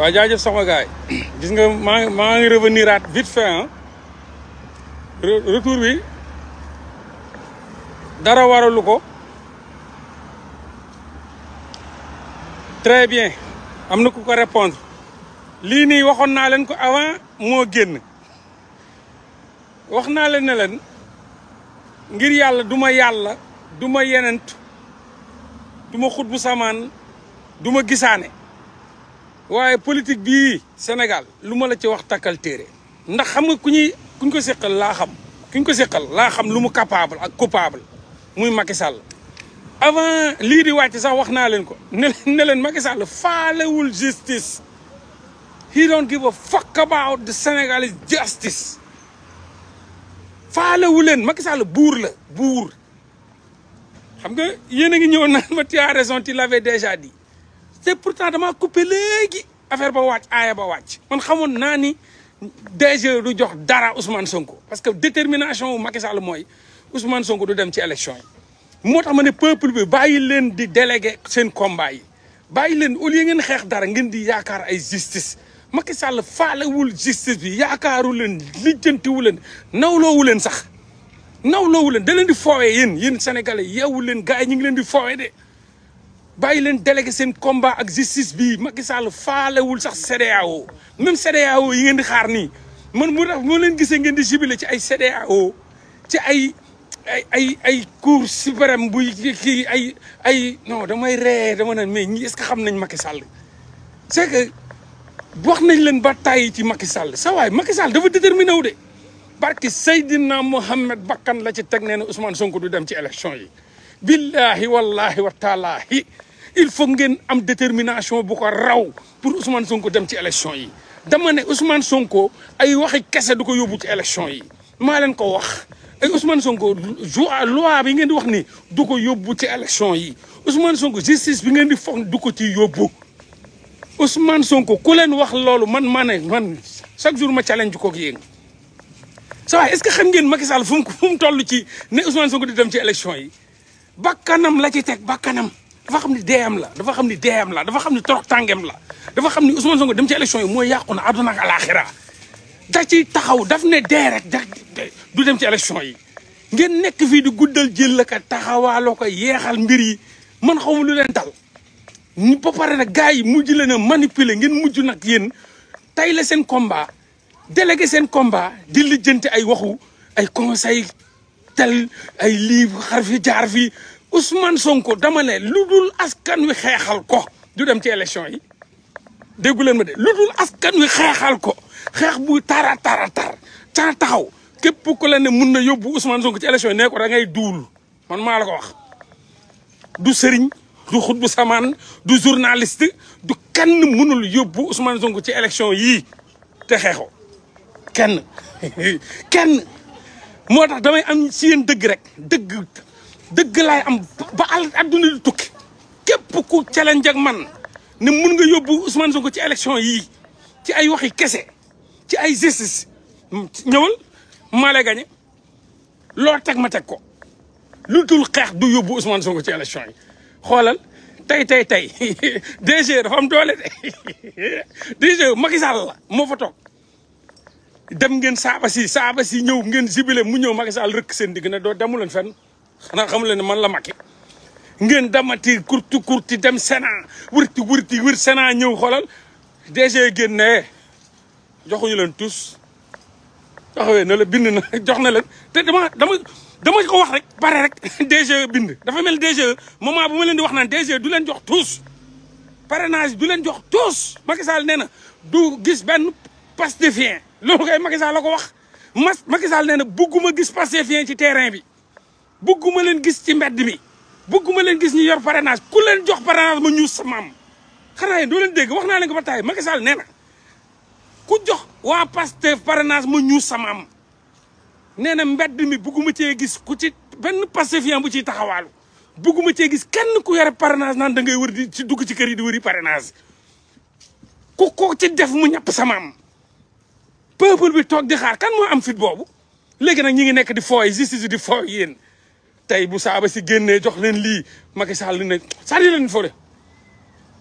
waa jaajëf sama gars gis nga maa ngi maa revenir at vite fait ah retour bi dara waralu ko très bien am na ku ko répondre lii nii waxoon naa leen ko avant moo génn wax naa leen na leen ngir yàlla du ma yàlla du ma yenent du ma xut bu samaan du ma gisaane waaye politique bii Sénégal lu ma la ci wax takkal téere ndax xam nga ku ñuy kuñ ko séqal laa xam kuñ ko séqal laa xam lu mu capable ak coupable muy Macky Sall avant lii di wàcc sax wax naa leen ko ne leen ne leen Macky Sall faalewul justice he don't give a fuck about the Senegalese justice faalewu leen Macky buur la buur xam nga yéen a ngi ñëw naan ma tu as raison tu l'avais déjà dit c'est pourtant dama coupé léegi affaire ba wàcc aaya ba wàcc man xamoon naa ni DG du jox dara Ousmane Sonko parce que détermination wu Macky Sall mooy Ousmane Sonko du dem ci élection yi moo tax ma ne peuple bi bàyyi leen di délégué seen combat yi bàyyi leen au lieu ngeen xeex dara ngeen di yaakaar ay justice Macky Sall faalewul justice bi yaakaaru leen lijjantiwu leen nawloowu leen sax nawloowu leen da leen di foowee yéen yéen sénégalais yeewu leen gars yi ñu ngi leen di foowee bàyyi leen délégué seen combat ak justice bi Macky Sall faalewul sax CEDEAO même CEDEAO yi ngeen di xaar nii man mu tax moo leen gisee ngeen di jibile ci ay CEDEAO ci ay ay ay ay cour suprême buy kii ay ay non damay ree dama naan mais ñi est-ce que xam nañ Macky Sall c'est wax nañ leen ba tàyyi ci Macky Sall sa waay Macky Sall dafa déterminé wu de barki Seydina Mohamed bakkan la ci teg nee na Ousmane Sonko du dem ci élection yi billahi wallahi wa taalahi il faut ngeen am détermination bu ko raw pour Ousmane Sonko dem ci élection yi dama ne Ousmane Sonko ay waxi kese du ko yóbbu ci élection yi maa leen ko wax ay Ousmane Sonko loi bi ngeen di wax ni du ko yóbbu ci élection yi Ousmane Sonko justice bi ngeen di foog du ko ci yóbbu Ousmane Sonko ku leen wax loolu man maa ne man chaque jour ma challenge koog yéen sa est-ce que xam ngeen Macky Sall fu mu fu mu ci ne Ousmane Sonko di dem ci élection yi bakkanam la ci teg bakkanam dafa xam ni deeyam la dafa xam ni deeyam la dafa xam ni torox tàngeem la dafa xam ni Ousmane Sonko dem ci élection yi mooy yàqu na àdduna ak alaaxira da ci taxaw daf ne dee rek du dem ci élection yi ngeen nekk fii di guddal jël la ka taxawaaloo ko yeexal mbir yi man xaw lu leen taw ñu ba pare nag gars yi mujj leen a manipuler ngeen mujj nag yéen tey la seen combat délégué seen combat di lijjanti ay waxu ay conseil tel ay livre xar fi jaar fi Ousmane Sonko dama ne lu dul askan wi xeexal ko du dem ci élection yi déggu leen ma de lu dul askan wi xeexal ko xeex bu tara tara tar can taxaw képp ku la ne mun na yóbbu Ousmane Sonko ci élection yi nee ko da ngay duul man la ko wax du sëriñ du xutbu samaan du journaliste du kenn mënul yóbbu Ousmane ci élection yii te xeexoo kenn kenn moo tax damay am si dëgg rek dëgg dëgg laay am ba adduna di tukki képp ku challenge ak man ne mun nga yóbbu Ousmane Sonko ci élection yii ci ay waxi kese ci ay justice ñëwal maa lay gañe loo teg ma teg ko lu dul xeex du yóbbu Ousmane Sonko ci élection yi xoolal tey tey tey DG dafa am doole de DG Macky la moo fa toog dem ngeen saaba si saaba si ñëw ngeen sibile mu ñëw Macky Sall rëkk seen digg na doo demu leen fen xanaa xamu leen ne man la Macky ngeen damati kurti kurti dem Sénat wërti wërti wër Sénat ñëw xoolal DG génne joxuñu leen tous taxawee na la bind na jox na leen te dama dama dama ko wax rek bare rek DG bind dafa mel DG moment bu ma leen di wax naan DG du leen jox tous parrainage du leen jox tous Macky Sall nee na du gis benn Pastefien loolu kay Macky saal la ko wax mas Macky Sall nee na bugguma gis Pastefien ci terrain bi bëgguma leen gis ci mbedd mi bëgguma leen gis ñu yor parrainage ku leen jox parrainage ma ñuus sa maam xanaa yéen doo leen dégg wax naa leen ko ba taay Macky Sall nee ku jox waa Pastef parrainage ma ñuus sa maam nee na mbedd mi bëgguma cee gis ku ci benn Pastefien bu ciy taxawaalu bëgguma cee gis kenn ku yore parrainage naan da ngay wër di ci dugg ci kër yi di wëri parrainage ku ko ci def mu ñàpp sa maam bi toog di xaar kan mu am fit boobu léegi nag ñi ngi nekk di fooy justice di fooy yéen tey bu saaba si génnee jox leen lii Macky Sall ne sari leen fore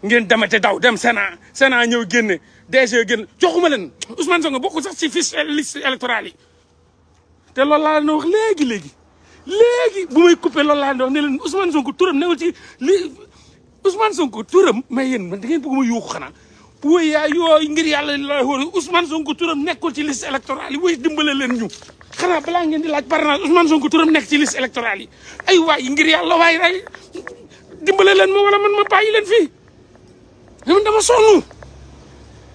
ngeen demate daw dem Sénat Sénat ñëw génne DG génn joxuma leen Ousmane Sonko bokkul sax si fiche liste électorale yi te loolu laa léegi léegi bu may coupé loolu laa leen ne leen Ousmane Sonko turam newul ci li Ousmane Sonko turam mais yéen man da ngeen bëgg ma yuuxu xanaa wuy yaa yooyu ngir yàlla la wóor Ousmane Sonko turam nekkul ci liste électorale yi wuy dimbale leen ñu xanaa balaa ngeen di laaj parrainage Ousmane Sonko turam nekk ci liste électorale ay waay ngir yàlla waay ray dimbale leen ma wala man ma bàyyi leen fii man dama sonn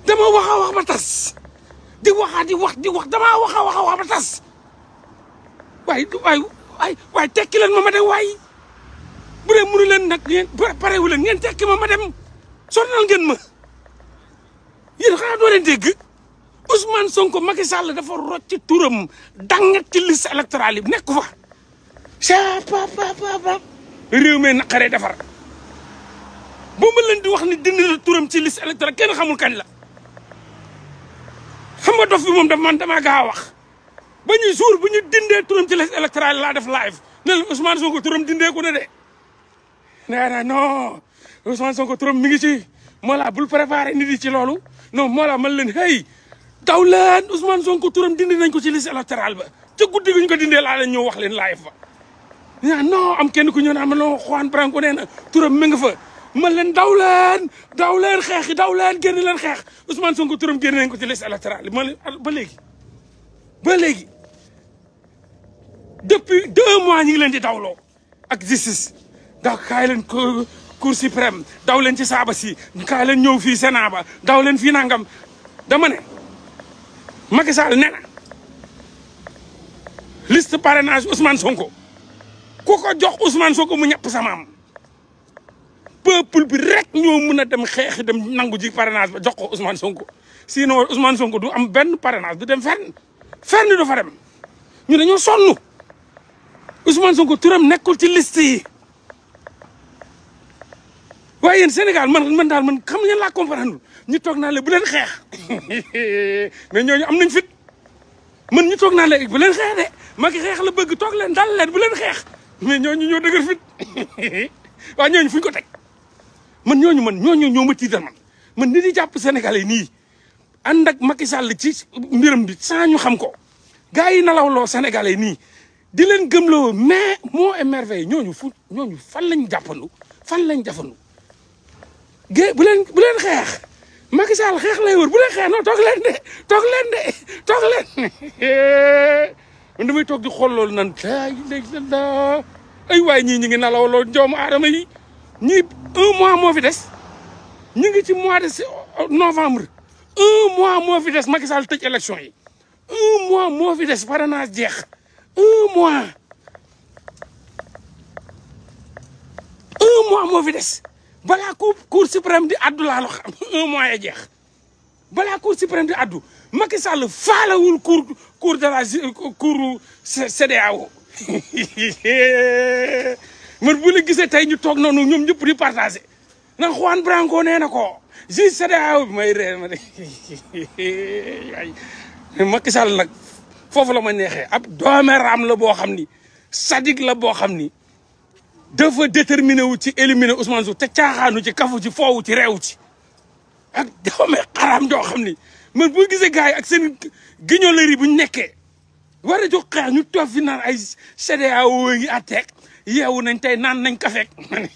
dama wax a wax ba tas di waxaa di wax di wax damaa wax a wax a wax ba tas waay waay waay ma ma dem waay bu dee leen nag ngeen parewu leen ngeen tekki ma ma dem sonnal ngeen ma yéen xanaa doo leen dégg Ousmane Sonko Macky Sall dafa rocc ci turam dangat ci liste électorale yi nekk fa. saa pa pa réew mi naqaree defar boo ma leen di wax ni dindi la turam ci liste électorale kenn xamul kañ la xam nga dof bi moom daf man damaa gaa wax ba ñu jour bu ñu dindee turam ci liste électorale laa def live ne leen Ousmane Sonko turam dindee ko na de. nee na non Ousmane Sonko turam mi ngi ci moo laa bul préparé nit yi ci loolu. non moo la man leen hey daw leen Ousmane Sonko turam dindi nañ ko ci liste électorale ba ca guddi gi ñu ko dindee laa leen ñëw wax leen live fa ah non am kenn ku ñëw naa am loo Juan Branco nee na turam mi nga fa man leen daw leen daw leen xeex daw leen génn leen xeex Ousmane Sonko turam génn nañ ko ci liste électorale ma leen ba léegi ba léegi depuis deux mois ñu ngi leen di dawloo ak justice ndax kaay leen cour suprême daw leen ci saaba si kaa leen ñëw fii Sénat ba daw leen fii nangam damane ne Macky Sall nee na liste parrainage Ousmane Sonko ku ko jox Ousmane mu ñepp samaam peuple bi rek ñoo mën a dem xeexi dem nangu ji parrainage ba jox ko Ousmane Sonko sinon Ousmane Sonko du am benn parrainage du dem fenn fenn du fa dem ñu dañoo sonn Ousmane Sonko turam nekkul ci liste yi waaye yenn Sénégal man man daal man xam ngeen laa comprendre ñu toog naa leen bu leen xeex mais ñooñu am nañ fit man ñu toog naa leen bu leen xeex de Macky xeex la bëgg toog leen dal leen bu leen xeex mais ñooñu ñoo dëgër fit waaw ñooñu fu ko teg man ñooñu man ñooñu ñoo ma tiital man man ni di jàpp Sénégal yi nii ànd ak Macky Sall ci mbiram bi sans ñu xam ko gars yi nalawloo Sénégal yi nii di leen gëmloo mais moo émerveillé ñooñu fu ñooñu fan lañ jàppandu fan lañ jafandu gée bu leen bu xeex Macky Sall xeex lay wër bu leen xeex non toog leen de toog leen de toog leen man damay toog di xool loolu nan ay waay ñii ñu ngi nalaw lool doomu aadama yi ñii un mois moo fi des ñu ngi ci mois de novembre un mois moo fi des Macky Sall tëj élection yi un mois moo fi des naa jeex un mois un mois moo fi des balaa cour cour suprême di addu laa xam un mois jeex balaa cour suprême di addu Macky Sall faalawul cour cour de la cour CEDEAO man bu la gisee tey ñu toog noonu ñoom ñëpp di partagé ndax Juan Branco nee na ko juge CEDEAO bi may ree ma de waay Macky Sall foofu la ma neexee ab doomeeraam la boo xam ni sadik la boo xam ni dafa déterminé wu ci éliminé Ousmane Sonko te caaxaanu ci kafu ci foowu ci réew ci ak dafa may xaraam joo xam ni man bu gisee gars yi ak seen guignolerie bu ñu nekkee war a jox xeex ñu toog fi ay CEDEAO ngi àtteeg yeewu nañ tey naan nañ kafeek man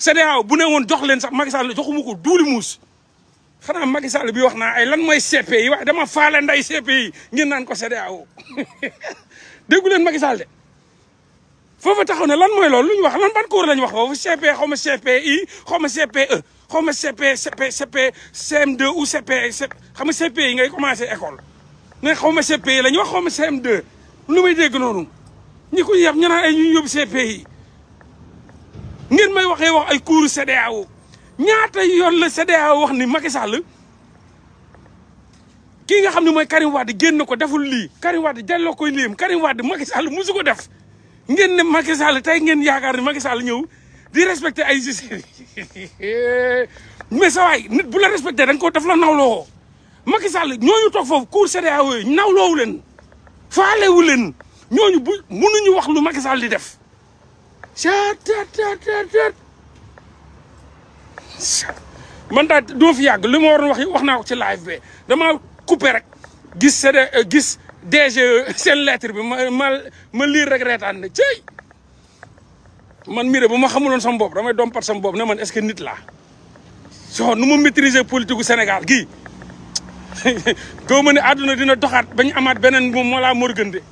CEDEAO bu ne woon jox leen sax Macky Sall joxuma ko duuli muus xanaa Macky Sall bi wax naa ay lan mooy yi waaye dama faale nday CPI ngeen naan ko CEDEAO déggu leen Macky Sall foofu taxaw ne lan mooy loolu lu ñu wax lan ban cours la ñu wax foofu CP xaw ma CPI xaw ma CPE xaw ma CP CP CP CM2 ou CP xam nga CPI ngay commencé école ne xaw ma cp la ñu wax xaw ma cm lu may dégg noonu ñi ko yab ñu naan ay ñu yóbbu CPI ngeen may waxee wax ay cours CEDEAO ñaata yoon la CEDEAO wax ni Macky Sall kii nga xam ne mooy Karim Wade génn ko deful lii Karim Wade delloo koy léem Karim Wade Macky Sall musu ko def ngeen ne Macky Sall tey ngeen yaakaar ni Macky Sall ñëw di respecté ay justice mais sa nit bu la respecté da nga ko daf la nawloo Macky Sall ñooñu toog foofu cour CEDEAO yooyu nawloowu leen faalewu leen ñooñu bu mënuñu wax lu Macky Sall di def catatatatat man daal doo fi yàgg li ma waroon wax wax naa ko ci live be dama coupé rek gis CEDEAO gis DGE seen lettre bi ma ma ma liir rek reetaan ne cey man mii de bu ma xamuloon sama bopp damay dompat sama bopp ne man est-ce que nit laa soo nu ma maîtriser politique gu Sénégal gii goo ma ne àdduna dina doxaat bañ amaat beneen moom moo laa morgande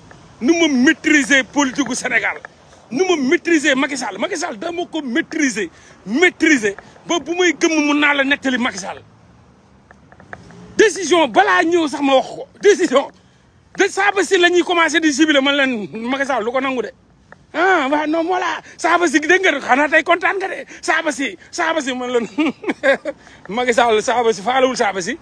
nu ma maîtriser politique gu Sénégal nu ma maîtriser Macky Sall Macky Sall dama ko maîtriser maîtriser ba bu may gëmm mun naa la nettali Macky Sall décision balaa ñëw sax ma wax ko décision de Saba si la ñuy commencé di ciblé man leen Macky Sall ko nangu de ah waaw non voilà Saba si dégg nga xanaa tey kontaan nga de saaba si Saba si man leen Macky Sall Saba si faalewul Saba si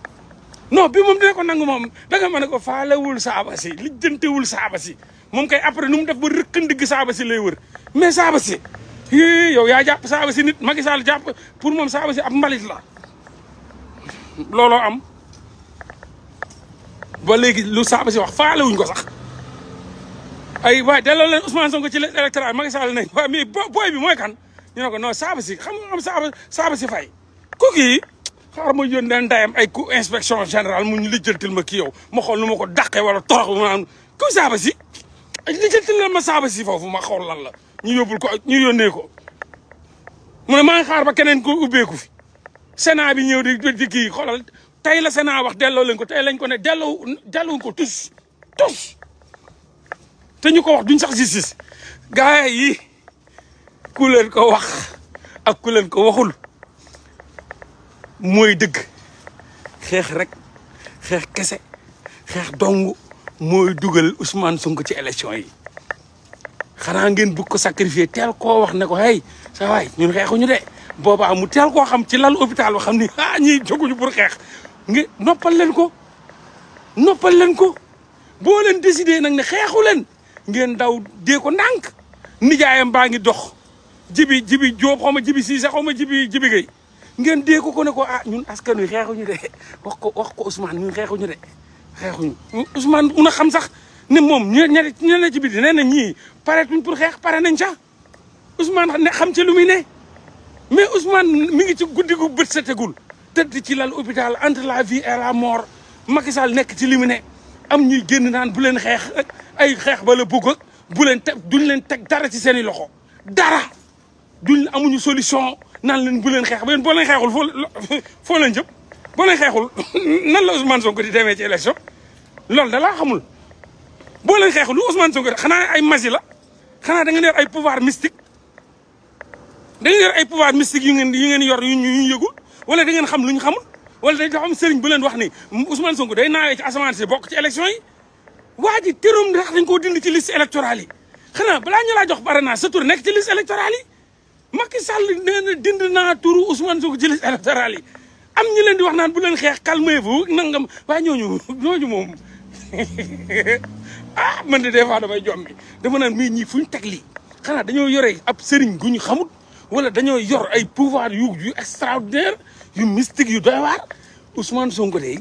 non bi moom dina ko nangu moom danga mën ne ko faalewul Saba si lijjantewul Saba si moom kay après nu mu def ba rëkkandigg saaba si lay wër mais saaba si yow yaa jàpp Saba si nit Macky Sall jàpp pour moom Saba si ab mbalit la looloo am. ba léegi lu saaba si wax faale wuñ ko sax ay waay delloo leen Ousmane Sonko ci électoral Macky Sall nañ waaye mais booy bi mooy kan ñu ne ko non saaba si xam nga am saaba saaba si fay kooku xaar ma yónnee ndayam ay ku inspection générale mu ñu lijjantil ma yow ma xool nu ma ko dàqee wala torox ma naan ku saaba si lijjantil la saaba si foofu ma xool lan la ñu yóbbul ko ñu yónnee ko mu ne maa xaar ba keneen ko ubbeeku fi Sénat bi ñëw di di kii xoolal tey la Sénat wax delloo leen ko tey lañ ko ne delloo delloo ko tous tous te ñu ko wax duñ sax justice gars yi ku ko wax ak ku ko waxul mooy dëgg xeex rek xeex kese xeex dong mooy dugal Ousmane Sonko ci élection yi xanaa ngeen bëgg ko sacrifier teel koo wax ne ko hey sa waay ñun xeexuñu de boobaa mu teel koo xam ci lal hôpital ba xam ni ah ñii jóguñu pour xeex ngi noppal leen ko noppal leen ko boo leen décidé nag ne xeexu leen ngeen daw dee ko ndànk nijaayam baa ngi dox jibi jibi jóob xaw ma jibi siise xaw ma jibi jibi gay ngeen dee ko ne ko ah ñun askan wi ñu de wax ko wax ko Ousmane ñun xeexuñu de xeexuñu Ousmane mun a xam sax ne moom ñu ñan ñu ne ci biir nee na ñii pareetuñ pour xeex pare nañ sax Ousmane xam ne xam ca lu muy ne mais Ousmane mi ngi ci guddi gu bët setegul tëdd ci lal hôpital entre la vie et la mort Macky nekk ci li mu ne am ñuy génn naan bu leen xeex ak ay xeex ba la bëgg bu leen teg duñ leen teg dara ci seeni loxo dara duñ amuñu solution nan leen bu leen xeex ba leen boo xeexul foo foo leen jëm boo leen xeexul nan la Ousmane Sonko di demee ci élection loolu dalaa xamul boo leen xeexul lu Ousmane Sonko xanaa ay magie la xanaa da ngeen ay pouvoir mystique da ngeen ay pouvoir mystique yu ngeen yu ngeen yor yu ñu yëgul wala da ngeen xam lu ñu xamul wala dañ xam sëriñ bu leen wax ni Ousmane Sonko day naawee ci asamaan bokk ci élection yi ji tëram ndax dañ koo dindi ci liste électorale yi xanaa balaa ñu laa jox parrainage sa tur nekk ci liste électorale yi Sall nee na dind naa turu Ousmane Sonko ci liste électorale yi am ñu leen di wax naan bu leen xeex calmez-vous nangam waaye ñooñu ñooñu moom ah man de des fois damay jommi dama naan mii ñii fu ñu teg lii xanaa dañoo yore ab sëriñ gu ñu xamut wala dañoo yor ay pouvoir yu yu extraordinaire yu mystique yu doy waar Ousmane Sonko de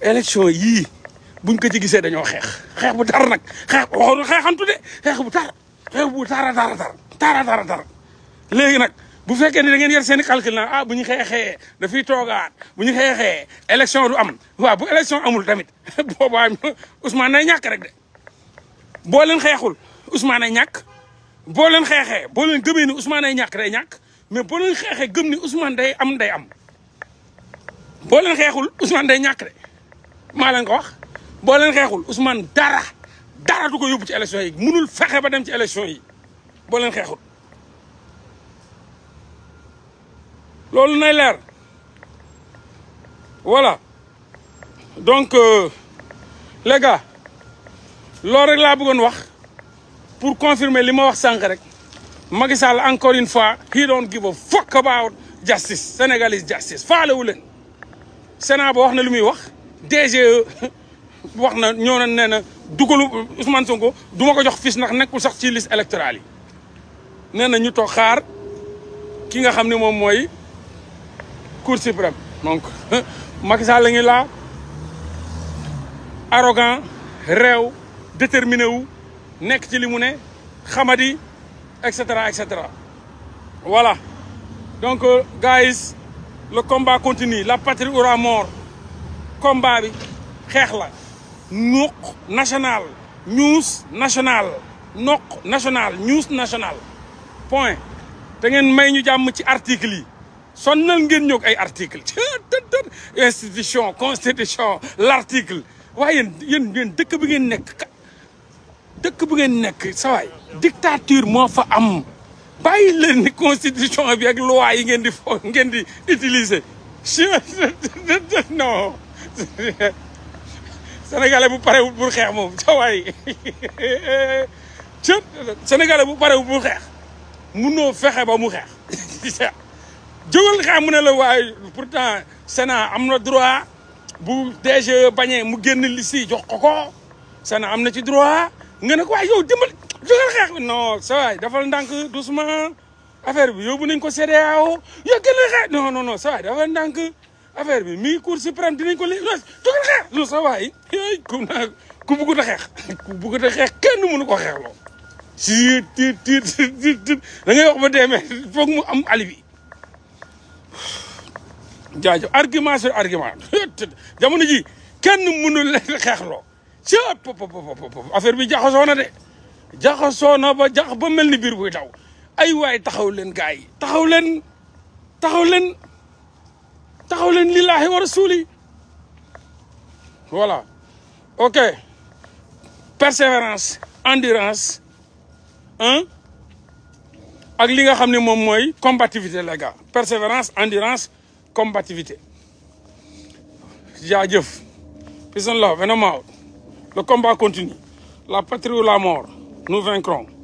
élection yii buñ ko ci gisee dañoo xeex xeex bu tar nag xeex waxoon xeexantu de xeex bu tar xeex bu tara tara tar tara tara léegi nag bu fekkee ne da ngeen yer seen i calcul naa ah bu ñu xeexee dafay toogaat bu ñu xeexee élection du am waaw bu élection amul tamit boobaa usmaan nay ñàkk rek de boo leen xeexul Ousmane ay ñàkk boo leen xeexee boo leen gëmee ni Ousmane ay ñàkk day ñàkk mais boo xeexee gëm ni Ousmane day am day am boo leen xeexul Ousmane day ñàkk maa leen ko wax boo leen xeexul Ousmane dara dara du ko yóbbu ci élection yi munul fexe ba dem ci élection yi boo leen xeexul loolu nay leer voilà donc euh, les gars loolu rek laa bëggoon wax pour confirmer li ma wax sànq rek Macky Sall encore une fois he don't give a fuck about justice Senegalese justice faalewu leen Sénat ba wax na lu muy wax DGE wax na ñoo na nee na dugalu Ousmane Sonko du ko jox fiche ndax nekkul sax ci liste électorale yi nee na ñu toog xaar ki nga xam ne moom mooy Cour suprême donc Macky Sall la ngi laa arrogant réew déterminé wu nekk ci li mu ne xamadi et cetera et cetera voilà donc euh, le combat la patrie aura mort combat bi xeex la nuq national news national noq national news national point te ngeen may ñu jàmm ci article yi sonnal ngeen ñëw ay article institution constitution l' article waaye yéen yéen dëkk bi ngeen nekk dëkk bi ngeen nekk sawaay dictature moo fa am bàyyi leen ni constitution bi ak loi yi ngeen di fo ngeen di utiliser non bu pare pour xeex moom sawaay sénégalais bu parewul pour xeex munoo fexe ba mu xeex jógal xeex mu ne la waaye pourtant sénat am na droit bu DG e bañee mu génn li si jox ko ko sénat am na ci droit nga ne ko waaye yow dimbali jógal xeex bi non sa waay dafal ndànk doucement affaire bi yóbbu nañ ko CEDEAO yow gën a xeex non non non sa waay dafal affaire bi mi cour suprême dinañ ko li jógal xeex non sa ku naa xeex ku bëggut a kenn mënu ko xeex loo si tiit tiit tiit tiit da ba demee foog mu am alibi jaajëf argument sur argument jamono ji kenn mënul leen xeexloo ci affaire bi jaxasoo na de jaxasoo na ba jax ba mel ni biir buy daw ay waay taxaw leen gars yi taxaw leen taxaw leen taxaw leen lillaahi wa rasuuli voilà ok persévérance endurance ah ak li nga xam ne moom mooy combativité les gars persévérance endurance combativité jaajëf peace and love and I'm out Le combat continue. La patrie ou la mort, nous vaincrons.